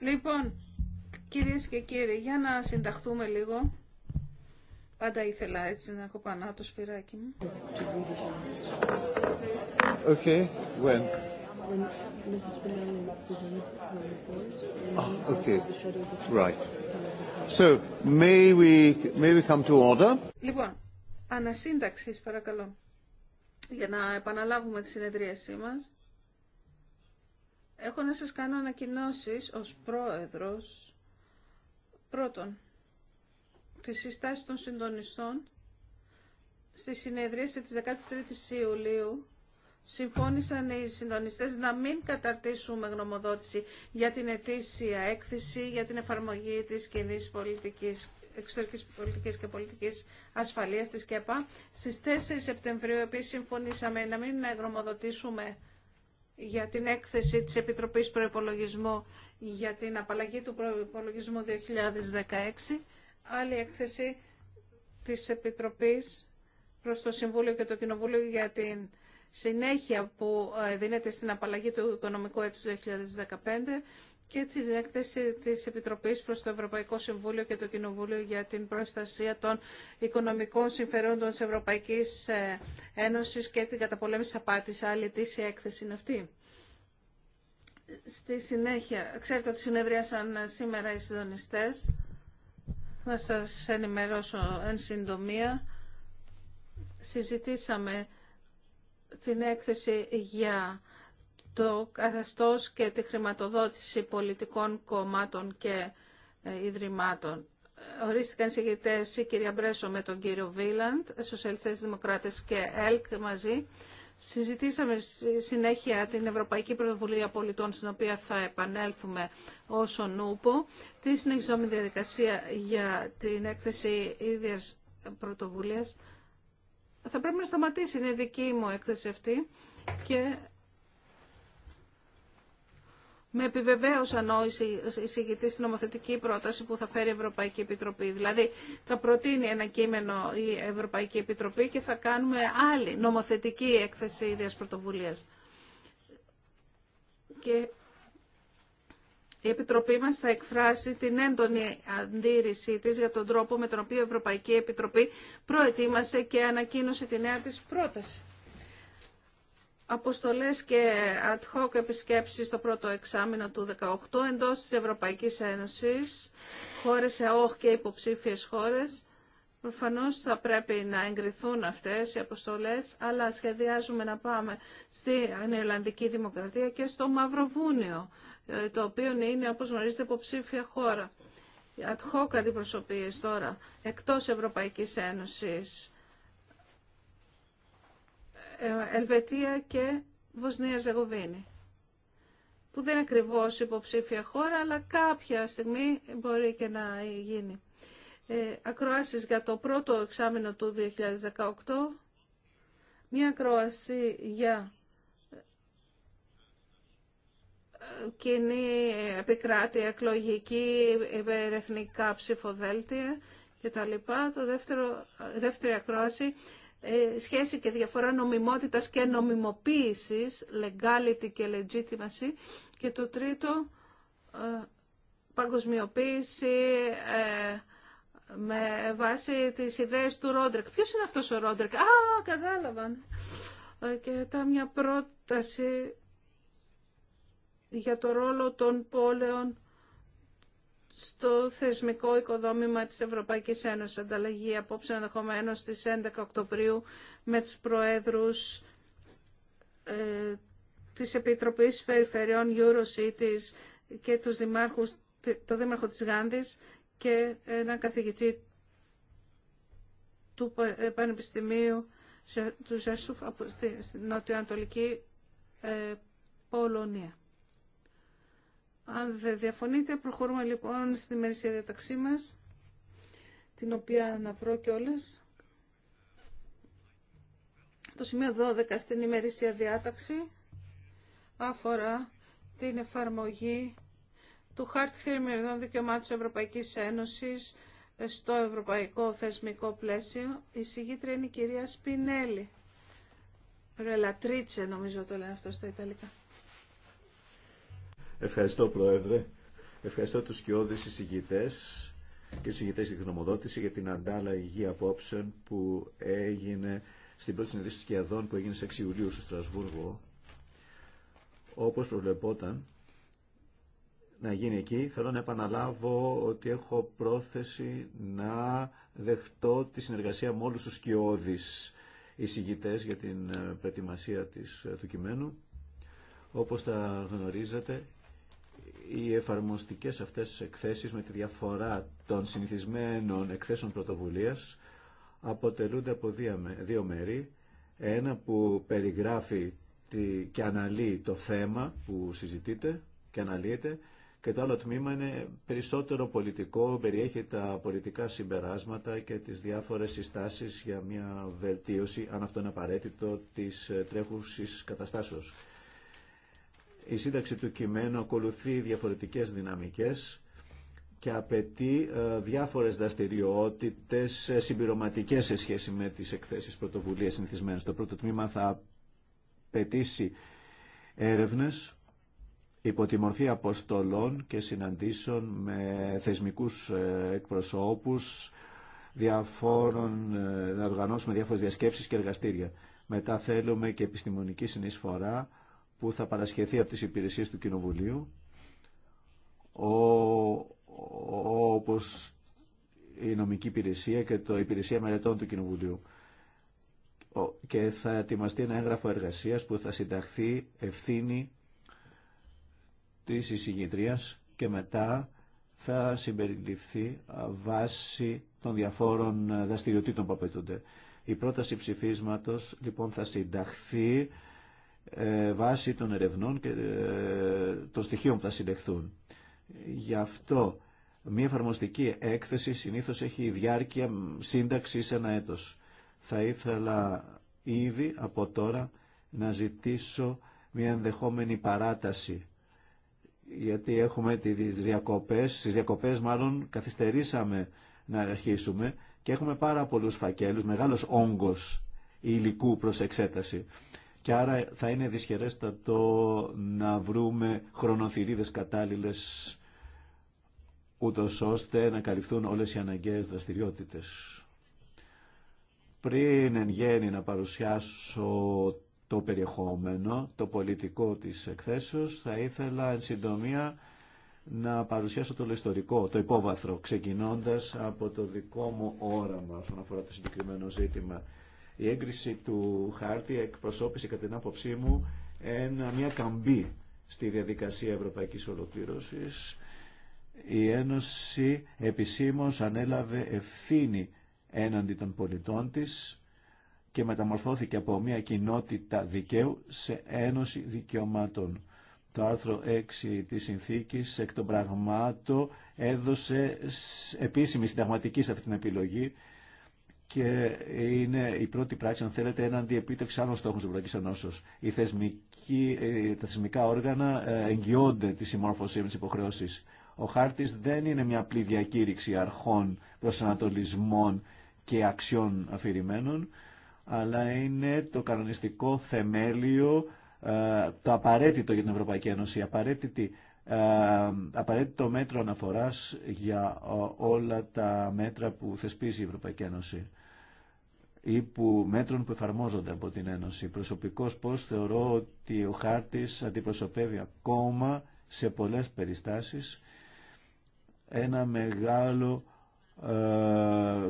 Λοιπόν, κυρίες και κύριοι, για να συνταχθούμε λίγο. Πάντα ήθελα έτσι να έχω το σφυράκι μου. Okay, when? Ah, okay. Right. So, may we, may we come to order? Λοιπόν, ανασύνταξης παρακαλώ, για να επαναλάβουμε τη συνεδρίασή μας. Έχω να σας κάνω ανακοινώσεις ως πρόεδρος πρώτον της συστάσεις των συντονιστών στη συνεδρίαση της 13ης Ιουλίου συμφώνησαν οι συντονιστές να μην καταρτήσουμε γνωμοδότηση για την ετήσια έκθεση για την εφαρμογή της κοινή πολιτικής εξωτερικής πολιτικής και πολιτικής ασφαλείας της ΚΕΠΑ. Στις 4 Σεπτεμβρίου επίσης συμφωνήσαμε να μην γνωμοδοτήσουμε για την έκθεση της Επιτροπής Προϋπολογισμού για την απαλλαγή του προϋπολογισμού 2016, άλλη έκθεση της Επιτροπής προς το Συμβούλιο και το Κοινοβούλιο για την συνέχεια που ε, δίνεται στην απαλλαγή του οικονομικού έτους 2015 και την έκθεση τη Επιτροπής προς το Ευρωπαϊκό Συμβούλιο και το Κοινοβούλιο για την προστασία των οικονομικών συμφερόντων της Ευρωπαϊκής ε, Ένωσης και την καταπολέμηση απάτης. Άλλη ετήσια έκθεση είναι αυτή. Στη συνέχεια, ξέρετε ότι συνεδρίασαν ε, σήμερα οι συντονιστέ. Να σας ενημερώσω εν συντομία. Συζητήσαμε την έκθεση για το καθεστώς και τη χρηματοδότηση πολιτικών κομμάτων και ε, ιδρυμάτων. Ορίστηκαν συγκεκριτές η κυρία Μπρέσο με τον κύριο Βίλαντ, σοσιαλιστές δημοκράτες και ΕΛΚ μαζί. Συζητήσαμε συνέχεια την Ευρωπαϊκή Πρωτοβουλία Πολιτών, στην οποία θα επανέλθουμε όσο νούπο, τη συνεχιζόμενη διαδικασία για την έκθεση ίδιας πρωτοβουλίας. Θα πρέπει να σταματήσει, είναι δική μου έκθεση αυτή και με επιβεβαίωσαν οι εισηγητή στην νομοθετική πρόταση που θα φέρει η Ευρωπαϊκή Επιτροπή. Δηλαδή θα προτείνει ένα κείμενο η Ευρωπαϊκή Επιτροπή και θα κάνουμε άλλη νομοθετική έκθεση ίδιας πρωτοβουλία. Και η Επιτροπή μας θα εκφράσει την έντονη αντίρρησή της για τον τρόπο με τον οποίο η Ευρωπαϊκή Επιτροπή προετοίμασε και ανακοίνωσε τη νέα της πρόταση αποστολές και ad hoc επισκέψεις στο πρώτο εξάμεινο του 2018 εντός της Ευρωπαϊκής Ένωσης, χώρες ΕΟΧ και υποψήφιες χώρες. Προφανώς θα πρέπει να εγκριθούν αυτές οι αποστολές, αλλά σχεδιάζουμε να πάμε στην Ιρλανδική Δημοκρατία και στο Μαυροβούνιο, ε, το οποίο είναι, όπως γνωρίζετε, υποψήφια χώρα. Ad hoc αντιπροσωπείες τώρα, εκτός Ευρωπαϊκής Ένωσης ε, Ελβετία και Βοσνία-Ζεγοβίνη που δεν είναι ακριβώς υποψήφια χώρα, αλλά κάποια στιγμή μπορεί και να γίνει. Ε, ακροάσεις για το πρώτο εξάμεινο του 2018, μια ακρόαση για ε, κοινή επικράτεια, εκλογική, υπερεθνικά ψηφοδέλτια κτλ. Το δεύτερο, ε, δεύτερη ακρόαση ε, σχέση και διαφορά νομιμότητας και νομιμοποίησης, legality και legitimacy. Και το τρίτο, ε, παγκοσμιοποίηση ε, με βάση τις ιδέες του Ρόντρεκ. Ποιος είναι αυτός ο Ρόντρεκ? Α, κατάλαβαν. Και τα μια πρόταση για το ρόλο των πόλεων στο θεσμικό οικοδόμημα της Ευρωπαϊκής Ένωσης. Ανταλλαγή απόψε ενδεχομένω στις 11 Οκτωβρίου με τους Προέδρους ε, της Επιτροπής Περιφερειών Eurocities και τους δημάρχους, το Δήμαρχο της Γάνδης και έναν καθηγητή του ε, Πανεπιστημίου του Ζεσούφ από τη Νοτιοανατολική ε, Πολωνία. Αν δεν διαφωνείτε, προχωρούμε λοιπόν στη μερισσία διαταξή μας, την οποία να βρω όλες. Το σημείο 12 στην ημερήσια διάταξη αφορά την εφαρμογή του Χάρτη Θερμιωδών Δικαιωμάτων της Ευρωπαϊκής Ένωσης στο Ευρωπαϊκό Θεσμικό Πλαίσιο. Η συγγήτρια είναι η κυρία Σπινέλη. Ρελατρίτσε νομίζω το λένε αυτό στα Ιταλικά. Ευχαριστώ Πρόεδρε. Ευχαριστώ τους σκιώδεις εισηγητές και του ηγητές για την γνωμοδότηση για την αντάλλαγη απόψεων που έγινε στην πρώτη συνεδρίαση του Σκιαδών που έγινε σε 6 Ιουλίου στο Στρασβούργο. Όπως προβλεπόταν να γίνει εκεί, θέλω να επαναλάβω ότι έχω πρόθεση να δεχτώ τη συνεργασία με όλους τους σκιώδεις εισηγητές για την ε, προετοιμασία της, ε, του κειμένου. Όπως τα γνωρίζετε, οι εφαρμοστικές αυτές εκθέσεις με τη διαφορά των συνηθισμένων εκθέσεων πρωτοβουλίας αποτελούνται από δύο μέρη. Ένα που περιγράφει και αναλύει το θέμα που συζητείται και αναλύεται και το άλλο τμήμα είναι περισσότερο πολιτικό, περιέχει τα πολιτικά συμπεράσματα και τις διάφορες συστάσεις για μια βελτίωση, αν αυτό είναι απαραίτητο, της τρέχουσης καταστάσεως η σύνταξη του κειμένου ακολουθεί διαφορετικές δυναμικές και απαιτεί ε, διάφορες δραστηριότητες ε, συμπληρωματικές σε σχέση με τις εκθέσεις πρωτοβουλία συνηθισμένες. Το πρώτο τμήμα θα απαιτήσει έρευνες υπό τη μορφή αποστολών και συναντήσεων με θεσμικούς ε, εκπροσώπους διαφόρων, να οργανώσουμε διάφορες διασκέψεις και εργαστήρια. Μετά θέλουμε και επιστημονική συνεισφορά που θα παρασχεθεί από τις υπηρεσίες του Κοινοβουλίου ο, όπως η νομική υπηρεσία και το υπηρεσία μελετών του Κοινοβουλίου και θα ετοιμαστεί ένα έγγραφο εργασίας που θα συνταχθεί ευθύνη της εισηγητρίας και μετά θα συμπεριληφθεί βάση των διαφόρων δραστηριοτήτων που απαιτούνται. Η πρόταση ψηφίσματος λοιπόν θα συνταχθεί ε, βάσει των ερευνών και ε, των στοιχείων που θα συλλεχθούν. Γι' αυτό μια εφαρμοστική έκθεση συνήθως έχει διάρκεια σε ένα έτος. Θα ήθελα ήδη από τώρα να ζητήσω μια ενδεχόμενη παράταση γιατί έχουμε τις διακοπές, στις διακοπές μάλλον καθυστερήσαμε να αρχίσουμε και έχουμε πάρα πολλούς φακέλους, μεγάλος όγκος υλικού προς εξέταση και άρα θα είναι δυσχερέστατο να βρούμε χρονοθυρίδες κατάλληλες ούτως ώστε να καλυφθούν όλες οι αναγκαίες δραστηριότητες. Πριν εν γέννη να παρουσιάσω το περιεχόμενο, το πολιτικό της εκθέσεως, θα ήθελα εν συντομία να παρουσιάσω το ιστορικό, το υπόβαθρο, ξεκινώντας από το δικό μου όραμα όσον αφορά το συγκεκριμένο ζήτημα η έγκριση του χάρτη εκπροσώπησε κατά την άποψή μου ένα, μια καμπή στη διαδικασία ευρωπαϊκής ολοκλήρωσης. Η Ένωση επισήμως ανέλαβε ευθύνη έναντι των πολιτών της και μεταμορφώθηκε από μια κοινότητα δικαίου σε ένωση δικαιωμάτων. Το άρθρο 6 της συνθήκης εκ των πραγμάτων έδωσε επίσημη συνταγματική σε αυτή την επιλογή και είναι η πρώτη πράξη, αν θέλετε, έναντι επίτευξη άλλων στόχων τη Ευρωπαϊκή Ενώσεω. Ε, τα θεσμικά όργανα ε, εγγυώνται τη συμμόρφωση με τι υποχρεώσει. Ο χάρτη δεν είναι μια απλή διακήρυξη αρχών, προσανατολισμών και αξιών αφηρημένων, αλλά είναι το κανονιστικό θεμέλιο, ε, το απαραίτητο για την Ευρωπαϊκή Ένωση, απαραίτητη απαραίτητο μέτρο αναφοράς για όλα τα μέτρα που θεσπίζει η Ευρωπαϊκή Ένωση ή που μέτρων που εφαρμόζονται από την Ένωση. προσωπικός πώς θεωρώ ότι ο χάρτης αντιπροσωπεύει ακόμα σε πολλές περιστάσεις ένα μεγάλο, ε,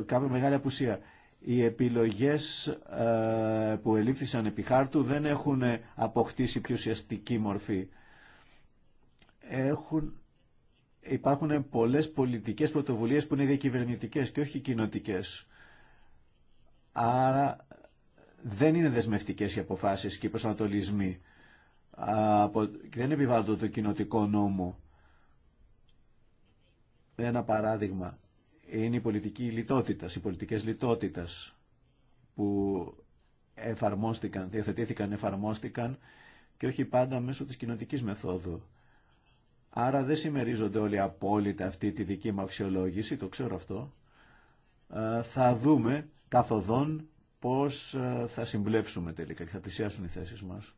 κάποια μεγάλη απουσία. Οι επιλογές ε, που ελήφθησαν επί χάρτου δεν έχουν αποκτήσει πιο ουσιαστική μορφή. Έχουν, υπάρχουν πολλές πολιτικές πρωτοβουλίες που είναι διακυβερνητικές και όχι κοινοτικές Άρα δεν είναι δεσμευτικές οι αποφάσεις και οι προσανατολισμοί. Δεν επιβάλλονται το κοινοτικό νόμο. Ένα παράδειγμα είναι η πολιτική λιτότητα οι πολιτικές λιτότητας που εφαρμόστηκαν, διαθετήθηκαν, εφαρμόστηκαν και όχι πάντα μέσω της κοινοτικής μεθόδου. Άρα δεν συμμερίζονται όλοι απόλυτα αυτή τη δική μου αξιολόγηση, το ξέρω αυτό. Θα δούμε καθοδόν πώς ε, θα συμπλέψουμε τελικά και θα πλησιάσουν οι θέσεις μας.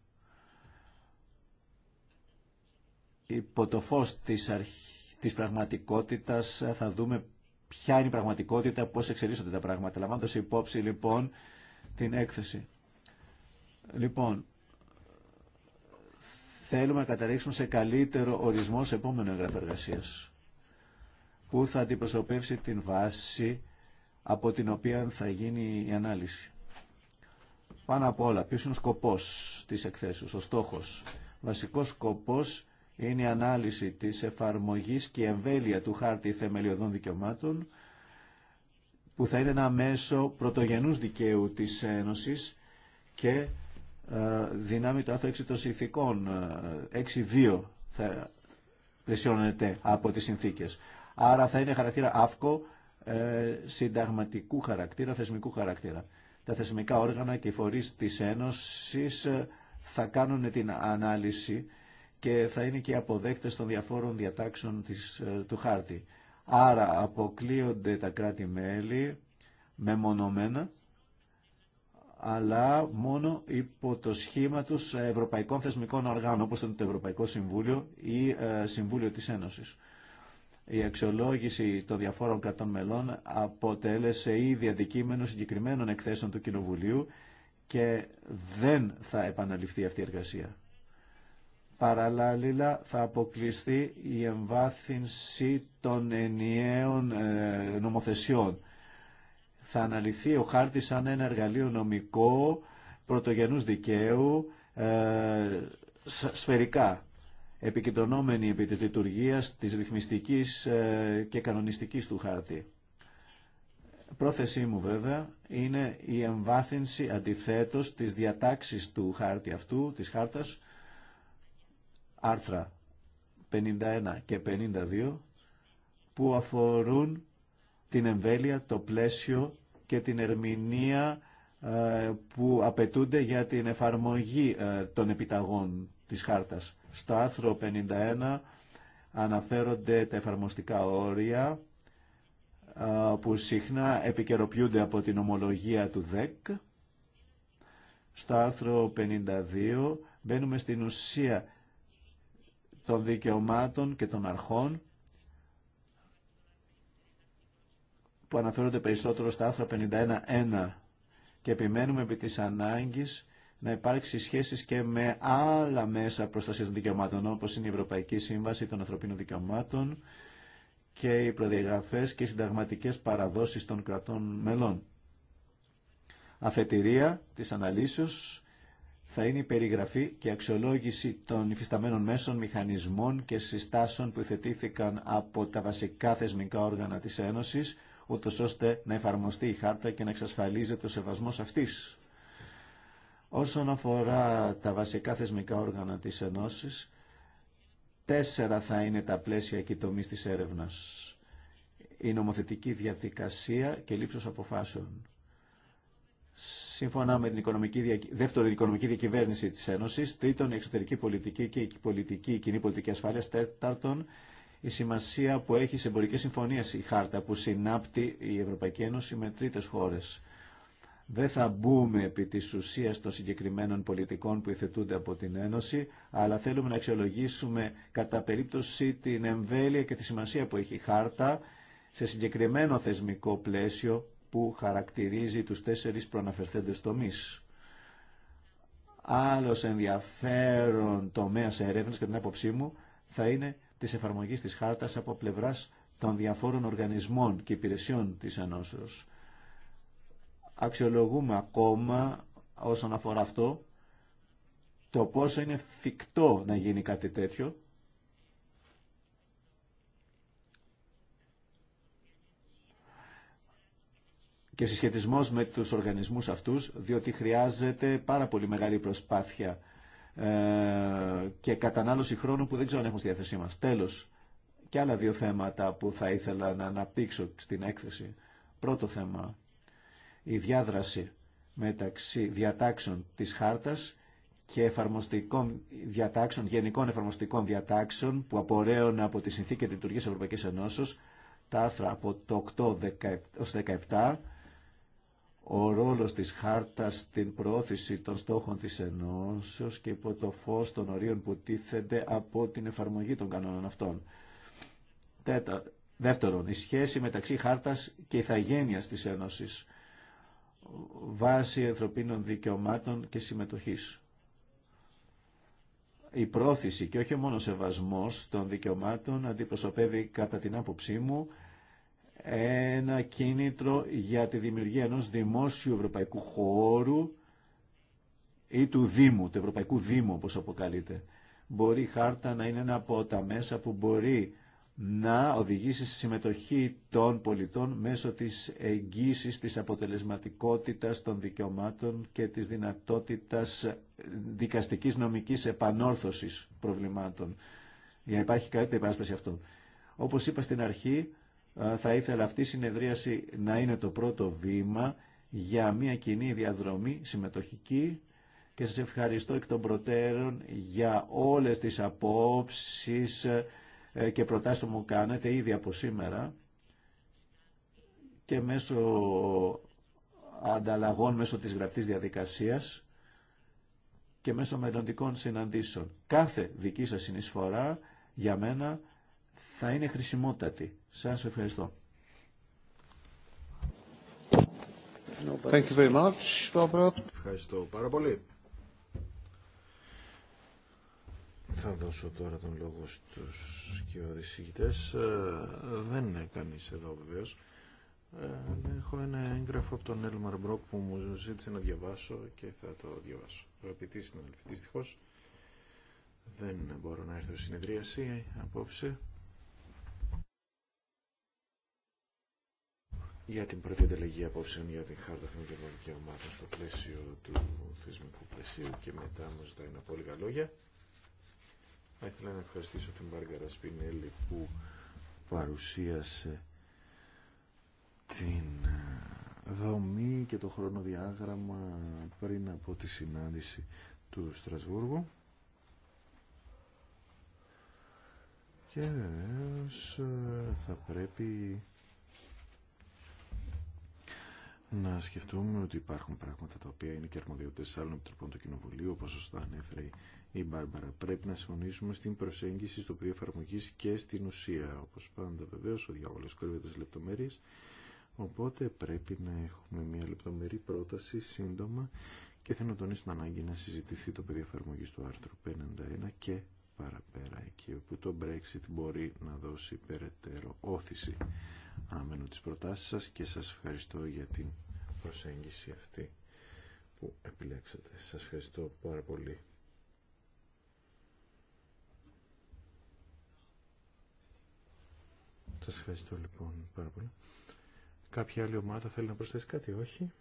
Υπό το φως της, της πραγματικότητας ε, θα δούμε ποια είναι η πραγματικότητα, πώς εξελίσσονται τα πράγματα. Λαμβάνοντας υπόψη λοιπόν την έκθεση. Λοιπόν, θέλουμε να καταλήξουμε σε καλύτερο ορισμό σε επόμενο έγγραφο που θα αντιπροσωπεύσει την βάση από την οποία θα γίνει η ανάλυση. Πάνω απ' όλα, ποιος είναι ο σκοπός της εκθέσεως, ο στόχος. Βασικός σκοπός είναι η ανάλυση της εφαρμογής και εμβέλεια του χάρτη θεμελιωδών δικαιωμάτων, που θα είναι ένα μέσο πρωτογενούς δικαίου της Ένωσης και ε, δυνάμει το άρθρο 6 των συνθήκων, 6-2 ε, θα πλαισιώνεται από τις συνθήκες. Άρα θα είναι χαρακτήρα αύκο ε, συνταγματικού χαρακτήρα, θεσμικού χαρακτήρα. Τα θεσμικά όργανα και οι φορείς της Ένωσης ε, θα κάνουν την ανάλυση και θα είναι και αποδέκτες των διαφόρων διατάξεων της, ε, του χάρτη. Άρα αποκλείονται τα κράτη-μέλη μεμονωμένα, αλλά μόνο υπό το σχήμα του ευρωπαϊκών θεσμικών οργάνων, όπως είναι το Ευρωπαϊκό Συμβούλιο ή Συμβούλιο της Ένωσης. Η αξιολόγηση των διαφόρων κρατών μελών αποτέλεσε ήδη αντικείμενο συγκεκριμένων εκθέσεων του Κοινοβουλίου και δεν θα επαναληφθεί αυτή η εργασία. Παραλλήλα θα αποκλειστεί η εμβάθυνση των ενιαίων ε, νομοθεσιών. Θα αναλυθεί ο χάρτης σαν ένα εργαλείο νομικό, πρωτογενούς δικαίου, ε, σφαιρικά επικεντρωνόμενοι επί της λειτουργίας της ρυθμιστικής ε, και κανονιστικής του χάρτη. Πρόθεσή μου βέβαια είναι η εμβάθυνση αντιθέτως της διατάξης του χάρτη αυτού, της χάρτας, άρθρα 51 και 52, που αφορούν την εμβέλεια, το πλαίσιο και την ερμηνεία ε, που απαιτούνται για την εφαρμογή ε, των επιταγών της χάρτας. Στο άρθρο 51 αναφέρονται τα εφαρμοστικά όρια που συχνά επικαιροποιούνται από την ομολογία του ΔΕΚ. Στο άρθρο 52 μπαίνουμε στην ουσία των δικαιωμάτων και των αρχών που αναφέρονται περισσότερο στα άρθρα 51.1 και επιμένουμε επί της ανάγκης να υπάρξει σχέσεις και με άλλα μέσα προστασίας των δικαιωμάτων, όπως είναι η Ευρωπαϊκή Σύμβαση των Ανθρωπίνων Δικαιωμάτων και οι προδιαγραφές και οι συνταγματικές παραδόσεις των κρατών μελών. Αφετηρία της αναλύσεως θα είναι η περιγραφή και αξιολόγηση των υφισταμένων μέσων, μηχανισμών και συστάσεων που θετήθηκαν από τα βασικά θεσμικά όργανα της Ένωσης, ούτως ώστε να εφαρμοστεί η χάρτα και να εξασφαλίζεται ο σεβασμό αυτή. Όσον αφορά τα βασικά θεσμικά όργανα της Ενώσης, τέσσερα θα είναι τα πλαίσια και οι τομείς της έρευνας. Η νομοθετική διαδικασία και λήψος αποφάσεων. Σύμφωνα με την οικονομική, δεύτερον, η οικονομική διακυβέρνηση της Ένωσης, τρίτον, η εξωτερική πολιτική και η, πολιτική, η κοινή πολιτική ασφάλεια, τέταρτον, η σημασία που έχει σε εμπορικές συμφωνίες η χάρτα που συνάπτει η Ευρωπαϊκή Ένωση με τρίτες χώρες. Δεν θα μπούμε επί τη ουσία των συγκεκριμένων πολιτικών που υθετούνται από την Ένωση, αλλά θέλουμε να αξιολογήσουμε κατά περίπτωση την εμβέλεια και τη σημασία που έχει η χάρτα σε συγκεκριμένο θεσμικό πλαίσιο που χαρακτηρίζει τους τέσσερις προαναφερθέντες τομείς. Άλλος ενδιαφέρον τομέα έρευνας, κατά την άποψή μου, θα είναι τη εφαρμογής της χάρτας από πλευράς των διαφόρων οργανισμών και υπηρεσιών της Ενώσεως αξιολογούμε ακόμα όσον αφορά αυτό το πόσο είναι φυκτό να γίνει κάτι τέτοιο. και συσχετισμός με τους οργανισμούς αυτούς, διότι χρειάζεται πάρα πολύ μεγάλη προσπάθεια ε, και κατανάλωση χρόνου που δεν ξέρω αν έχουμε στη διάθεσή μας. Τέλος, και άλλα δύο θέματα που θα ήθελα να αναπτύξω στην έκθεση. Πρώτο θέμα, η διάδραση μεταξύ διατάξεων της χάρτας και εφαρμοστικών διατάξεων, γενικών εφαρμοστικών διατάξεων που απορρέουν από τη Συνθήκη Λειτουργίας Ευρωπαϊκής Ενώσεως, τα άρθρα από το 8 ως 17, ο ρόλος της χάρτας στην προώθηση των στόχων της Ενώσεως και υπό το φως των ορίων που τίθενται από την εφαρμογή των κανόνων αυτών. δεύτερον, η σχέση μεταξύ χάρτας και ηθαγένειας της Ένωσης βάση ανθρωπίνων δικαιωμάτων και συμμετοχής. Η πρόθεση και όχι μόνο σεβασμός των δικαιωμάτων αντιπροσωπεύει κατά την άποψή μου ένα κίνητρο για τη δημιουργία ενός δημόσιου ευρωπαϊκού χώρου ή του Δήμου, του Ευρωπαϊκού Δήμου όπως αποκαλείται. Μπορεί η χάρτα να είναι ένα από τα μέσα που μπορεί να οδηγήσει στη συμμετοχή των πολιτών μέσω της εγγύησης της αποτελεσματικότητας των δικαιωμάτων και της δυνατότητας δικαστικής νομικής επανόρθωσης προβλημάτων. Για να υπάρχει καλύτερη επάσπαση αυτών. Όπως είπα στην αρχή, θα ήθελα αυτή η συνεδρίαση να είναι το πρώτο βήμα για μια κοινή διαδρομή συμμετοχική και σας ευχαριστώ εκ των προτέρων για όλες τις απόψεις ε, και προτάσεις που μου κάνετε ήδη από σήμερα και μέσω ανταλλαγών μέσω της γραπτής διαδικασίας και μέσω μελλοντικών συναντήσεων. Κάθε δική σας συνεισφορά για μένα θα είναι χρησιμότατη. Σας ευχαριστώ. Thank you very much, Ευχαριστώ πάρα πολύ. Θα δώσω τώρα τον λόγο στους Ε, Δεν είναι κανείς εδώ βεβαίως. Ε, έχω ένα έγγραφο από τον Έλμαρ Μπρόκ που μου ζήτησε να διαβάσω και θα το διαβάσω. Αγαπητοί συναδελφοί, δυστυχώ δεν μπορώ να έρθω συνεδρίαση απόψε. για την πρώτη ανταλλαγή απόψεων για την Χάρτα Θεμελιωδών Δικαιωμάτων στο πλαίσιο του θεσμικού πλαισίου και μετά μου ζητάει να πω λίγα λόγια. Θα ήθελα να ευχαριστήσω την Μάργαρα Σπινέλη που παρουσίασε την ε, δομή και το χρονοδιάγραμμα πριν από τη συνάντηση του Στρασβούργου. Και ε, θα πρέπει να σκεφτούμε ότι υπάρχουν πράγματα τα οποία είναι και αρμοδιότητες άλλων επιτροπών του Κοινοβουλίου, όπως σωστά ανέφερε η η Μπάρμπαρα. Πρέπει να συμφωνήσουμε στην προσέγγιση στο πεδίο εφαρμογή και στην ουσία. Όπω πάντα βεβαίω ο διάβολο κρύβεται στι λεπτομέρειε. Οπότε πρέπει να έχουμε μια λεπτομερή πρόταση σύντομα και θέλω να τονίσω την ανάγκη να συζητηθεί το πεδίο εφαρμογή του άρθρου 51 και παραπέρα εκεί όπου το Brexit μπορεί να δώσει περαιτέρω όθηση. Αναμένω τις προτάσεις σας και σας ευχαριστώ για την προσέγγιση αυτή που επιλέξατε. Σας ευχαριστώ πάρα πολύ. Σας ευχαριστώ λοιπόν πάρα πολύ. Κάποια άλλη ομάδα θέλει να προσθέσει κάτι, όχι.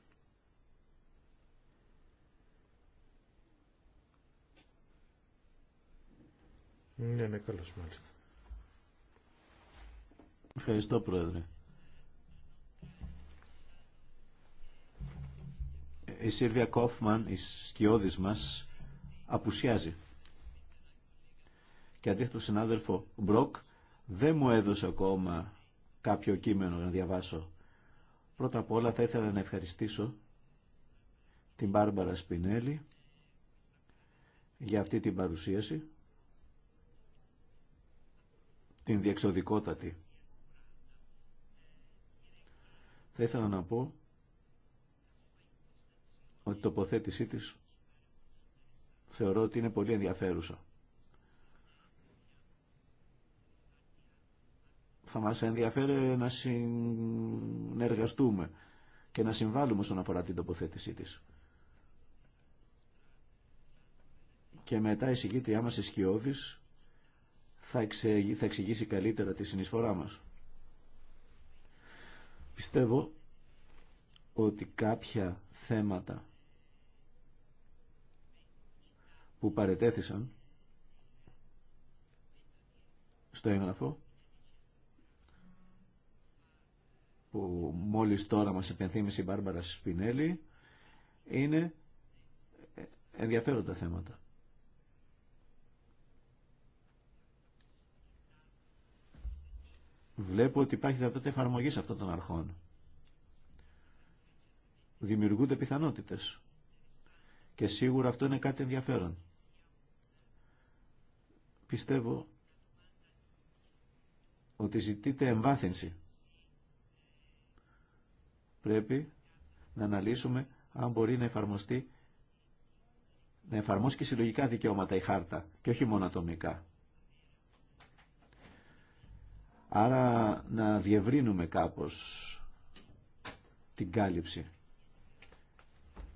Ναι, ναι, καλώς μάλιστα. Ευχαριστώ Πρόεδρε. Η Σίρβια Κόφμαν, η σκιώδης μας, απουσιάζει. Και αντίθετο συνάδελφο Μπροκ δεν μου έδωσε ακόμα κάποιο κείμενο να διαβάσω. Πρώτα απ' όλα θα ήθελα να ευχαριστήσω την Μπάρμπαρα Σπινέλη για αυτή την παρουσίαση, την διεξοδικότατη. Θα ήθελα να πω ότι η τοποθέτησή της θεωρώ ότι είναι πολύ ενδιαφέρουσα. θα μας ενδιαφέρει να συνεργαστούμε και να συμβάλλουμε στον αφορά την τοποθέτησή της. Και μετά η συγκήτριά μας Σκιώδης θα, θα εξηγήσει καλύτερα τη συνεισφορά μας. Πιστεύω ότι κάποια θέματα που παρετέθησαν στο έγγραφο που μόλις τώρα μας επενθύμισε η Μπάρμπαρα Σπινέλη είναι ενδιαφέροντα θέματα. Βλέπω ότι υπάρχει δυνατότητα εφαρμογή αυτών των αρχών. Δημιουργούνται πιθανότητες. Και σίγουρα αυτό είναι κάτι ενδιαφέρον. Πιστεύω ότι ζητείται εμβάθυνση πρέπει να αναλύσουμε αν μπορεί να εφαρμοστεί να εφαρμόσει και συλλογικά δικαιώματα η χάρτα και όχι μόνο ατομικά. Άρα να διευρύνουμε κάπως την κάλυψη.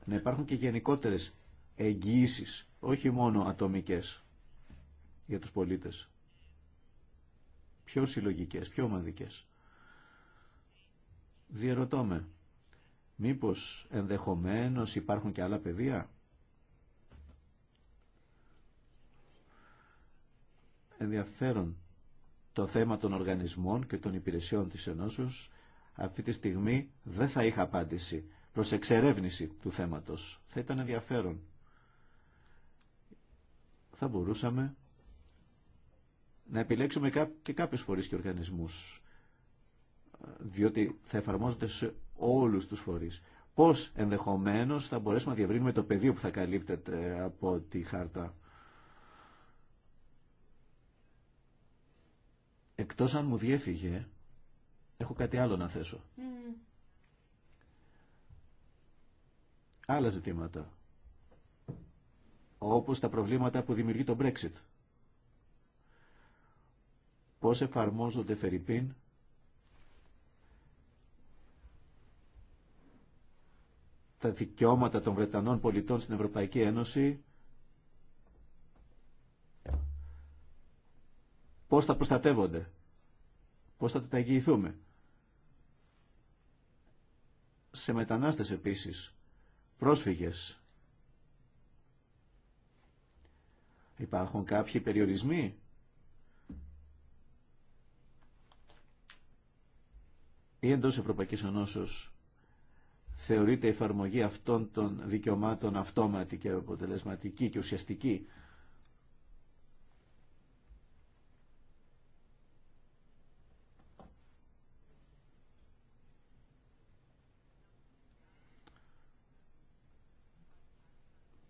Να υπάρχουν και γενικότερες εγγυήσει, όχι μόνο ατομικές για τους πολίτες. Πιο συλλογικές, πιο ομαδικές. Διερωτώ με. Μήπως ενδεχομένως υπάρχουν και άλλα πεδία. Ενδιαφέρον το θέμα των οργανισμών και των υπηρεσιών της Ενώσεως αυτή τη στιγμή δεν θα είχα απάντηση προς εξερεύνηση του θέματος. Θα ήταν ενδιαφέρον. Θα μπορούσαμε να επιλέξουμε και κάποιες φορείς και οργανισμούς διότι θα εφαρμόζονται σε όλους τους φορείς. Πώς ενδεχομένως θα μπορέσουμε να διαβρύνουμε το πεδίο που θα καλύπτεται από τη χάρτα. Εκτός αν μου διέφυγε, έχω κάτι άλλο να θέσω. Άλλα ζητήματα. Όπως τα προβλήματα που δημιουργεί το Brexit. Πώς εφαρμόζονται, Φερρυπίν, τα δικαιώματα των Βρετανών πολιτών στην Ευρωπαϊκή Ένωση, πώς θα προστατεύονται, πώς θα τα εγγυηθούμε. Σε μετανάστες επίσης, πρόσφυγες. Υπάρχουν κάποιοι περιορισμοί. Ή εντός Ευρωπαϊκής Ενώσεως θεωρείται η εφαρμογή αυτών των δικαιωμάτων αυτόματη και αποτελεσματική και ουσιαστική.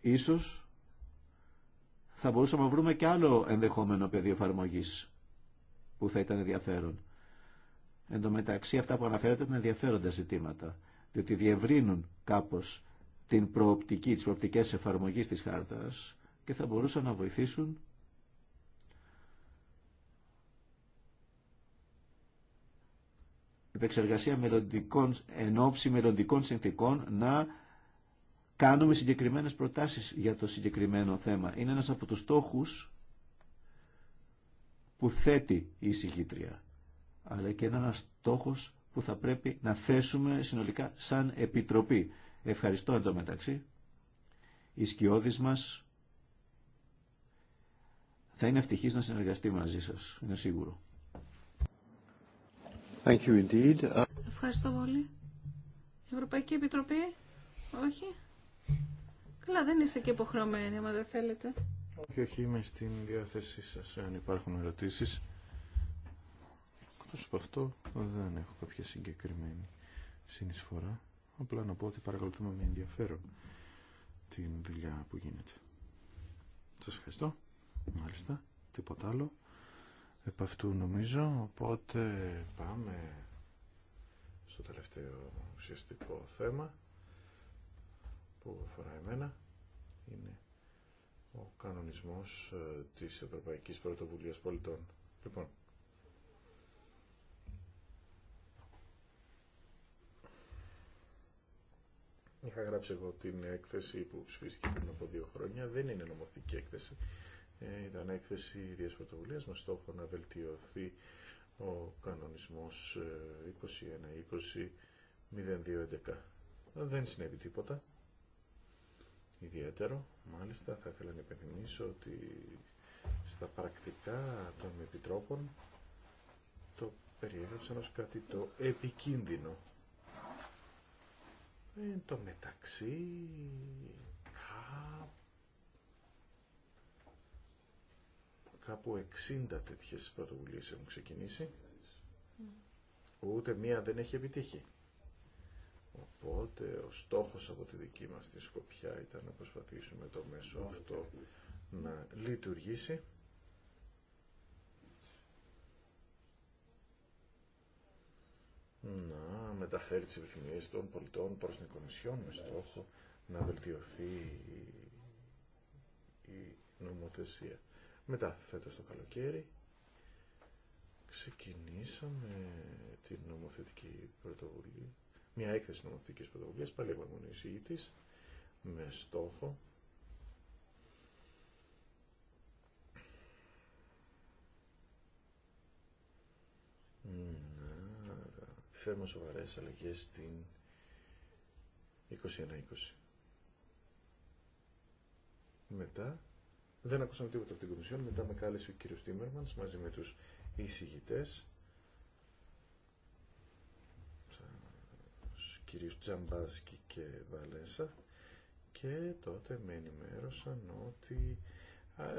Ίσως θα μπορούσαμε να βρούμε και άλλο ενδεχόμενο πεδίο εφαρμογή που θα ήταν ενδιαφέρον. Εν τω μεταξύ αυτά που αναφέρατε ήταν ενδιαφέροντα ζητήματα διότι διευρύνουν κάπως την προοπτική, τις προοπτικές εφαρμογής της χάρτας και θα μπορούσαν να βοηθήσουν επεξεργασία μελλοντικών, εν ώψη μελλοντικών συνθήκων να κάνουμε συγκεκριμένες προτάσεις για το συγκεκριμένο θέμα. Είναι ένας από τους στόχους που θέτει η εισηγήτρια, αλλά και ένας στόχος που θα πρέπει να θέσουμε συνολικά σαν Επιτροπή. Ευχαριστώ εν τω μεταξύ. Οι σκιώδεις μας θα είναι ευτυχής να συνεργαστεί μαζί σας, είναι σίγουρο. Thank you indeed. Ευχαριστώ πολύ. Ευρωπαϊκή Επιτροπή, όχι. Καλά, δεν είστε και υποχρεωμένοι, άμα δεν θέλετε. Όχι, όχι, είμαι στην διάθεσή σας, αν υπάρχουν ερωτήσεις. Εκτός από αυτό δεν έχω κάποια συγκεκριμένη συνεισφορά. Απλά να πω ότι παρακολουθούμε με ενδιαφέρον την δουλειά που γίνεται. Σας ευχαριστώ. Μάλιστα. Τίποτα άλλο. Επ' αυτού νομίζω. Οπότε πάμε στο τελευταίο ουσιαστικό θέμα που αφορά εμένα. Είναι ο κανονισμός ε, της Ευρωπαϊκής Πρωτοβουλίας Πολιτών. Λοιπόν, Είχα γράψει εγώ την έκθεση που ψηφίστηκε πριν από δύο χρόνια. Δεν είναι νομοθετική έκθεση. Ε, ήταν έκθεση ίδιας πρωτοβουλίας με στόχο να βελτιωθεί ο κανονισμός 21-20-0211. Ε, Δεν συνέβη τίποτα ιδιαίτερο. Μάλιστα θα ήθελα να υπενθυμίσω ότι στα πρακτικά των επιτρόπων το περιέγραψαν ως κάτι το επικίνδυνο Εν τω μεταξύ, κάπου 60 τέτοιες πρωτοβουλίες έχουν ξεκινήσει. Ούτε μία δεν έχει επιτύχει. Οπότε ο στόχος από τη δική μας τη Σκοπιά ήταν να προσπαθήσουμε το μέσο αυτό να λειτουργήσει. Να μεταφέρει τις επιθυμίες των πολιτών προς την Κομισιόν με στόχο να βελτιωθεί η νομοθεσία. Μετά, φέτος το καλοκαίρι, ξεκινήσαμε την νομοθετική πρωτοβουλία, μια έκθεση νομοθετικής πρωτοβουλίας, πάλι εγώ εισηγητής, με στόχο φέρουμε σοβαρές αλλαγές στην 21-20. Μετά, δεν ακούσαμε τίποτα από την Κομισιόν, μετά με κάλεσε ο κύριος Τίμερμανς μαζί με τους εισηγητές, τους κυρίους Τζαμπάσκι και Βαλέσα, και τότε με ενημέρωσαν ότι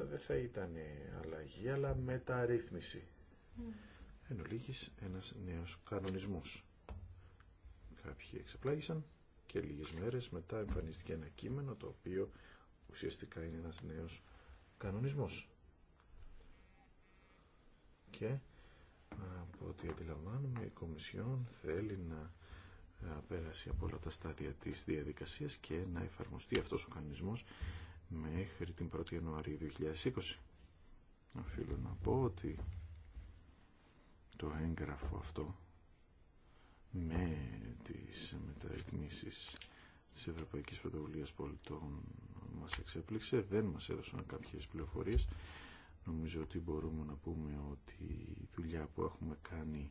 δεν θα ήταν αλλαγή, αλλά μεταρρύθμιση εν ολίγης ένας νέος κανονισμός. Κάποιοι εξεπλάγησαν και λίγες μέρες μετά εμφανίστηκε ένα κείμενο το οποίο ουσιαστικά είναι ένας νέος κανονισμός. Και από ό,τι αντιλαμβάνουμε η Κομισιόν θέλει να ε, πέρασει από όλα τα στάδια της διαδικασίας και να εφαρμοστεί αυτός ο κανονισμός μέχρι την 1η Ιανουαρίου 2020. Οφείλω να πω ότι το έγγραφο αυτό με τις μεταρρυθμίσεις της Ευρωπαϊκής Πρωτοβουλίας Πολιτών μας εξέπληξε. Δεν μας έδωσαν κάποιες πληροφορίες. Νομίζω ότι μπορούμε να πούμε ότι η δουλειά που έχουμε κάνει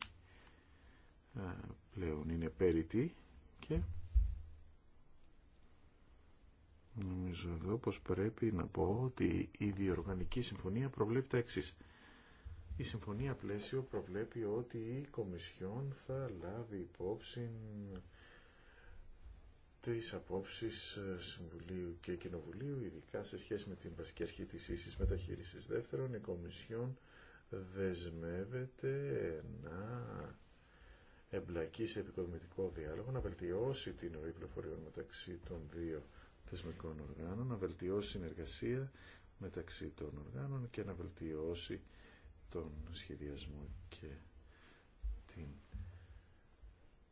πλέον είναι πέριτη και νομίζω εδώ πως πρέπει να πω ότι η διοργανική συμφωνία προβλέπει τα εξής. Η Συμφωνία Πλαίσιο προβλέπει ότι η Κομισιόν θα λάβει υπόψη τις απόψεις Συμβουλίου και Κοινοβουλίου, ειδικά σε σχέση με την βασική αρχή της ίσης μεταχείρισης. Δεύτερον, η Κομισιόν δεσμεύεται να εμπλακεί σε επικοδομητικό διάλογο, να βελτιώσει την ροή πληροφοριών μεταξύ των δύο θεσμικών οργάνων, να βελτιώσει συνεργασία μεταξύ των οργάνων και να βελτιώσει τον σχεδιασμό και την,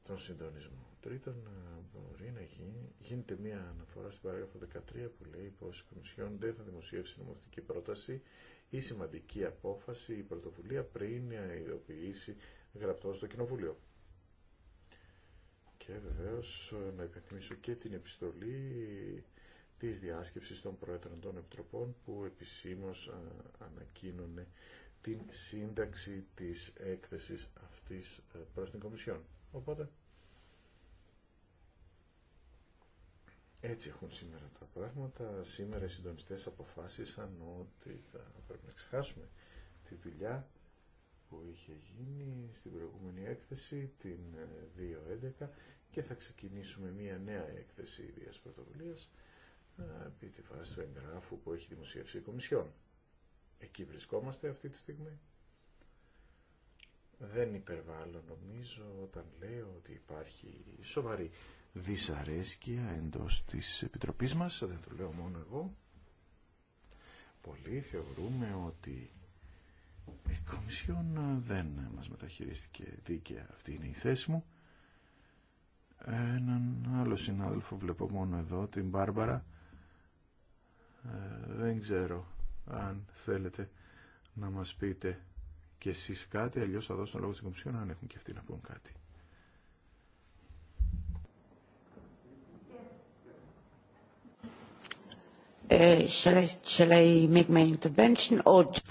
τον συντονισμό. Τρίτον, ε, μπορεί να γίνει, γίνεται μια αναφορά στην παράγραφο 13 που λέει πως η Κομισιόν δεν θα δημοσιεύσει νομοθετική πρόταση ή σημαντική απόφαση ή πρωτοβουλία πριν ειδοποιήσει γραπτό στο Κοινοβούλιο. Και βεβαίως ε, να υπενθυμίσω και την επιστολή της διάσκεψης των Προέδρων των Επιτροπών που επισήμως ε, ανακοίνωνε την σύνταξη της έκθεσης αυτής ε, προς την Κομισιόν. Οπότε, έτσι έχουν σήμερα τα πράγματα. Σήμερα οι συντονιστές αποφάσισαν ότι θα πρέπει να ξεχάσουμε τη δουλειά που είχε γίνει στην προηγούμενη έκθεση, την 2.11, ε, και θα ξεκινήσουμε μία νέα έκθεση ίδιας πρωτοβουλίας ε, επί τη φάση του εγγράφου που έχει δημοσιεύσει η Κομισιόν. Εκεί βρισκόμαστε αυτή τη στιγμή. Δεν υπερβάλλω νομίζω όταν λέω ότι υπάρχει σοβαρή δυσαρέσκεια εντός της Επιτροπής μας, δεν το λέω μόνο εγώ. Πολλοί θεωρούμε ότι η Κομισιόν δεν μας μεταχειρίστηκε δίκαια. Αυτή είναι η θέση μου. Έναν άλλο συνάδελφο βλέπω μόνο εδώ, την Μπάρμπαρα. Ε, δεν ξέρω αν θέλετε να μας πείτε και εσείς κάτι, αλλιώς θα δώσω λόγο στην Κομισιόν αν έχουν και αυτοί να πούν κάτι.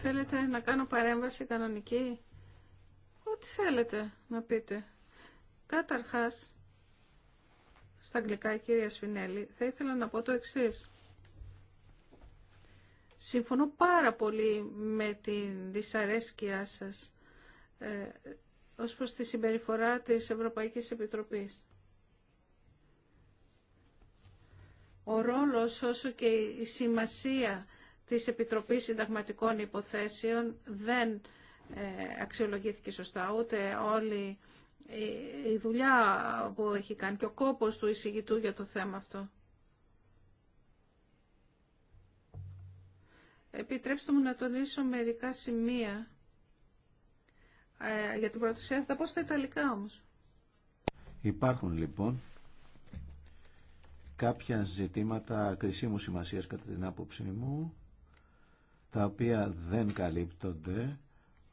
Θέλετε να κάνω παρέμβαση κανονική. Ό,τι θέλετε να πείτε. Καταρχάς, στα αγγλικά η κυρία Σφινέλη, θα ήθελα να πω το εξής. Συμφωνώ πάρα πολύ με την δυσαρέσκειά σας ε, ως προς τη συμπεριφορά της Ευρωπαϊκής Επιτροπής. Ο ρόλος όσο και η σημασία της Επιτροπής Συνταγματικών Υποθέσεων δεν ε, αξιολογήθηκε σωστά, ούτε όλη ε, η δουλειά που έχει κάνει και ο κόπος του εισηγητού για το θέμα αυτό. Επιτρέψτε μου να τονίσω μερικά σημεία ε, για την πρωτοσία. Θα πω στα Ιταλικά όμως. Υπάρχουν λοιπόν κάποια ζητήματα κρισίμου σημασίας κατά την άποψή μου τα οποία δεν καλύπτονται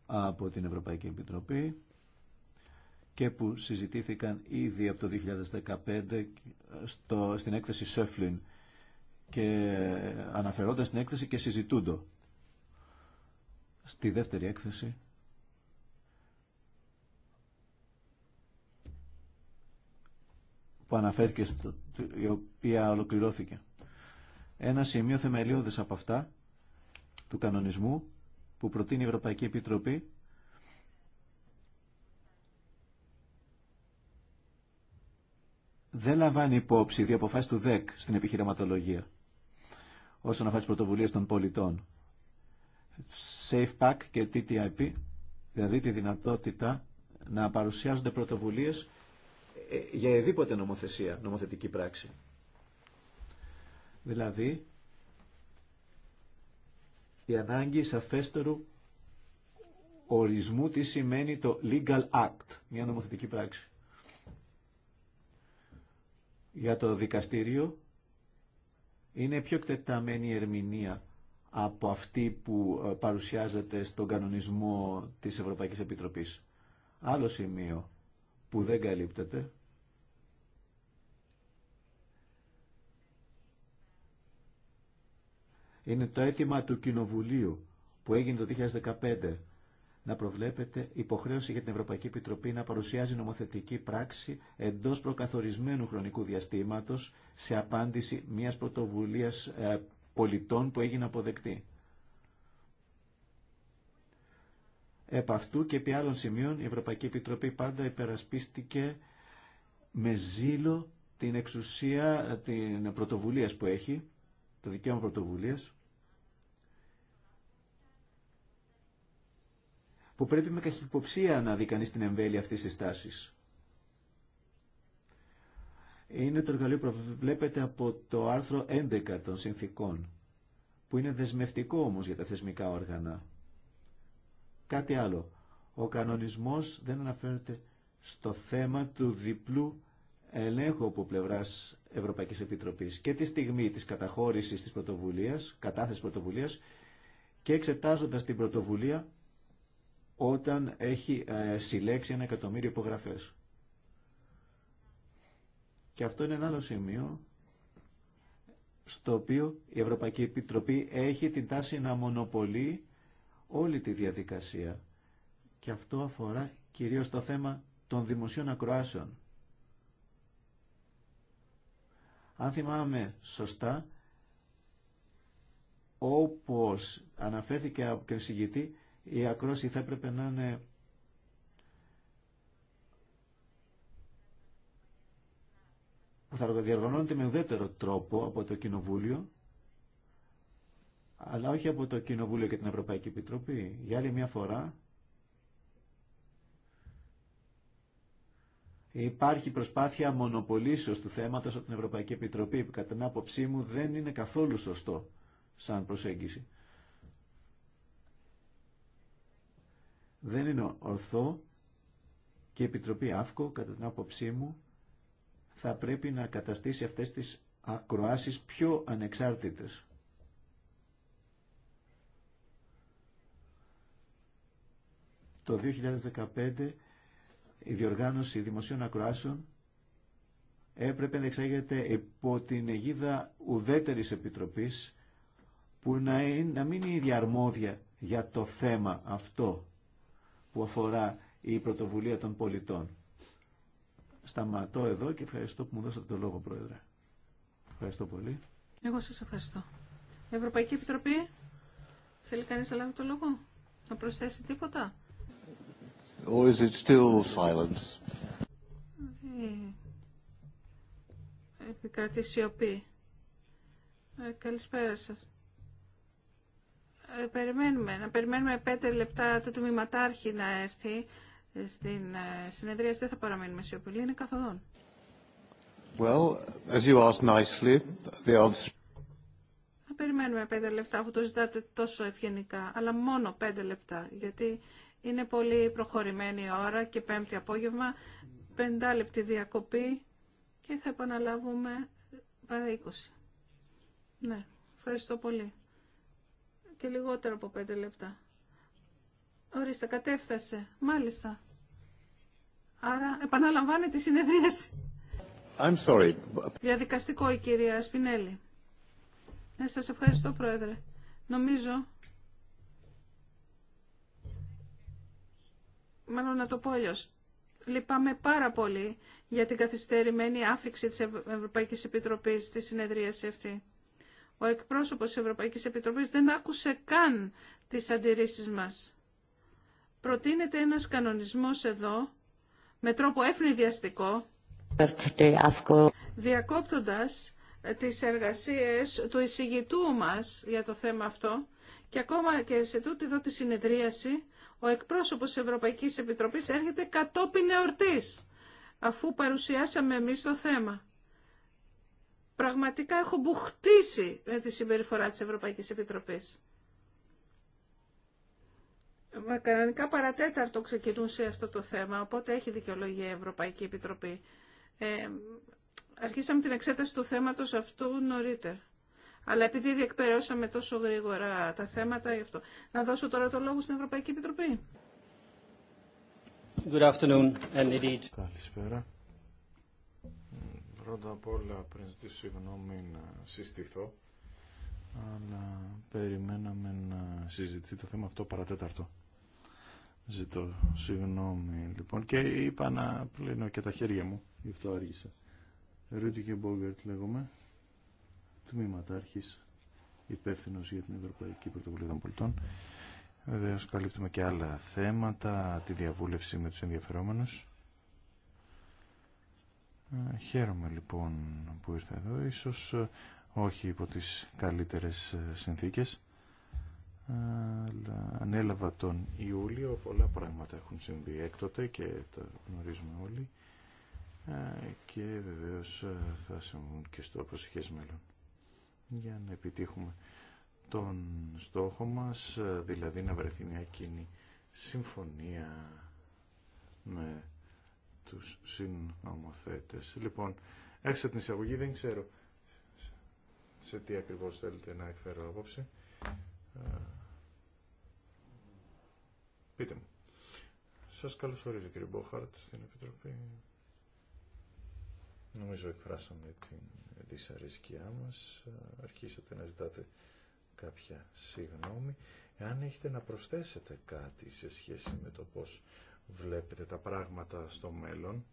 από την Ευρωπαϊκή Επιτροπή και που συζητήθηκαν ήδη από το 2015 στο, στην έκθεση Σέφλιν και αναφερόνται στην έκθεση και συζητούντο. Στη δεύτερη έκθεση που αναφέρθηκε, η οποία ολοκληρώθηκε. Ένα σημείο θεμελιώδης από αυτά του κανονισμού που προτείνει η Ευρωπαϊκή Επιτροπή δεν λαμβάνει υπόψη δύο αποφάσεις του ΔΕΚ στην επιχειρηματολογία όσον αφορά τι πρωτοβουλίε των πολιτών. Safe Pack και TTIP, δηλαδή τη δυνατότητα να παρουσιάζονται πρωτοβουλίε ε, για ειδήποτε νομοθεσία, νομοθετική πράξη. Δηλαδή, η ανάγκη σαφέστερου ορισμού τι σημαίνει το legal act, μια νομοθετική πράξη. Για το δικαστήριο είναι πιο εκτεταμένη η ερμηνεία από αυτή που ε, παρουσιάζεται στον κανονισμό της Ευρωπαϊκής Επιτροπής. Άλλο σημείο που δεν καλύπτεται είναι το αίτημα του Κοινοβουλίου που έγινε το 2015 να προβλέπεται υποχρέωση για την Ευρωπαϊκή Επιτροπή να παρουσιάζει νομοθετική πράξη εντός προκαθορισμένου χρονικού διαστήματος σε απάντηση μιας πρωτοβουλίας ε, πολιτών που έγινε αποδεκτή. Επ' αυτού και επί άλλων σημείων η Ευρωπαϊκή Επιτροπή πάντα υπερασπίστηκε με ζήλο την εξουσία ε, την πρωτοβουλία που έχει, το δικαίωμα πρωτοβουλίας, που πρέπει με καχυποψία να δει κανείς την εμβέλεια αυτής της τάσης. Είναι το εργαλείο που βλέπετε από το άρθρο 11 των συνθήκων, που είναι δεσμευτικό όμως για τα θεσμικά όργανα. Κάτι άλλο. Ο κανονισμός δεν αναφέρεται στο θέμα του διπλού ελέγχου από πλευράς... Ευρωπαϊκής Επιτροπή και τη στιγμή της καταχώρησης της πρωτοβουλία, κατάθεση πρωτοβουλίας... και εξετάζοντας την πρωτοβουλία όταν έχει ε, συλλέξει ένα εκατομμύριο υπογραφές. Και αυτό είναι ένα άλλο σημείο στο οποίο η Ευρωπαϊκή Επιτροπή έχει την τάση να μονοπολεί όλη τη διαδικασία. Και αυτό αφορά κυρίως το θέμα των δημοσίων ακροάσεων. Αν θυμάμαι σωστά, όπως αναφέρθηκε από τον η ακρόση θα έπρεπε να είναι που θα διοργανώνεται με ουδέτερο τρόπο από το Κοινοβούλιο αλλά όχι από το Κοινοβούλιο και την Ευρωπαϊκή Επιτροπή. Για άλλη μια φορά υπάρχει προσπάθεια μονοπολίσεως του θέματος από την Ευρωπαϊκή Επιτροπή που κατά την άποψή μου δεν είναι καθόλου σωστό σαν προσέγγιση. δεν είναι ορθό και η Επιτροπή ΑΦΚΟ, κατά την άποψή μου, θα πρέπει να καταστήσει αυτές τις ακροάσεις πιο ανεξάρτητες. Το 2015 η διοργάνωση δημοσίων ακροάσεων έπρεπε να εξάγεται υπό την αιγίδα ουδέτερης επιτροπής που να, είναι, να μην είναι η διαρμόδια για το θέμα αυτό που αφορά η πρωτοβουλία των πολιτών. Σταματώ εδώ και ευχαριστώ που μου δώσατε το λόγο, Πρόεδρε. Ευχαριστώ πολύ. Εγώ σας ευχαριστώ. Ευρωπαϊκή Επιτροπή, θέλει κανείς να λάβει το λόγο, να προσθέσει τίποτα. Or is it still silence? Επικρατεί σιωπή. Ε, καλησπέρα σας. Ε, περιμένουμε, να περιμένουμε πέντε λεπτά το τμήματάρχη να έρθει ε, στην ε, συνεδρία. Δεν θα παραμείνουμε σιωπηλοί, είναι καθοδόν. Well, as you asked nicely, the answer... Να περιμένουμε πέντε λεπτά αφού το ζητάτε τόσο ευγενικά, αλλά μόνο πέντε λεπτά, γιατί είναι πολύ προχωρημένη η ώρα και πέμπτη απόγευμα, πεντά λεπτή διακοπή και θα επαναλάβουμε παρά είκοσι. Ναι, ευχαριστώ πολύ λιγότερο από πέντε λεπτά. Ορίστε, κατέφτασε. Μάλιστα. Άρα επαναλαμβάνει τη συνεδρίαση. I'm sorry. Διαδικαστικό η κυρία Σπινέλη. Ε, σας ευχαριστώ Πρόεδρε. Νομίζω, μάλλον να το πω αλλιώς, λυπάμαι πάρα πολύ για την καθυστερημένη άφηξη της Ευρωπαϊκής Επιτροπής στη συνεδρίαση αυτή. Ο εκπρόσωπος της Ευρωπαϊκής Επιτροπής δεν άκουσε καν τις αντιρρήσεις μας. Προτείνεται ένας κανονισμός εδώ, με τρόπο ευνηδιαστικό, διακόπτοντας ε, τις εργασίες του εισηγητού μας για το θέμα αυτό και ακόμα και σε τούτη εδώ τη συνεδρίαση ο εκπρόσωπος της Ευρωπαϊκής Επιτροπής έρχεται κατόπιν εορτής αφού παρουσιάσαμε εμείς το θέμα πραγματικά έχω μπουχτίσει με τη συμπεριφορά της Ευρωπαϊκής Επιτροπής. Μα κανονικά παρατέταρτο ξεκινούσε αυτό το θέμα, οπότε έχει δικαιολογία η Ευρωπαϊκή Επιτροπή. Ε, αρχίσαμε την εξέταση του θέματος αυτού νωρίτερα. Αλλά επειδή διεκπαιρεώσαμε τόσο γρήγορα τα θέματα, γι' αυτό. Να δώσω τώρα το λόγο στην Ευρωπαϊκή Επιτροπή. Good afternoon and indeed. Καλησπέρα. Πρώτα απ' όλα πριν ζητήσω συγγνώμη να συστηθώ αλλά περιμέναμε να συζητηθεί το θέμα αυτό παρατέταρτο. Ζητώ συγγνώμη λοιπόν και είπα να πλύνω και τα χέρια μου, γι' αυτό άργησα. Ρούτι και Μπόγκερτ λέγομαι, τμήματάρχης, υπεύθυνο για την Ευρωπαϊκή Πρωτοβουλία των Πολιτών. Βεβαίω καλύπτουμε και άλλα θέματα, τη διαβούλευση με τους ενδιαφερόμενους Χαίρομαι λοιπόν που ήρθα εδώ, ίσως ε, όχι υπό τις καλύτερες ε, συνθήκες, αλλά ανέλαβα τον Ιούλιο, πολλά πράγματα έχουν συμβεί έκτοτε και τα γνωρίζουμε όλοι και βεβαίως ε, θα συμβούν και στο προσεχές μέλλον για να επιτύχουμε τον στόχο μας, δηλαδή να βρεθεί μια κοινή συμφωνία με τους συνομοθέτες. Λοιπόν, έξω την εισαγωγή, δεν ξέρω σε τι ακριβώς θέλετε να εκφέρω απόψε. Πείτε μου. Σας καλωσορίζω κύριε Μπόχαρτ στην Επιτροπή. Νομίζω εκφράσαμε την δυσαρέσκειά μας. Αρχίσατε να ζητάτε κάποια συγγνώμη. Εάν έχετε να προσθέσετε κάτι σε σχέση με το πώς βλέπετε τα πράγματα στο μέλλον.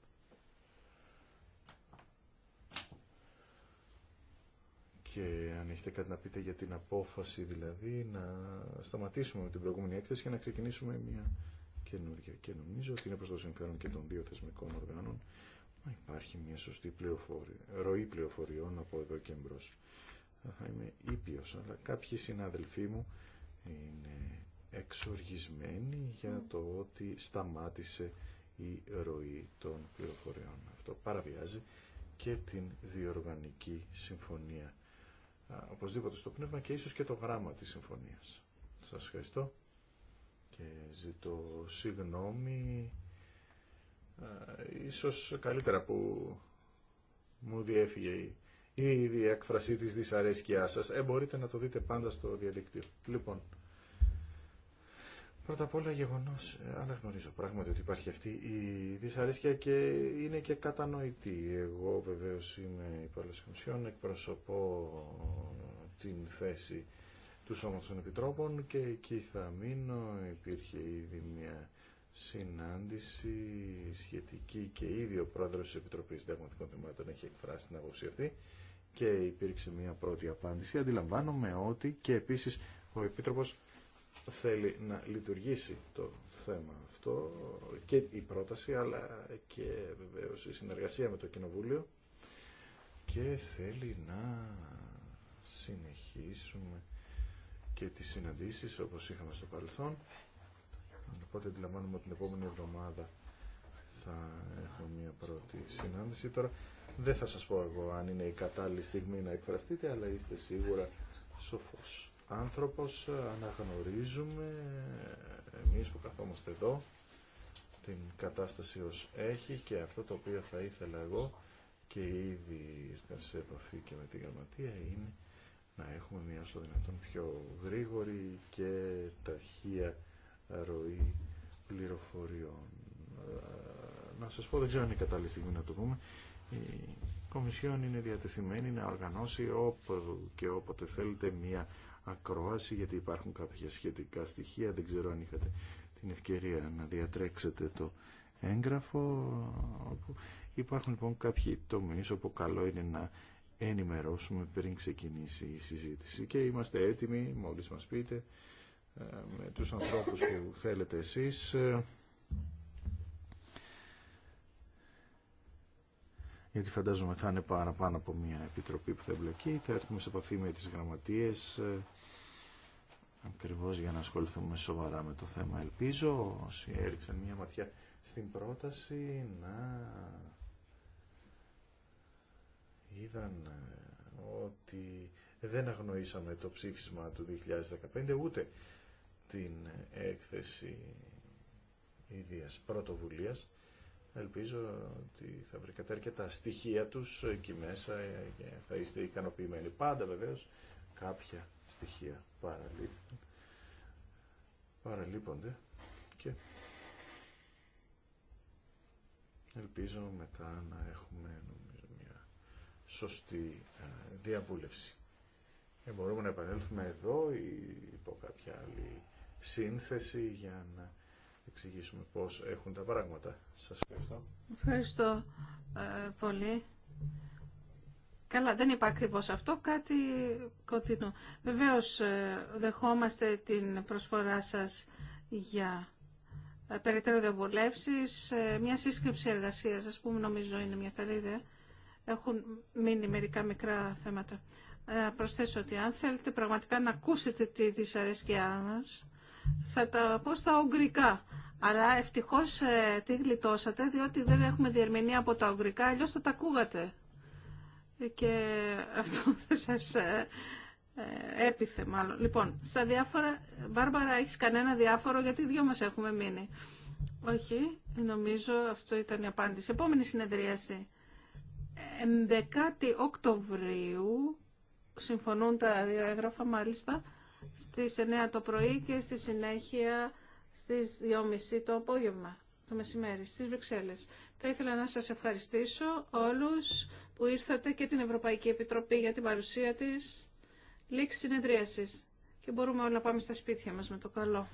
Και αν έχετε κάτι να πείτε για την απόφαση δηλαδή να σταματήσουμε με την προηγούμενη έκθεση και να ξεκινήσουμε μια καινούργια. Και νομίζω ότι είναι προς το συμφέρον και των δύο θεσμικών οργάνων να υπάρχει μια σωστή πληροφορία, ροή πληροφοριών από εδώ και μπρος. Θα είμαι ήπιος, αλλά κάποιοι συναδελφοί μου είναι εξοργισμένη για το ότι σταμάτησε η ροή των πληροφοριών. Αυτό παραβιάζει και την διοργανική συμφωνία. Οπωσδήποτε στο πνεύμα και ίσως και το γράμμα της συμφωνίας. Σας ευχαριστώ και ζητώ συγγνώμη. Ίσως καλύτερα που μου διέφυγε η η διέκφρασή της δυσαρέσκειάς σας. Ε, μπορείτε να το δείτε πάντα στο διαδικτύο. Λοιπόν, Πρώτα απ' όλα γεγονός, ε, αναγνωρίζω πράγματι ότι υπάρχει αυτή η δυσαρέσκεια και είναι και κατανοητή. Εγώ βεβαίω είμαι υπάλληλος Κομισιόν, εκπροσωπώ την θέση του Σώματος των Επιτρόπων και εκεί θα μείνω. Υπήρχε ήδη μια συνάντηση σχετική και ήδη ο πρόεδρο τη Επιτροπή Δεγματικών Δημάτων έχει εκφράσει την άποψη αυτή και υπήρξε μια πρώτη απάντηση. Αντιλαμβάνομαι ότι και επίση ο Επίτροπο θέλει να λειτουργήσει το θέμα αυτό και η πρόταση αλλά και βεβαίως η συνεργασία με το Κοινοβούλιο και θέλει να συνεχίσουμε και τις συναντήσεις όπως είχαμε στο παρελθόν οπότε αντιλαμβάνουμε ότι την επόμενη εβδομάδα θα έχουμε μια πρώτη συνάντηση τώρα δεν θα σας πω εγώ αν είναι η κατάλληλη στιγμή να εκφραστείτε αλλά είστε σίγουρα σοφός άνθρωπος ε, αναγνωρίζουμε ε, εμείς που καθόμαστε εδώ την κατάσταση ως έχει και αυτό το οποίο θα ήθελα εγώ και ήδη ήρθα σε επαφή και με τη γραμματεία είναι να έχουμε μια όσο δυνατόν πιο γρήγορη και ταχεία ροή πληροφοριών. Ε, να σας πω, δεν ξέρω αν είναι κατάλληλη στιγμή να το πούμε, η Κομισιόν είναι διατεθειμένη να οργανώσει όπου και όποτε θέλετε μια ακρόαση γιατί υπάρχουν κάποια σχετικά στοιχεία. Δεν ξέρω αν είχατε την ευκαιρία να διατρέξετε το έγγραφο. Υπάρχουν λοιπόν κάποιοι τομείς όπου καλό είναι να ενημερώσουμε πριν ξεκινήσει η συζήτηση και είμαστε έτοιμοι μόλις μας πείτε ε, με τους ανθρώπους που θέλετε εσείς ε, γιατί φαντάζομαι θα είναι παραπάνω από μια επιτροπή που θα εμπλακεί. Θα έρθουμε σε επαφή με τις γραμματείες ε, ακριβώς για να ασχοληθούμε σοβαρά με το θέμα. Ελπίζω όσοι έριξαν μια ματιά στην πρόταση να είδαν ε, ότι δεν αγνοήσαμε το ψήφισμα του 2015 ούτε την ε, έκθεση ιδίας πρωτοβουλίας Ελπίζω ότι θα βρήκατε αρκετά στοιχεία τους εκεί μέσα και θα είστε ικανοποιημένοι. Πάντα βεβαίως κάποια στοιχεία παραλείπονται και ελπίζω μετά να έχουμε νομίζω μια σωστή διαβούλευση. Ε, μπορούμε να επανέλθουμε εδώ ή υπό κάποια άλλη σύνθεση για να εξηγήσουμε πώς έχουν τα πράγματα. Σας ευχαριστώ. Ευχαριστώ ε, πολύ. Καλά, δεν είπα ακριβώ αυτό, κάτι κοντινό. Βεβαίως ε, δεχόμαστε την προσφορά σας για ε, περαιτέρω ε, μια σύσκεψη εργασίας, ας πούμε, νομίζω είναι μια καλή ιδέα. Έχουν μείνει μερικά μικρά θέματα. Να προσθέσω ότι αν θέλετε πραγματικά να ακούσετε τη δυσαρέσκειά μας, θα τα πω στα ογκρικά. Αλλά ευτυχώ ε, τη γλιτώσατε, διότι δεν έχουμε διερμηνία από τα ογκρικά, αλλιώς θα τα ακούγατε. Και αυτό (laughs) θα σα ε, ε, έπιθε μάλλον. Λοιπόν, στα διάφορα, Μπάρμπαρα, έχεις κανένα διάφορο, γιατί δυο μα έχουμε μείνει. Όχι, νομίζω αυτό ήταν η απάντηση. Επόμενη συνεδρίαση. 11 Οκτωβρίου, συμφωνούν τα έγγραφα μάλιστα, στις 9 το πρωί και στη συνέχεια στις 2.30 το απόγευμα, το μεσημέρι, στις Βρυξέλλες. Θα ήθελα να σας ευχαριστήσω όλους που ήρθατε και την Ευρωπαϊκή Επιτροπή για την παρουσία της. Λήξη συνεδρίασης και μπορούμε όλα να πάμε στα σπίτια μας με το καλό.